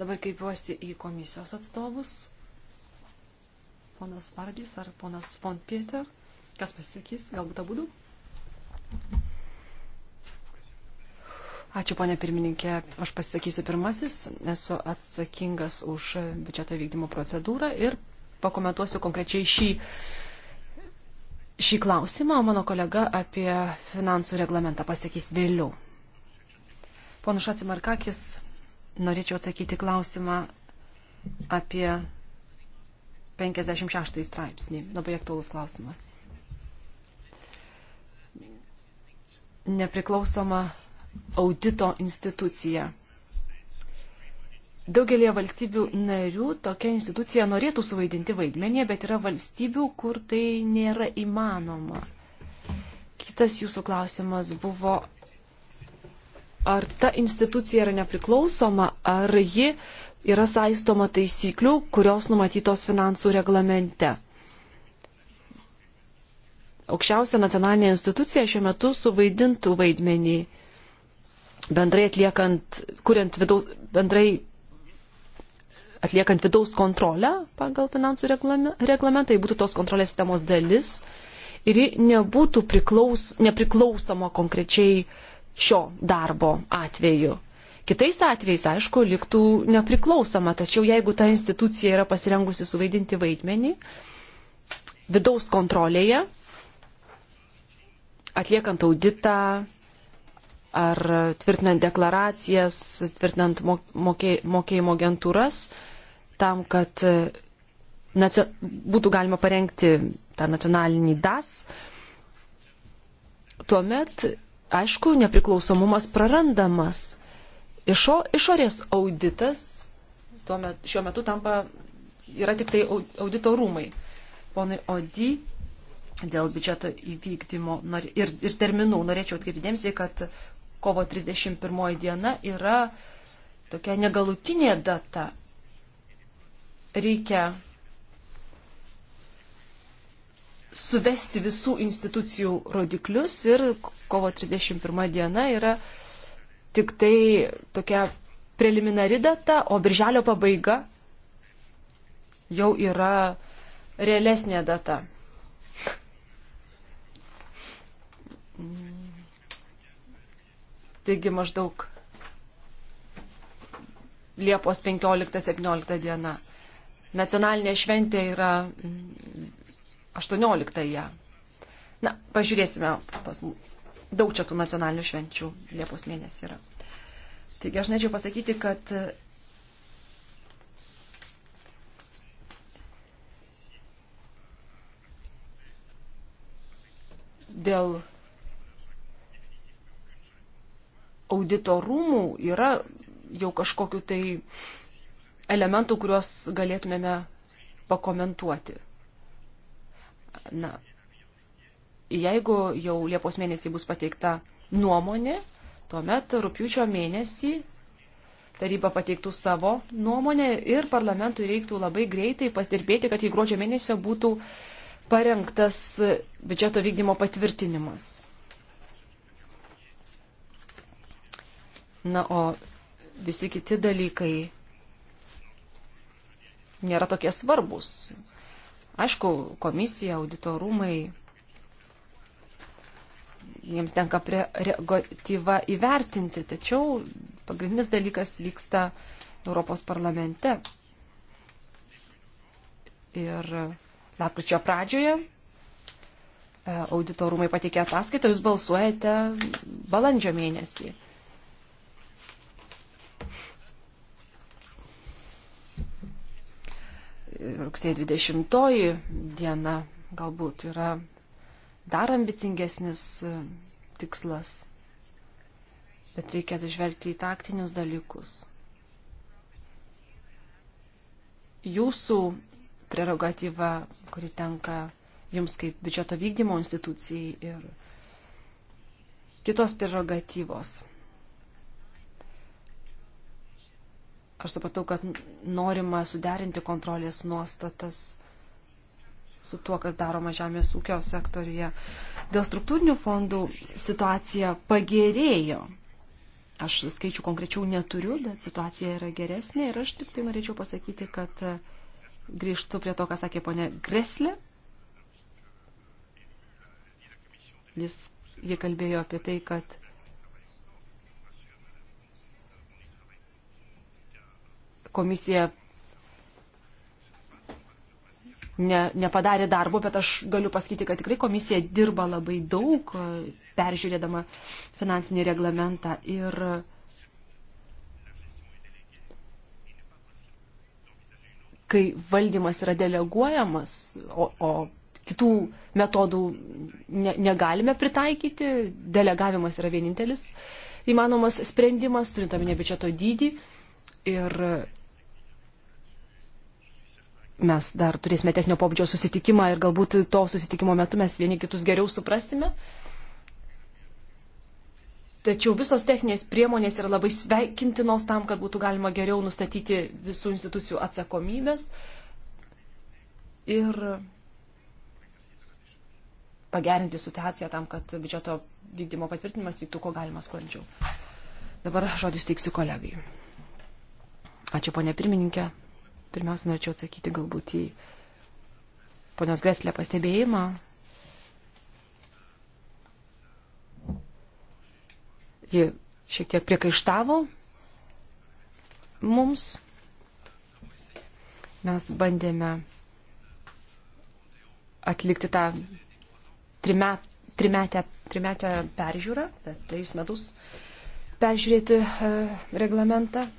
Dabar kreipiuosi į komisijos atstovus. Ponas Pardys ar ponas Fon Pieter. Kas pasisakys? Galbūt abu du? Ačiū, ponė pirmininkė. Aš pasisakysiu pirmasis. Esu atsakingas už biudžeto vykdymo procedūrą ir pakomentuosiu konkrečiai šį šį klausimą, o mano kolega apie finansų reglamentą pasakys vėliau. Ponu Šacimarkakis, norėčiau atsakyti klausimą apie 56 straipsnį. Labai aktuolus klausimas. Nepriklausoma audito institucija. Daugelie valstybių narių tokia institucija norėtų suvaidinti vaidmenį, bet yra valstybių, kur tai nėra įmanoma. Kitas jūsų klausimas buvo ar ta institucija yra nepriklausoma, ar ji yra saistoma taisyklių, kurios numatytos finansų reglamente. Aukščiausia nacionalinė institucija šiuo metu suvaidintų vaidmenį bendrai atliekant, kuriant vidaus, bendrai atliekant vidaus kontrolę pagal finansų reglamentą, tai būtų tos kontrolės sistemos dalis ir ji nebūtų priklaus, nepriklausoma konkrečiai uh, šio darbo atveju. Kitais atvejais, aišku, liktų nepriklausoma, tačiau jeigu ta institucija yra pasirengusi suvaidinti vaidmenį vidaus kontrolėje, atliekant auditą ar tvirtinant deklaracijas, tvirtinant mokė, mokėjimo agentūras, tam, kad e, nacio, būtų galima parengti tą nacionalinį DAS, tuomet aišku, nepriklausomumas prarandamas. Išo, išorės auditas met, šiuo metu tampa, yra tik tai audito rūmai. Ponai Odi, dėl biudžeto įvykdymo ir, ir terminų norėčiau atkreipti dėmesį, kad kovo 31 diena yra tokia negalutinė data. Reikia suvesti visų institucijų rodiklius ir kovo 31 diena yra tik tai tokia preliminari data, o birželio pabaiga jau yra realesnė data. Taigi maždaug Liepos 15-17 diena. Nacionalinė šventė yra 18-ąją. Na, pažiūrėsime, pas daug čia tų nacionalinių švenčių Liepos mėnesį yra. Taigi aš norėčiau pasakyti, kad dėl auditorumų yra jau kažkokiu tai elementų, kuriuos galėtumėme pakomentuoti na, jeigu jau Liepos mėnesį bus pateikta nuomonė, tuomet rūpiučio mėnesį taryba pateiktų savo nuomonę ir parlamentui reiktų labai greitai padirbėti, kad į gruodžio mėnesio būtų parengtas biudžeto vykdymo patvirtinimas. Na, o visi kiti dalykai nėra tokie svarbus. Aišku, komisija, auditorumai, jiems tenka prerogatyva įvertinti, tačiau pagrindinis dalykas vyksta Europos parlamente. Ir lapkričio pradžioje e, auditorumai pateikė ataskaitą, jūs balsuojate balandžio mėnesį. rugsėjo 20 diena galbūt yra dar ambicingesnis e, tikslas, bet reikia atsižvelgti į taktinius dalykus. Jūsų prerogatyva, kuri tenka jums kaip biudžeto vykdymo institucijai ir kitos prerogatyvos Aš supratau, kad norima suderinti kontrolės nuostatas su tuo, kas daroma žemės ūkio sektorija. Dėl struktūrinių fondų situacija pagerėjo. Aš skaičių konkrečiau neturiu, bet situacija yra geresnė ir aš tik tai norėčiau pasakyti, kad e, grįžtu prie to, ką sakė ponė Greslė. Jis, jie kalbėjo apie tai, kad komisija ne, nepadarė darbo, bet aš galiu pasakyti, kad tikrai komisija dirba labai daug, peržiūrėdama finansinį reglamentą. Ir kai valdymas yra deleguojamas, o, o kitų metodų ne, negalime pritaikyti, delegavimas yra vienintelis įmanomas sprendimas, turintame ne biudžeto dydį. Ir mes dar turėsime techninio pobūdžio susitikimą ir galbūt to susitikimo metu mes vieni kitus geriau suprasime. Tačiau visos techninės priemonės yra labai sveikintinos tam, kad būtų galima geriau nustatyti visų institucijų atsakomybės ir pagerinti situaciją tam, kad biudžeto vykdymo patvirtinimas vyktų kuo galima sklandžiau. Dabar žodis teiksiu kolegai. Ačiū, ponė pirmininkė. Pirmiausia, norėčiau atsakyti galbūt į ponios Greslė pastebėjimą. Ji šiek tiek priekaištavo mums. Mes bandėme atlikti tą trimetę, trimetę, trimetę peržiūrą, bet trejus metus peržiūrėti e, reglamentą.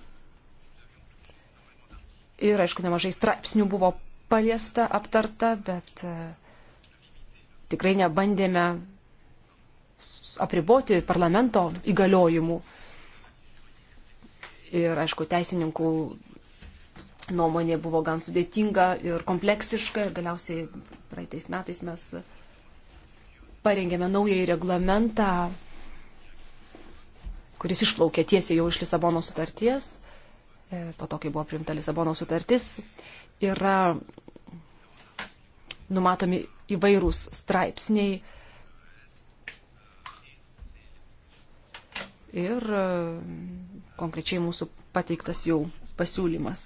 Ir, aišku, nemažai straipsnių buvo paliesta, aptarta, bet e, tikrai nebandėme apriboti parlamento įgaliojimų. Ir, aišku, teisininkų nuomonė buvo gan sudėtinga ir kompleksiška ir galiausiai praeitais metais mes parengėme naująjį reglamentą, kuris išplaukė tiesiai jau iš Lisabono sutarties. E, po to, kai buvo priimta Lisabono sutartis, yra numatomi įvairūs straipsniai ir e, konkrečiai mūsų pateiktas jau pasiūlymas.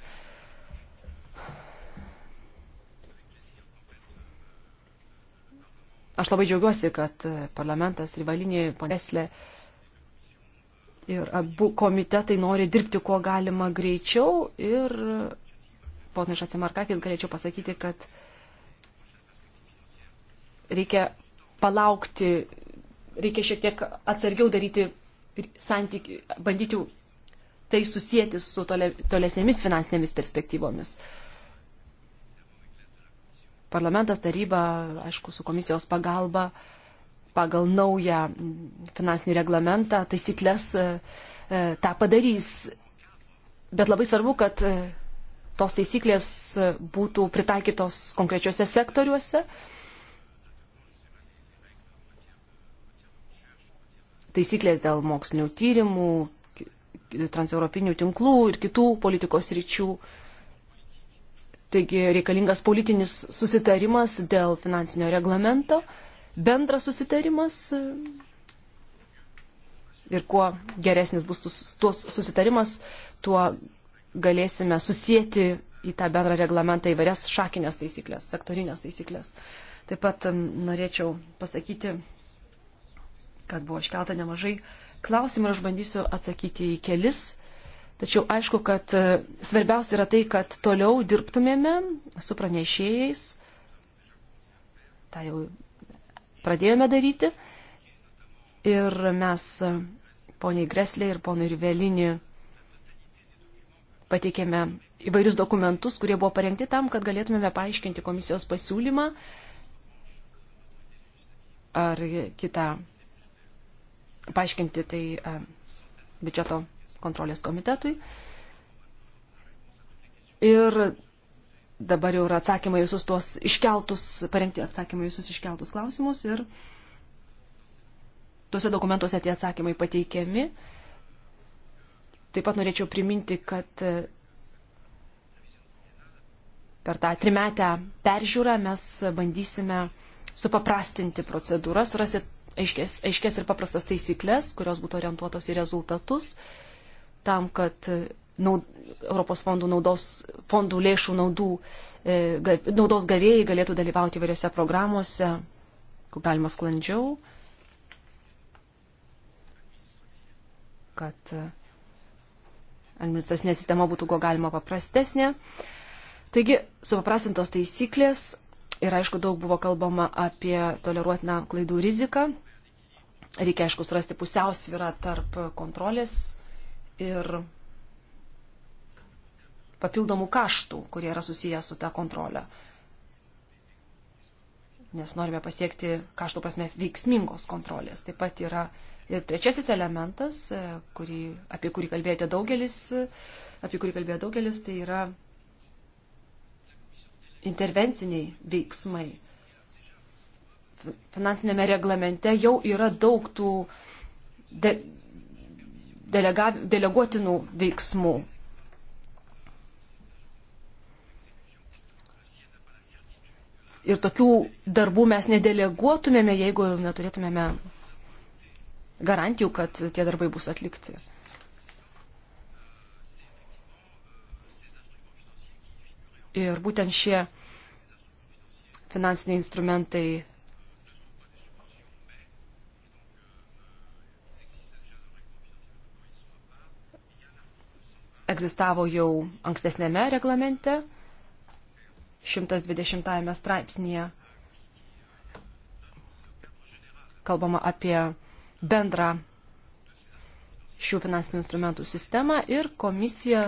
Aš labai džiaugiuosi, kad e, parlamentas Rivalinė, poneslė, Ir abu komitetai nori dirbti kuo galima greičiau ir ponas Šacimarkakis galėčiau pasakyti, kad reikia palaukti, reikia šiek tiek atsargiau daryti santyki, bandyti tai susijęti su tole, tolesnėmis finansinėmis perspektyvomis. Parlamentas taryba, aišku, su komisijos pagalba uh, pagal naują finansinį reglamentą, taisyklės e, e, tą padarys. Bet labai svarbu, kad e, tos taisyklės būtų pritaikytos konkrečiose sektoriuose. Taisyklės dėl mokslinių tyrimų, transeuropinių tinklų ir kitų politikos ryčių. Taigi reikalingas politinis susitarimas dėl finansinio reglamento bendras susitarimas e, ir kuo geresnis bus tuos susitarimas, tuo galėsime susijęti į tą bendrą reglamentą įvairias šakinės taisyklės, sektorinės taisyklės. Taip pat norėčiau pasakyti, kad buvo iškelta nemažai klausimų ir aš bandysiu atsakyti į kelis. Tačiau aišku, kad e, svarbiausia yra tai, kad toliau dirbtumėme su pranešėjais. Ta jau pradėjome daryti. Ir mes poniai Greslė ir ponui Rivelinį pateikėme įvairius dokumentus, kurie buvo parengti tam, kad galėtumėme paaiškinti komisijos pasiūlymą ar kitą, paaiškinti tai biudžeto kontrolės komitetui. Ir dabar jau yra atsakymai visus tuos iškeltus, parengti atsakymai visus iškeltus klausimus ir tuose dokumentuose tie atsakymai pateikiami. Taip pat norėčiau priminti, kad e, per tą trimetę peržiūrą mes bandysime supaprastinti procedūrą, surasti aiškės, aiškės ir paprastas taisyklės, kurios būtų orientuotos į rezultatus, tam, kad naud, Europos fondų, naudos, fondų lėšų naudų, e, naudos gavėjai galėtų dalyvauti įvairiose programuose, kur galima sklandžiau, kad e, administracinė sistema būtų kuo galima paprastesnė. Taigi, supaprastintos taisyklės ir aišku, daug buvo kalbama apie toleruotiną klaidų riziką. Reikia, aišku, surasti pusiausvyrą tarp kontrolės ir papildomų kaštų, kurie yra susiję su ta kontrolė. Nes norime pasiekti kaštų prasme veiksmingos kontrolės. Taip pat yra ir trečiasis elementas, e, kurį, apie kurį kalbėjote daugelis, e, apie kurį kalbėjo daugelis, tai yra intervenciniai veiksmai. Finansinėme reglamente jau yra daug tų de, delega, deleguotinų veiksmų ir tokių darbų mes nedeleguotumėme, jeigu neturėtumėme garantijų, kad tie darbai bus atlikti. Ir būtent šie finansiniai instrumentai egzistavo jau ankstesnėme reglamente 120 straipsnėje kalbama apie bendrą šių finansinių instrumentų sistemą ir komisija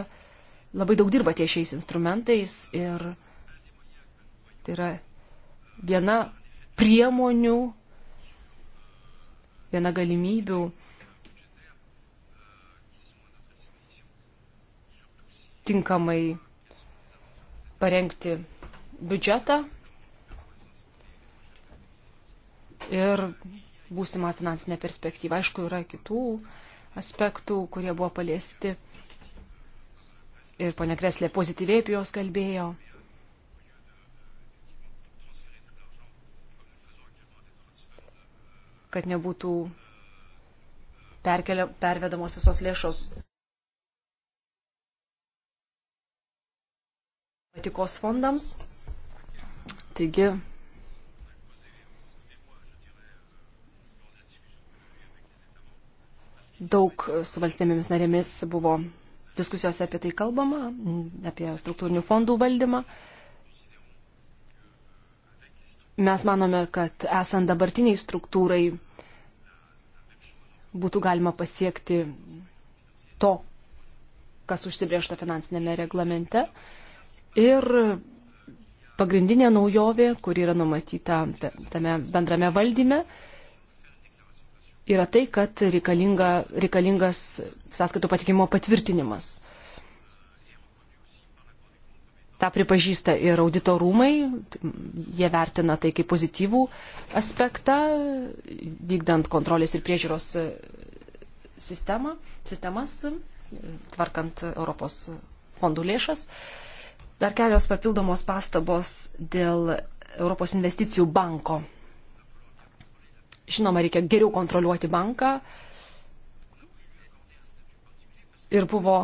labai daug dirba ties šiais instrumentais ir tai yra viena priemonių, viena galimybių tinkamai parengti biudžetą ir būsimą finansinę perspektyvą. Aišku, yra kitų aspektų, kurie buvo paliesti. Ir ponia Kreslė pozityviai apie juos kalbėjo. Kad nebūtų perkelia, pervedamos visos lėšos patikos fondams. Taigi, daug su valstybėmis narėmis buvo diskusijose apie tai kalbama, apie struktūrinių fondų valdymą. Mes manome, kad esant dabartiniai struktūrai būtų galima pasiekti to, kas užsibriešta finansinėme reglamente. Ir pagrindinė naujovė, kuri yra numatyta tame bendrame valdyme, yra tai, kad reikalinga, reikalingas sąskaitų patikimo patvirtinimas. Ta pripažįsta ir audito rūmai, jie vertina tai kaip pozityvų aspektą, vykdant kontrolės ir priežiūros sistemą, sistemas, tvarkant Europos fondų lėšas. Uh, Dar kelios papildomos pastabos dėl Europos investicijų banko. Žinoma, reikia geriau kontroliuoti banką. Ir buvo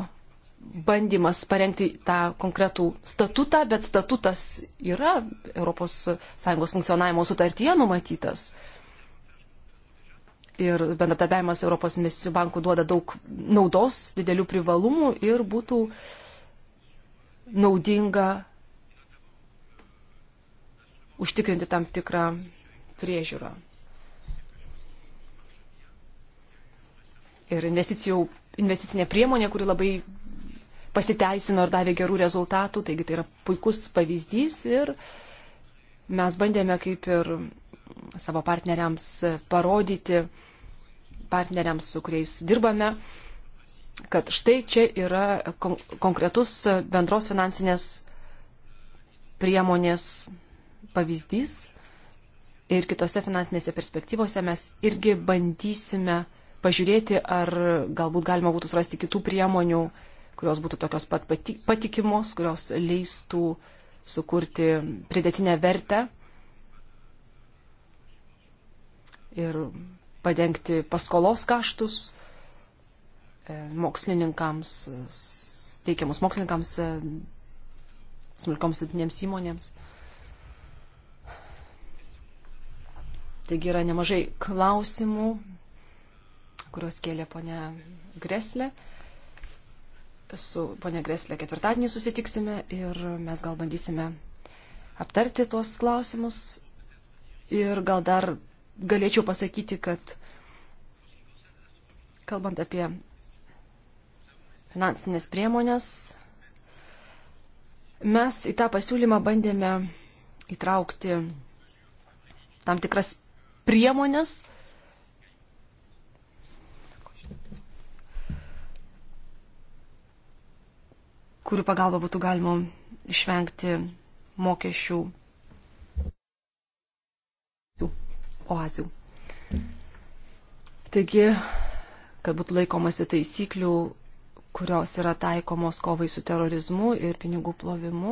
bandymas parengti tą konkretų statutą, bet statutas yra ES funkcionavimo sutartyje numatytas. Ir bendradarbiavimas Europos investicijų bankų duoda daug naudos, didelių privalumų ir būtų uh, naudinga užtikrinti tam tikrą priežiūrą. Ir investicinė priemonė, kuri labai pasiteisino ir davė gerų rezultatų, taigi tai yra puikus pavyzdys ir mes bandėme kaip ir savo partneriams parodyti, partneriams, su kuriais dirbame, kad štai čia yra konkretus bendros finansinės priemonės pavyzdys ir kitose finansinėse perspektyvose mes irgi bandysime pažiūrėti, ar galbūt galima būtų surasti kitų priemonių, kurios būtų tokios pat patikimos, kurios leistų sukurti pridėtinę vertę ir padengti paskolos kaštus E, mokslininkams, e, teikiamus mokslininkams, e, smulkoms vidutinėms įmonėms. Taigi yra nemažai klausimų, kuriuos kėlė ponia Greslė. Su ponia Greslė ketvirtadienį susitiksime ir mes gal bandysime aptarti tuos klausimus. Ir gal dar galėčiau pasakyti, kad kalbant apie finansinės priemonės. Mes į tą pasiūlymą bandėme įtraukti tam tikras priemonės, kurių pagalba būtų galima išvengti mokesčių oazių. Taigi, kad būtų laikomasi taisyklių kurios yra taikomos kovai su terorizmu ir pinigų plovimu.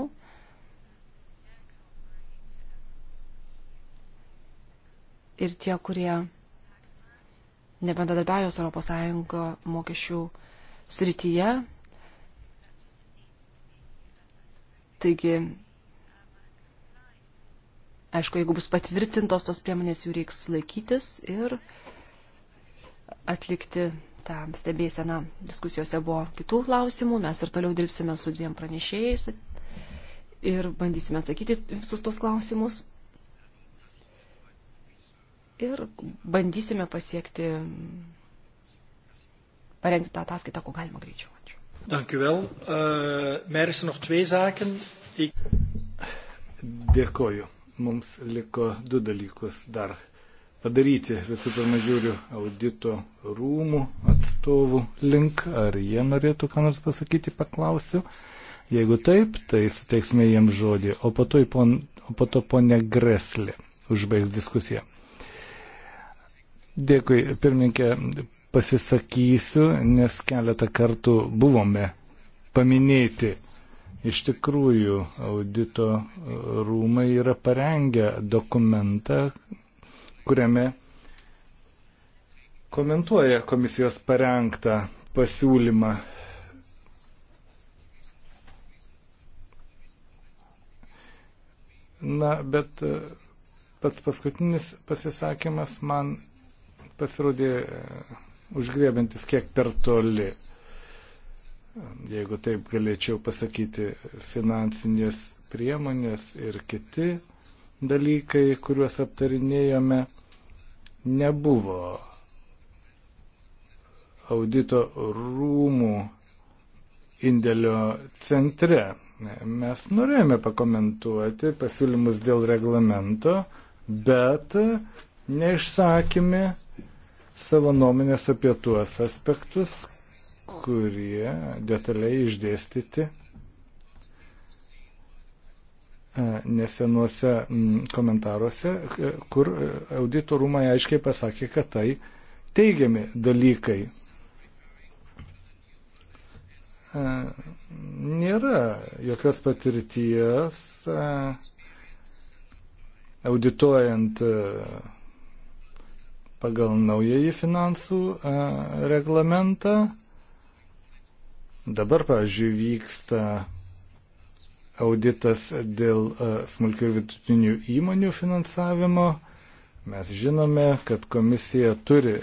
Ir tie, kurie nebendradarbiauja su ES mokesčių srityje. Taigi, aišku, jeigu bus patvirtintos tos priemonės, jų reiks laikytis ir atlikti tą stebėseną diskusijose buvo kitų klausimų. Mes ir toliau dirbsime su dviem pranešėjais ir bandysime atsakyti visus tuos klausimus. Ir bandysime pasiekti, parengti tą ataskaitą, kuo galima greičiau. Ačiū. Dank u wel. Uh, eh, Mij is er nog twee zaken. Die... Dėkoju. Mums liko du dalykus dar padaryti. Visų pirma, žiūriu audito rūmų atstovų link, ar jie norėtų ką nors pasakyti, paklausiu. Jeigu taip, tai suteiksime jiems žodį, o po to, pon, o po to ponė Greslė užbaigs diskusiją. Dėkui, pirmininkė, pasisakysiu, nes keletą kartų buvome paminėti. Iš tikrųjų, audito rūmai yra parengę dokumentą, kuriame komentuoja komisijos parengtą pasiūlymą. Na, bet e, pats paskutinis pasisakymas man pasirodė e, užgrėbintis kiek per toli. Jeigu taip galėčiau pasakyti, finansinės priemonės ir kiti dalykai, kuriuos aptarinėjome, nebuvo audito rūmų indėlio centre. Mes norėjome pakomentuoti pasiūlymus dėl reglamento, bet neišsakėme savo nuomonės apie tuos aspektus, kurie detaliai išdėstyti E, nesenuose komentaruose, e, kur auditorumai aiškiai pasakė, kad tai teigiami dalykai. E, nėra jokios patirties audituojant pagal naująjį finansų reglamentą. Dabar, pavyzdžiui, vyksta auditas dėl e, smulkių ir vidutinių įmonių finansavimo. Mes žinome, kad komisija turi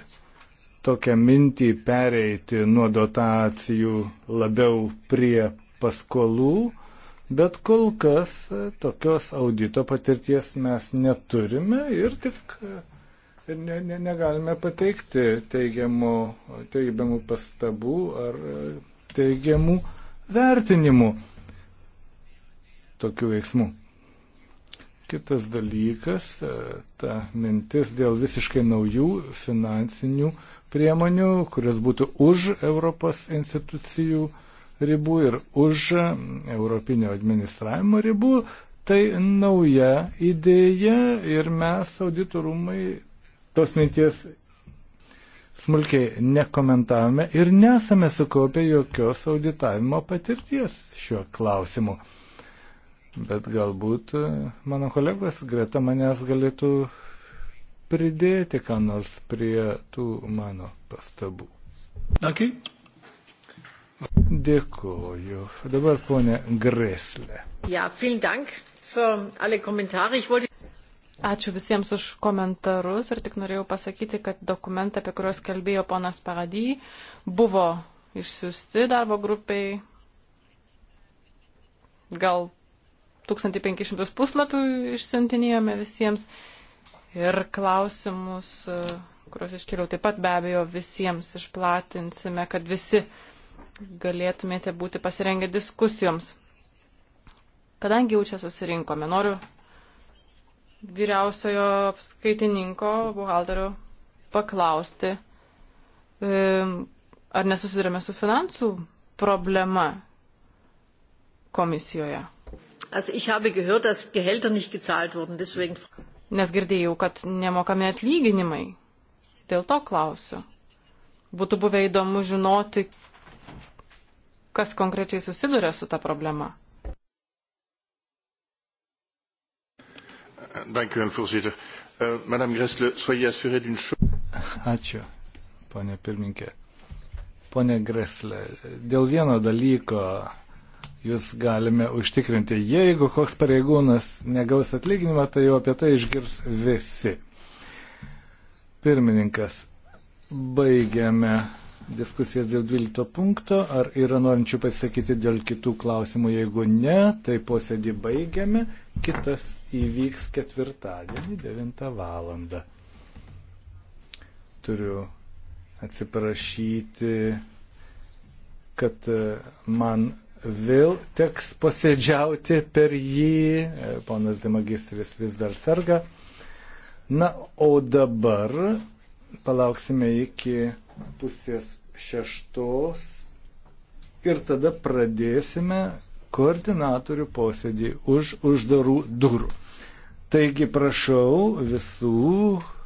tokią mintį pereiti nuo dotacijų labiau prie paskolų, bet kol kas e, tokios audito patirties mes neturime ir tik e, ne, ne, negalime pateikti teigiamų, teigiamų pastabų ar teigiamų vertinimų tokių veiksmų. Kitas dalykas, e, ta mintis dėl visiškai naujų finansinių priemonių, kurios būtų už Europos institucijų ribų ir už Europinio administravimo ribų, tai nauja idėja ir mes auditorumai tos minties smulkiai nekomentavome ir nesame sukaupę jokios auditavimo patirties šiuo klausimu. Bet galbūt e, mano kolegos greta manęs galėtų pridėti ką nors prie tų mano pastabų. Okay. Dėkuoju. Dabar ponė Greslė. Ja, wollte... Ačiū visiems už komentarus ir tik norėjau pasakyti, kad dokumentai, apie kuriuos kalbėjo ponas Paradį, buvo išsiusti darbo grupiai. Gal 1500 puslapių išsiuntinėjome visiems ir klausimus, e, kuriuos iškėliau taip pat be abejo visiems išplatinsime, kad visi galėtumėte būti pasirengę diskusijoms. Kadangi jau čia susirinkome, noriu vyriausiojo apskaitininko, buhalterio paklausti, e, ar nesusidurėme su finansų problema komisijoje. Also ich habe gehört, dass Gehälter nicht gezahlt wurden, deswegen. Nes girdėjau, kad nemokami atlyginimai. Dėl to klausiu. Būtų buvę įdomu žinoti, kas konkrečiai susiduria su ta problema. Dank u wel, voorzitter. Uh, Madame Gressle, soyez assurée d'une chose. Ačiū, ponė pirmininkė. Pone Greslė, dėl vieno dalyko jūs galime užtikrinti. Jeigu koks pareigūnas negaus atlyginimą, tai jau apie tai išgirs visi. Pirmininkas, baigiame diskusijas dėl 12 punkto. Ar yra norinčių pasisakyti dėl kitų klausimų? Jeigu ne, tai posėdį baigiame. Kitas įvyks ketvirtadienį 9 val. Turiu atsiprašyti, kad man vėl teks posėdžiauti per jį, e, ponas Demagistris vis dar serga. Na, o dabar palauksime iki pusės šeštos ir tada pradėsime koordinatorių posėdį už uždarų durų. Taigi prašau visų